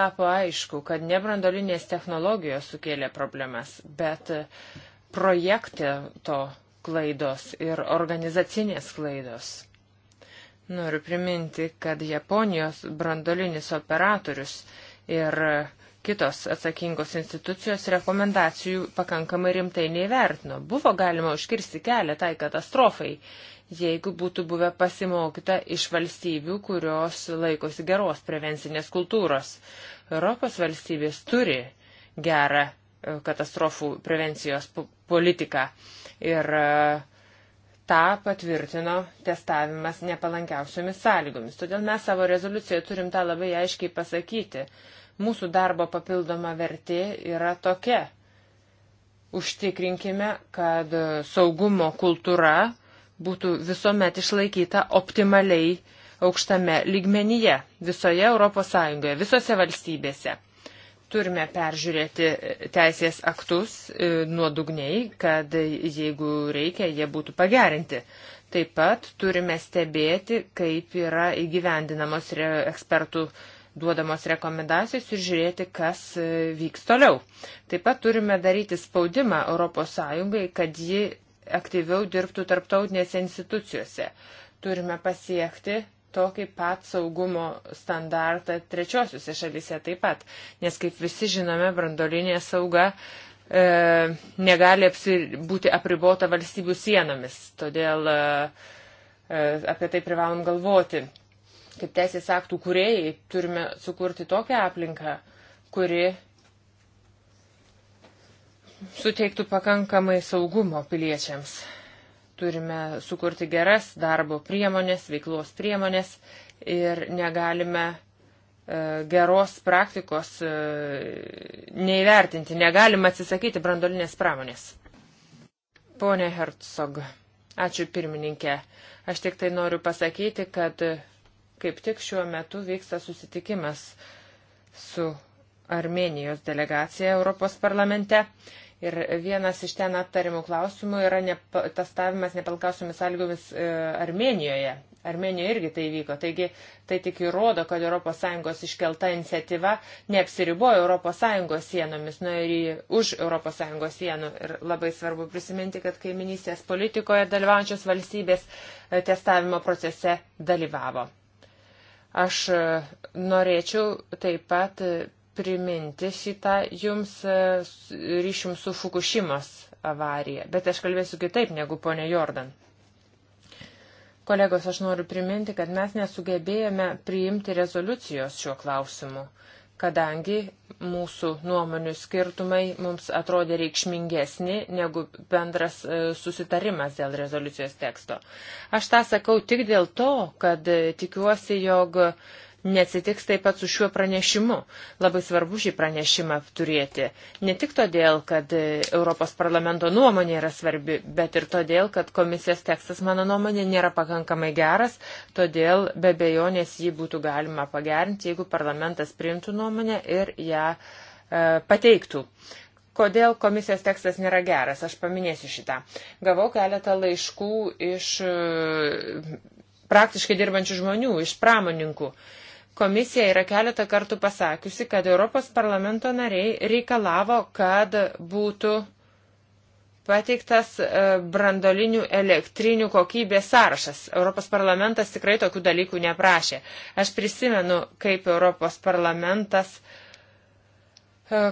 S3: tapo aišku, kad nebrandolinės technologijos sukėlė problemas, bet projekte to klaidos ir organizacinės klaidos. Noriu priminti, kad Japonijos brandolinis operatorius ir kitos atsakingos institucijos rekomendacijų pakankamai rimtai neįvertino. Buvo galima užkirsti kelią tai katastrofai, jeigu būtų buvę pasimokyta iš valstybių, kurios laikosi geros prevencinės kultūros. Europos valstybės turi gerą e, katastrofų prevencijos politiką ir uh, Ta patvirtino testavimas nepalankiausiomis sąlygomis. Todėl mes savo rezoliucijoje turim tą labai aiškiai pasakyti. Mūsų darbo papildoma vertė yra tokia. Užtikrinkime, kad saugumo kultūra būtų visuomet išlaikyta optimaliai aukštame lygmenyje visoje ES, visose valstybėse turime peržiūrėti teisės aktus e, nuodugniai, kad jeigu reikia, jie būtų pagerinti. Taip pat turime stebėti, kaip yra įgyvendinamos ekspertų duodamos rekomendacijos ir žiūrėti, kas e, vyks toliau. Taip pat turime daryti spaudimą ES, kad ji aktyviau dirbtų tarptautinėse institucijose. Turime pasiekti tokį pat saugumo standartą trečiosiuose šalyse taip pat, nes kaip visi žinome, brandolinė sauga e, negali apsi, būti apribota valstybių sienomis, todėl e, e apie tai privalom galvoti. Kaip teisės aktų kuriejai turime sukurti tokią aplinką, kuri suteiktų pakankamai saugumo piliečiams turime sukurti geras darbo priemonės, veiklos priemonės ir negalime e, geros praktikos e, neįvertinti, negalime atsisakyti brandolinės pramonės. Pone Hertsog, ačiū pirmininkė. Aš tik tai noriu pasakyti, kad kaip tik šiuo metu vyksta susitikimas su Armenijos delegacija Europos parlamente Ir vienas iš ten aptarimų klausimų yra nepa, testavimas nepalkausiomis sąlygomis e, Armenijoje. Armenijoje irgi tai vyko. Taigi tai tik įrodo, kad ES iškelta iniciatyva neapsiribojo ES sienomis, nu ir į, už ES sienų. Ir labai svarbu prisiminti, kad kaiminystės politikoje dalyvaujančios valstybės e, testavimo procese dalyvavo. Aš e, norėčiau taip pat e, priminti šitą jums e, ryšim su Fukushimos avarija, bet aš kalbėsiu kitaip negu ponė Jordan. Kolegos, aš noriu priminti, kad mes nesugebėjome priimti rezoliucijos šiuo klausimu, kadangi mūsų nuomonių skirtumai mums atrodė reikšmingesni negu bendras e, susitarimas dėl rezoliucijos teksto. Aš tą sakau tik dėl to, kad e, tikiuosi, jog Nesitiks taip pat su šiuo pranešimu. Labai svarbu šį pranešimą turėti. Ne tik todėl, kad Europos parlamento nuomonė yra svarbi, bet ir todėl, kad komisijos tekstas, mano nuomonė, nėra pakankamai geras, todėl be bejonės jį būtų galima pagerinti, jeigu parlamentas priimtų nuomonę ir ją e, pateiktų. Kodėl komisijos tekstas nėra geras, aš paminėsiu šitą. Gavau keletą laiškų iš e, praktiškai dirbančių žmonių, iš pramoninkų. E, Komisija yra keletą kartų pasakiusi, kad Europos parlamento nariai reikalavo, kad būtų pateiktas e, brandolinių elektrinių kokybės sąrašas. Europos parlamentas tikrai tokių dalykų neprašė. Aš prisimenu, kaip Europos parlamentas e,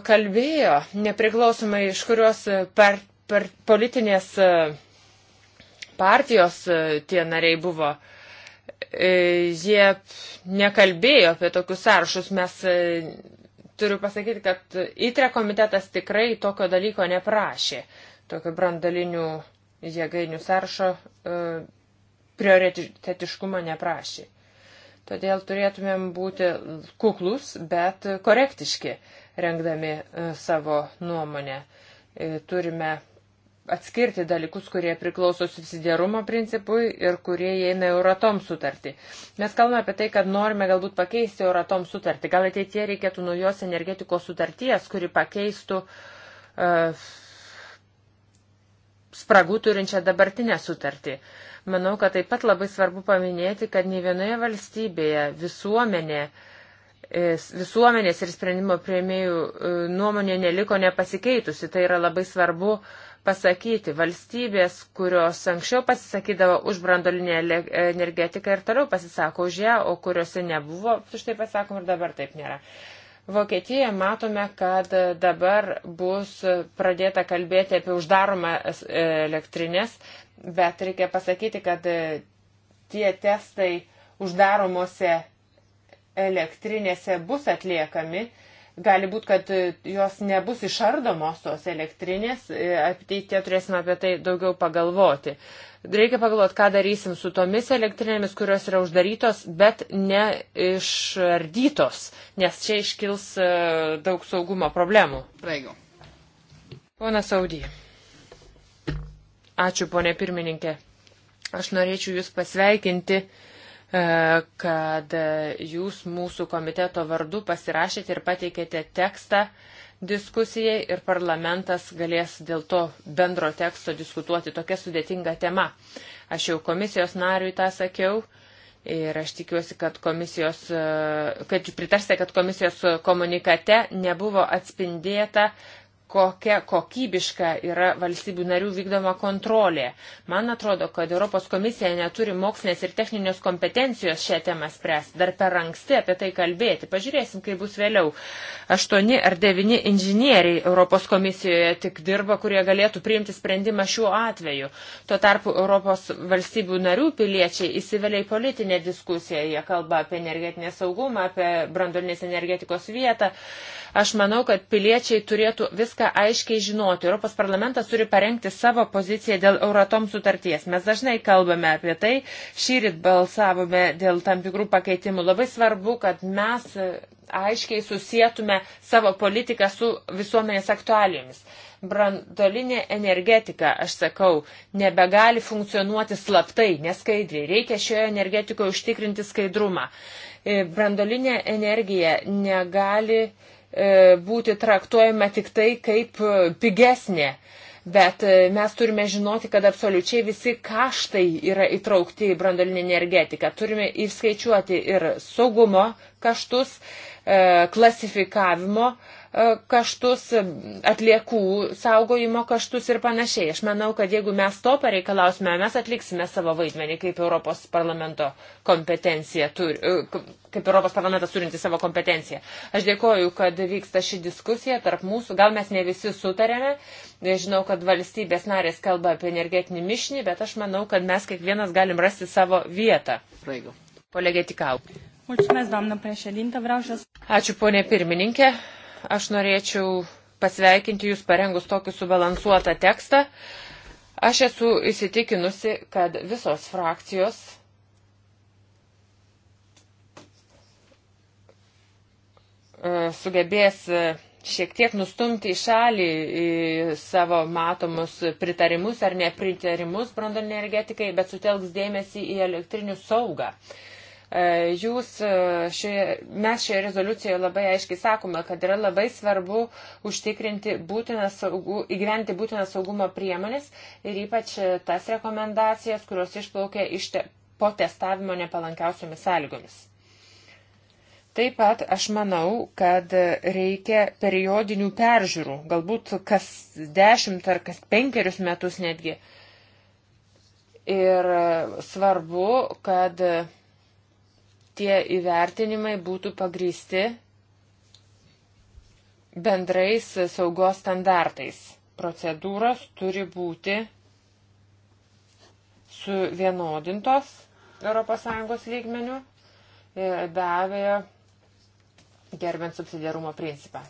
S3: kalbėjo, nepriklausomai iš kurios par, par, politinės e, partijos tie nariai buvo uh, E, jie nekalbėjo apie tokius sąrašus. Mes e, turiu pasakyti, kad ITRE komitetas tikrai tokio dalyko neprašė, tokio brandalinių jėgainių sąrašo e, prioritetiškumo neprašė. Todėl turėtumėm būti kuklus, bet korektiški, rengdami savo nuomonę. Turime atskirti dalykus, kurie priklauso subsidiarumo principui ir kurie įeina Euratom sutartį. Mes kalbame apie tai, kad norime galbūt pakeisti Euratom sutartį. Gal ateitie reikėtų naujos energetikos sutarties, kuri pakeistų uh, spragų turinčią dabartinę sutartį. Manau, kad taip pat labai svarbu paminėti, kad nei vienoje valstybėje visuomenė uh, visuomenės ir sprendimo prieimėjų e, nuomonė neliko nepasikeitusi. Tai yra labai svarbu pasakyti, valstybės, kurios anksčiau pasisakydavo už brandolinę energetiką ir toliau pasisako už ją, o kuriuose nebuvo, už tai pasakom ir dabar taip nėra. Vokietijoje matome, kad dabar bus pradėta kalbėti apie uždaromą elektrinės, bet reikia pasakyti, kad tie testai uždaromose elektrinėse bus atliekami Gali būti, kad e, jos nebus išardomos tos elektrinės, e, ateitie turėsime apie tai daugiau pagalvoti. Reikia pagalvoti, ką darysim su tomis elektrinėmis, kurios yra uždarytos, bet neišardytos, nes čia iškils e, daug saugumo problemų. Praigiau. Pona Saudy. Ačiū, ponė pirmininkė. Aš norėčiau Jūs pasveikinti uh, E, kad jūs mūsų komiteto vardu pasirašėte ir pateikėte tekstą diskusijai ir parlamentas galės dėl to bendro teksto diskutuoti tokia sudėtinga tema. Aš jau komisijos nariui tą sakiau ir aš tikiuosi, kad komisijos, e, kad pritarsite, kad komisijos komunikate nebuvo atspindėta kokia kokybiška yra valstybių narių vykdoma kontrolė. Man atrodo, kad Europos komisija neturi mokslinės ir techninės kompetencijos šią temą spręsti. Dar per anksti apie tai kalbėti. Pažiūrėsim, kaip bus vėliau. Aštuoni ar devini inžinieriai Europos komisijoje tik dirba, kurie galėtų priimti sprendimą šiuo atveju. Tuo tarpu Europos valstybių narių piliečiai įsivelia į politinę diskusiją. Jie kalba apie energetinę saugumą, apie brandolinės energetikos vietą. Aš manau, kad piliečiai turėtų viską viską aiškiai žinoti. Europos parlamentas turi parengti savo poziciją dėl Euratom sutarties. Mes dažnai kalbame apie tai, šyrit balsavome dėl tam tikrų pakeitimų. Labai svarbu, kad mes aiškiai susijėtume savo politiką su visuomenės aktualijomis. Brandolinė energetika, aš sakau, nebegali funkcionuoti slaptai, neskaidriai. Reikia šioje energetikoje užtikrinti skaidrumą. E, brandolinė energija negali uh, E, būti traktuojama tik tai kaip e, pigesnė. Bet e, mes turime žinoti, kad absoliučiai visi kaštai yra įtraukti į brandolinį energetiką. Turime įskaičiuoti ir saugumo kaštus, e, klasifikavimo e, kaštus, atliekų saugojimo kaštus ir panašiai. Aš manau, kad jeigu mes to pareikalausime, mes atliksime savo vaidmenį kaip Europos parlamento kompetencija, turi, e, kaip Europos parlamentas turinti savo kompetenciją. Aš dėkoju, kad vyksta ši diskusija tarp mūsų. Gal mes ne visi sutarėme. Žinau, kad valstybės narės kalba apie energetinį mišinį, bet aš manau, kad mes kiekvienas galim rasti savo vietą. Praigu. Kolegė Tikau.
S2: Mulțumesc, doamnă președintă, vreau și
S3: Ačiū, ponė pirmininkė. Aš norėčiau pasveikinti Jūs parengus tokį subalansuotą tekstą. Aš esu įsitikinusi, kad visos frakcijos e, sugebės šiek tiek nustumti į šalį į savo matomus pritarimus ar nepritarimus brandonė energetikai, bet sutelks dėmesį į elektrinių saugą. Uh, E, jūs e, šioje, mes šioje rezoliucijoje labai aiškiai sakome, kad yra labai svarbu užtikrinti būtiną saugų, įgyventi būtiną saugumo priemonės ir ypač e, tas rekomendacijas, kurios išplaukia iš te, po testavimo nepalankiausiomis sąlygomis. Taip pat aš manau, kad reikia periodinių peržiūrų, galbūt kas dešimt ar kas penkerius metus netgi. Ir svarbu, kad tie įvertinimai būtų pagrysti bendrais saugos standartais. Procedūros turi būti suvienodintos ES lygmenių, e, be abejo, gerbent subsidiarumo principą.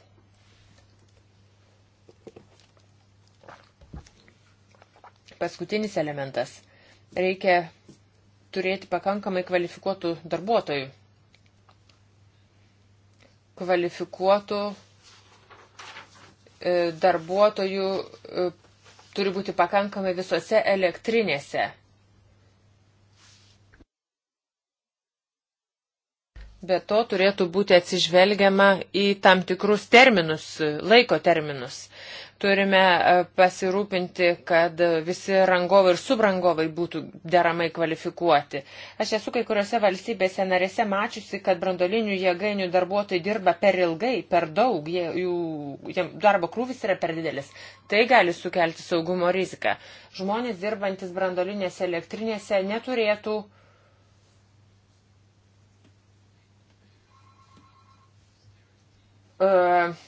S3: Paskutinis elementas. Reikia turėti pakankamai kvalifikuotų darbuotojų. Kvalifikuotų e, darbuotojų e, turi būti pakankamai visose elektrinėse. Be to turėtų būti atsižvelgiama į tam tikrus terminus, laiko terminus. Turime e, pasirūpinti, kad visi rangovai ir subrangovai būtų deramai kvalifikuoti. Aš esu kai kuriuose valstybėse narėse mačiusi, kad brandolinių jėgainių darbuotojai dirba per ilgai, per daug, jie, jų darbo krūvis yra per didelis. Tai gali sukelti saugumo riziką. Žmonės dirbantis brandolinėse elektrinėse neturėtų uh,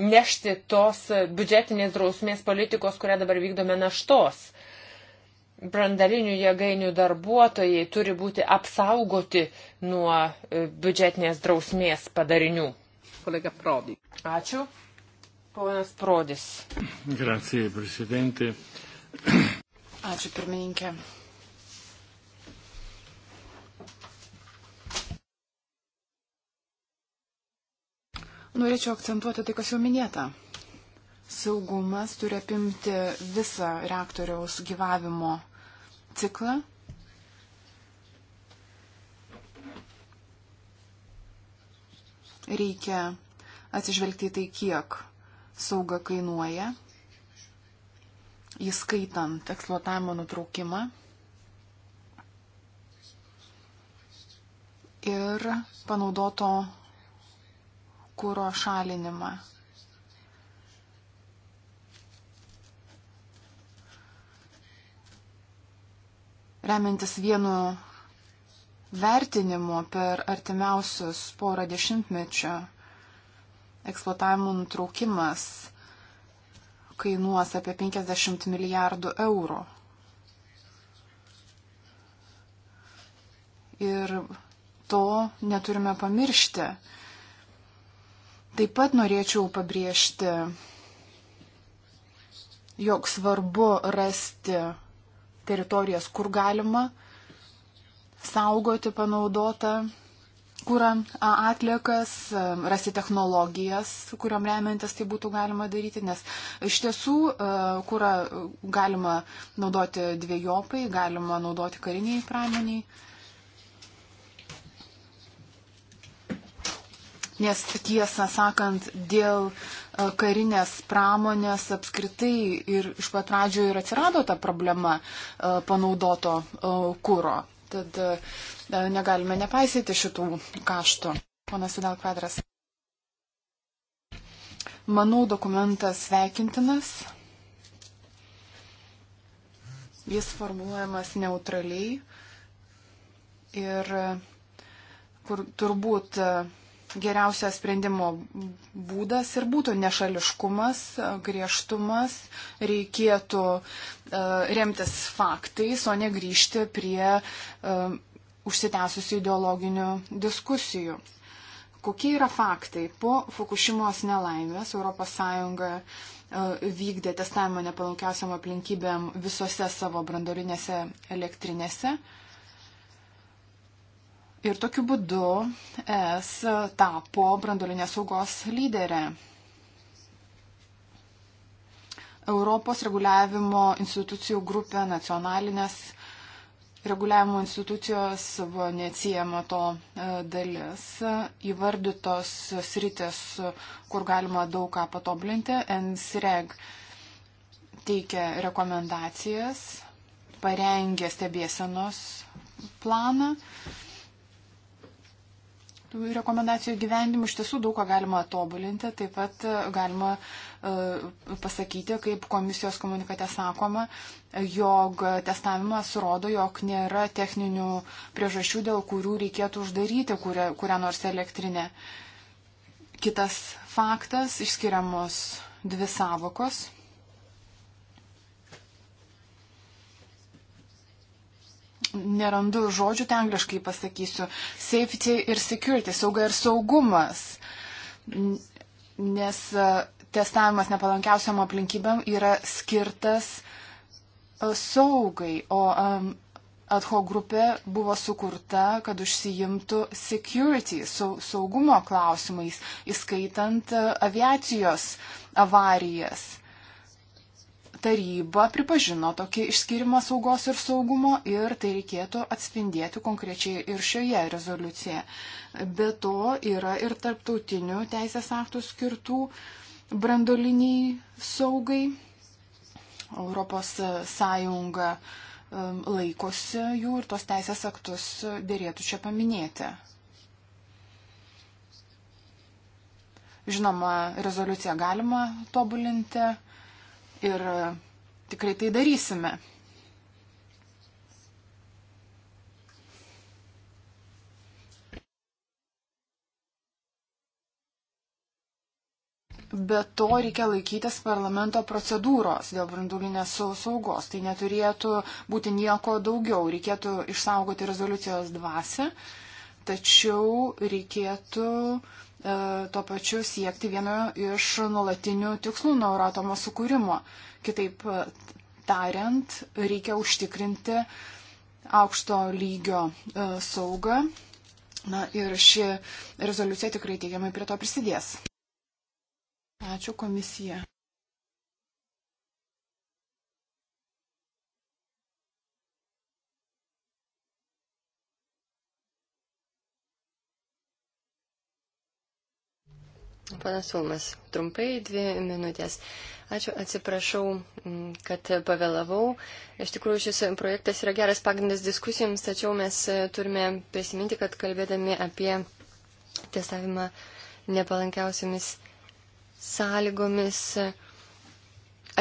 S3: nešti tos biudžetinės drausmės politikos, kurią dabar vykdome naštos. Brandalinių jėgainių darbuotojai turi būti apsaugoti nuo e, biudžetinės drausmės padarinių. Kolega Prodi. Ačiū. Ponas Prodis.
S4: Gracija, prezidentė.
S1: Ačiū, pirmininkė. Norėčiau akcentuoti tai, kas jau minėta. Saugumas turi apimti visą reaktoriaus gyvavimo ciklą. Reikia atsižvelgti į tai, kiek sauga kainuoja, įskaitant eksploatavimo nutraukimą. ir panaudoto kūro šalinimą. Remiantis vienu vertinimu per artimiausius porą dešimtmečių eksploatavimo nutraukimas kainuos apie 50 milijardų eurų. Ir to neturime pamiršti, Taip pat norėčiau pabrėžti, jog svarbu rasti teritorijas, kur galima saugoti panaudotą kūrą atliekas, rasti technologijas, kuriam remiantis tai būtų galima daryti, nes iš tiesų kūrą galima naudoti dviejopai, galima naudoti kariniai pramoniai. Nes tiesą sakant, dėl e, karinės pramonės apskritai ir iš pat pradžio ir atsirado ta problema e, panaudoto e, kūro. Tad negalime nepaisyti šitų kaštų. Ponas Vidal Kvadras. Manau, dokumentas sveikintinas. Jis formuluojamas neutraliai ir kur turbūt geriausias sprendimo būdas ir būtų nešališkumas, griežtumas, reikėtų e, remtis faktais, o ne grįžti prie e, užsitęsusių ideologinių diskusijų. Kokie yra faktai? Po Fukushimos nelaimės ES e, vykdė testavimą nepalankiausiam aplinkybėm visose savo brandorinėse elektrinėse. Ir tokiu būdu es tapo brandolinės saugos lyderė. Europos reguliavimo institucijų grupė, nacionalinės reguliavimo institucijos buvo neatsijama to e, dalis, įvardytos sritis, kur galima daug ką patoblinti. NSREG teikia rekomendacijas, parengė stebėsenos planą rekomendacijų gyvendimu iš tiesų daug ką galima tobulinti, taip pat e, galima e, pasakyti, kaip komisijos komunikate sakoma, jog testavimas rodo, jog nėra techninių priežasčių, dėl kurių reikėtų uždaryti kurią, kurią nors elektrinę. Kitas faktas, išskiriamos dvi savokos nerandu žodžių, ten tai angliškai pasakysiu. Safety ir security, sauga ir saugumas. Nes e, testavimas nepalankiausiam aplinkybėm yra skirtas e, saugai, o ad hoc grupė buvo sukurta, kad užsijimtų security, saugumo klausimais, įskaitant e, aviacijos avarijas taryba pripažino tokį išskirimą saugos ir saugumo ir tai reikėtų atspindėti konkrečiai ir šioje rezoliucijoje. Be to yra ir tarptautinių teisės aktų skirtų brandoliniai saugai. Europos Sąjunga um, laikosi jų ir tos teisės aktus dėrėtų čia paminėti. Žinoma, rezoliuciją galima tobulinti Ir e, tikrai tai darysime. Be to reikia laikytis parlamento procedūros dėl brandulinės saugos. Tai neturėtų būti nieko daugiau. Reikėtų išsaugoti rezoliucijos dvasę, tačiau reikėtų E, tuo pačiu siekti vieno iš nuolatinių tikslų nuo Euratomo sukūrimo. Kitaip e, tariant, reikia užtikrinti aukšto lygio e, saugą. Na ir ši rezoliucija tikrai teigiamai prie to prisidės. Ačiū komisija.
S2: Panas Ulmas, trumpai dvi minutės. Ačiū, atsiprašau, mm, kad pavėlavau. Iš tikrųjų, šis projektas yra geras pagrindas diskusijoms, tačiau mes turime prisiminti, kad kalbėdami apie testavimą nepalankiausiamis sąlygomis.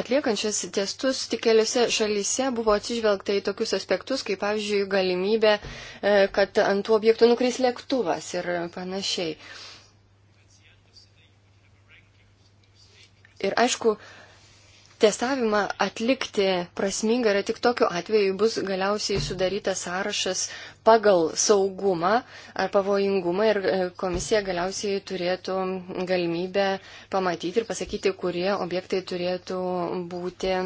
S2: Atliekančias testus tik keliose šalyse buvo atsižvelgta į tokius aspektus, kaip pavyzdžiui galimybė, e, kad ant tų objektų nukris lėktuvas ir panašiai. Ir aišku, testavimą atlikti prasminga yra tik tokiu atveju, bus galiausiai sudarytas sąrašas pagal saugumą ar pavojingumą ir e, komisija galiausiai turėtų galimybę pamatyti ir pasakyti, kurie objektai turėtų būti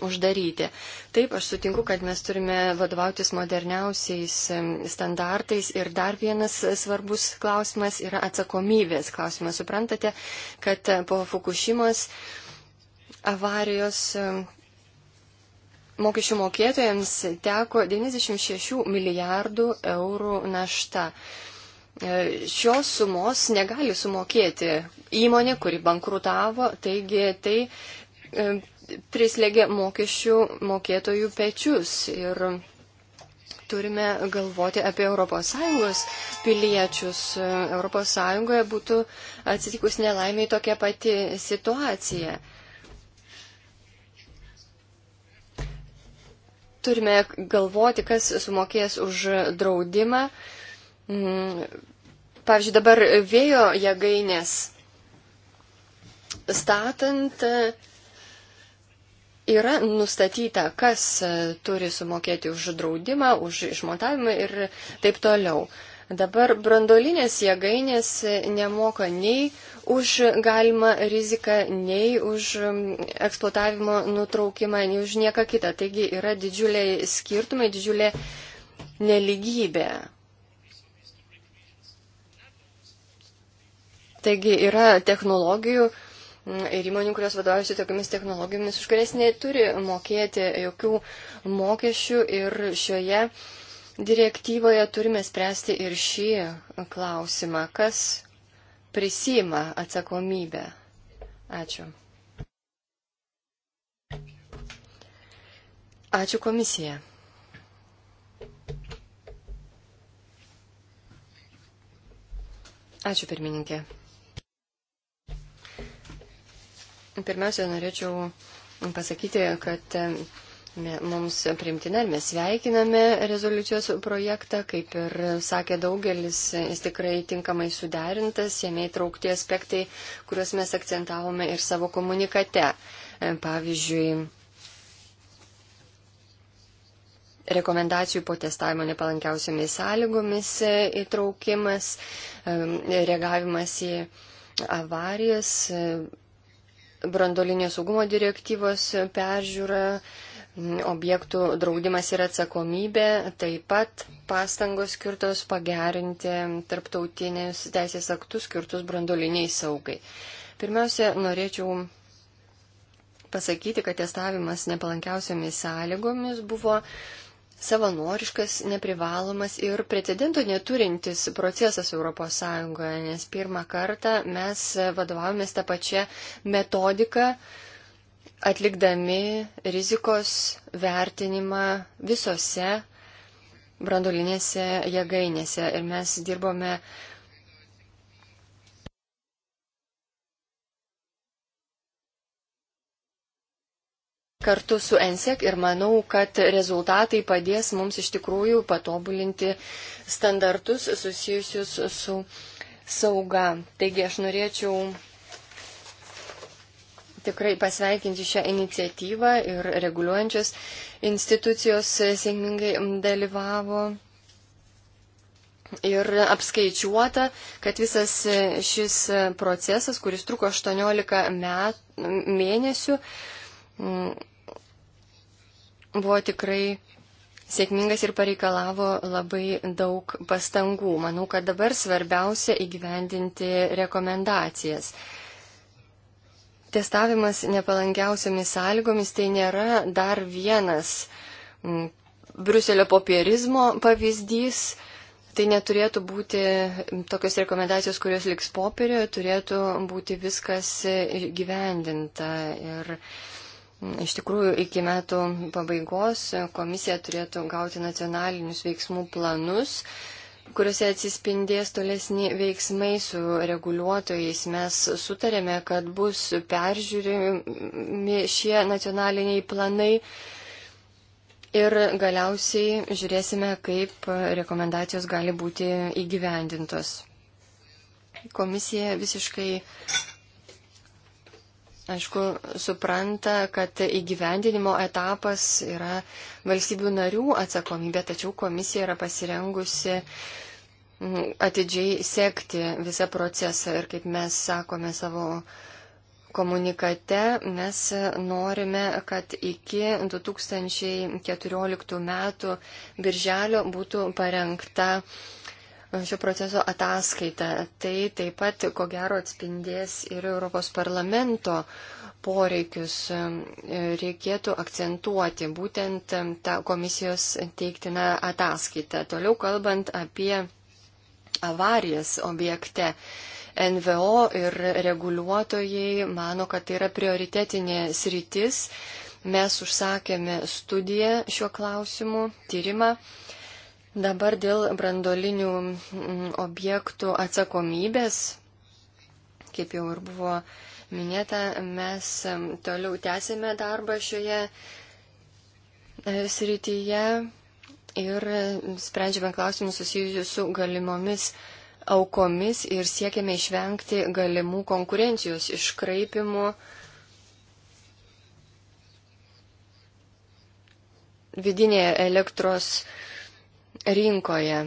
S2: uždaryti. Taip, aš sutinku, kad mes turime vadovautis moderniausiais standartais ir dar vienas svarbus klausimas yra atsakomybės klausimas. Suprantate, kad e, po Fukushimos avarijos mokesčių mokėtojams teko 96 milijardų eurų našta. E, šios sumos negali sumokėti įmonė, kuri bankrutavo, taigi tai prislėgia mokesčių mokėtojų pečius. Ir turime galvoti apie ES piliečius. ES būtų atsitikus nelaimiai tokia pati situacija. Turime galvoti, kas sumokės už draudimą. Mm, pavyzdžiui, dabar vėjo jėgainės statant yra nustatyta, kas e, turi sumokėti už draudimą, už išmontavimą ir taip toliau. Dabar brandolinės jėgainės e, nemoka nei už galimą riziką, nei už eksploatavimo nutraukimą, nei už nieką kitą. Taigi yra didžiuliai skirtumai, didžiulė neligybė. Taigi yra technologijų, Mm, ir įmonių, kurios vadovaujasi tokiamis technologijomis, už kurias neturi mokėti jokių mokesčių. Ir šioje direktyvoje turime spręsti ir šį klausimą, kas prisima atsakomybę. Ačiū. Ačiū komisija. Ačiū pirmininkė. Pirmiausia, norėčiau pasakyti, kad mums primtina ir mes sveikiname rezoliucijos projektą, kaip ir sakė daugelis, jis tikrai tinkamai suderintas, jame įtraukti aspektai, kuriuos mes akcentavome ir savo komunikate. Pavyzdžiui, rekomendacijų po testavimo nepalankiausiamis sąlygomis įtraukimas, reagavimas į avarijas, brandolinės saugumo direktyvos peržiūra, objektų draudimas ir atsakomybė, taip pat pastangos skirtos pagerinti tarptautinius teisės aktus skirtus brandoliniai saugai. Pirmiausia, norėčiau pasakyti, kad testavimas nepalankiausiamis sąlygomis buvo savanoriškas, neprivalomas ir precedento neturintis procesas ES, nes pirmą kartą mes vadovavomės tą pačią metodiką, atlikdami rizikos vertinimą visose brandolinėse jėgainėse. Ir mes dirbome uh, kartu su ENSEK ir manau, kad rezultatai padės mums iš tikrųjų patobulinti standartus susijusius su sauga. Taigi aš norėčiau tikrai pasveikinti šią iniciatyvą ir reguliuojančios institucijos sėkmingai dalyvavo. Ir apskaičiuota, kad visas šis procesas, kuris truko 18 met, mėnesių, buvo tikrai sėkmingas ir pareikalavo labai daug pastangų. Manau, kad dabar svarbiausia įgyvendinti rekomendacijas. Testavimas nepalankiausiamis sąlygomis tai nėra dar vienas mm, Bruselio popierizmo pavyzdys. Tai neturėtų būti mm, tokios rekomendacijos, kurios liks popierio, turėtų būti viskas gyvendinta. Ir Iš tikrųjų, iki metų pabaigos komisija turėtų gauti nacionalinius veiksmų planus, kuriuose atsispindės tolesni veiksmai su reguliuotojais. Mes sutarėme, kad bus peržiūrimi šie nacionaliniai planai ir galiausiai žiūrėsime, kaip rekomendacijos gali būti įgyvendintos. Komisija visiškai aišku, supranta, kad įgyvendinimo etapas yra valstybių narių atsakomybė, tačiau komisija yra pasirengusi mm, atidžiai sekti visą procesą ir kaip mes sakome savo komunikate, mes norime, kad iki 2014 metų birželio būtų parengta šio proceso ataskaitą. Tai taip pat, ko gero, atspindės ir Europos parlamento poreikius. Reikėtų akcentuoti būtent tą komisijos teiktiną ataskaitą. Toliau kalbant apie avarijas objekte. NVO ir reguliuotojai mano, kad tai yra prioritetinė sritis. Mes užsakėme studiją šiuo klausimu, tyrimą. Dabar dėl brandolinių mm, objektų atsakomybės, kaip jau ir buvo minėta, mes mm, toliau tęsime darbą šioje e, srityje ir mm, sprendžiame klausimus susijusius su galimomis aukomis ir siekiame išvengti galimų konkurencijos iškraipimų. Vidinėje elektros uh, rinkoje.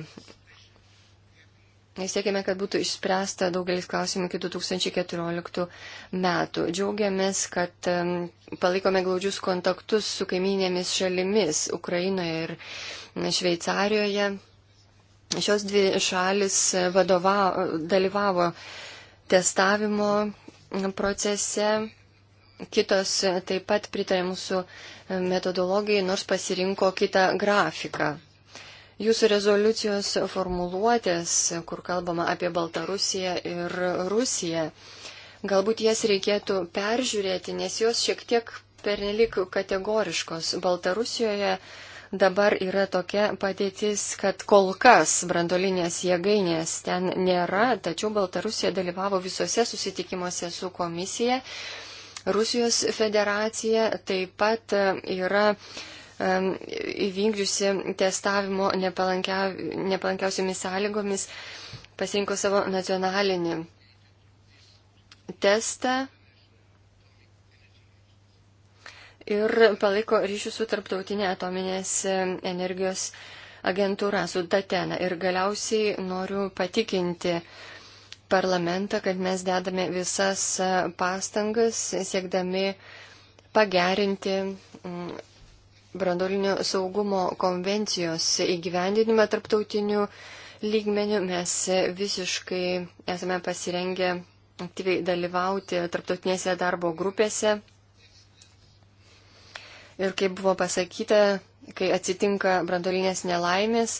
S2: Siekime, kad būtų išspręsta daugelis klausimų iki 2014 metų. Džiaugiamės, kad palaikome glaudžius kontaktus su kaiminėmis šalimis Ukrainoje ir Šveicarijoje. Šios dvi šalis vadova, dalyvavo testavimo procese. Kitos taip pat pritarė mūsų metodologijai, nors pasirinko kitą grafiką. Jūsų rezoliucijos formuluotės, kur kalbama apie Baltarusiją ir Rusiją, galbūt jas reikėtų peržiūrėti, nes jos šiek tiek pernelik kategoriškos. Baltarusijoje dabar yra tokia padėtis, kad kol kas brandolinės jėgainės ten nėra, tačiau Baltarusija dalyvavo visose susitikimuose su komisija. Rusijos federacija taip pat yra Um, įvykdžiusi testavimo nepalankia, nepalankiausiamis sąlygomis pasirinko savo nacionalinį testą ir palaiko ryšių su tarptautinė atominės um, energijos agentūra, su Datena. Ir galiausiai noriu patikinti parlamentą, kad mes dedame visas uh, pastangas siekdami pagerinti um, brandolinio saugumo konvencijos įgyvendinimą tarptautinių lygmenių mes visiškai esame pasirengę aktyviai dalyvauti tarptautinėse darbo grupėse. Ir kaip buvo pasakyta, kai atsitinka brandolinės nelaimės,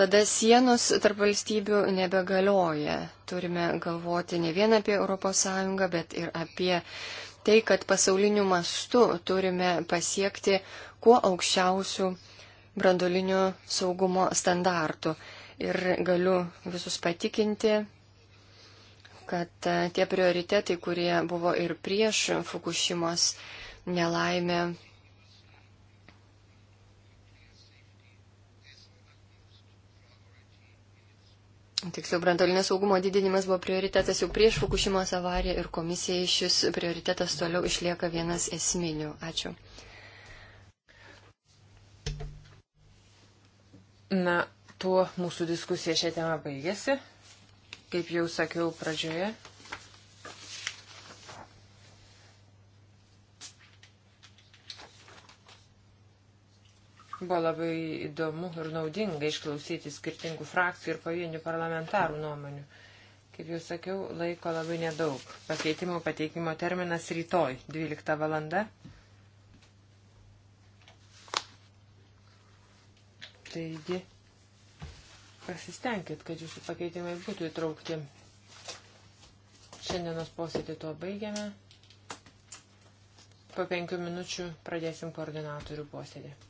S2: tada sienos tarp valstybių nebegalioja. Turime galvoti ne vien apie ES, bet ir apie tai, kad pasauliniu mastu turime pasiekti kuo aukščiausių brandolinių saugumo standartų. Ir galiu visus patikinti, kad e, tie prioritetai, kurie buvo ir prieš Fukushimos nelaimę, Tiksliau, brandolinio saugumo didinimas buvo prioritetas jau prieš Fukushimos avariją ir komisijai šis prioritetas toliau išlieka vienas esminių. Ačiū. Na, tuo
S3: mūsų diskusija šią temą baigėsi. Kaip jau sakiau pradžioje, Buvo labai įdomu ir naudinga išklausyti skirtingų frakcijų ir pavienių parlamentarų nuomonių. Kaip jau sakiau, laiko labai nedaug. Pakeitimų pateikimo terminas rytoj 12 valanda. Taigi, pasistengkit, kad jūsų pakeitimai būtų įtraukti. Šiandienos posėdį tuo baigiame. Po penkių minučių pradėsim koordinatorių posėdį.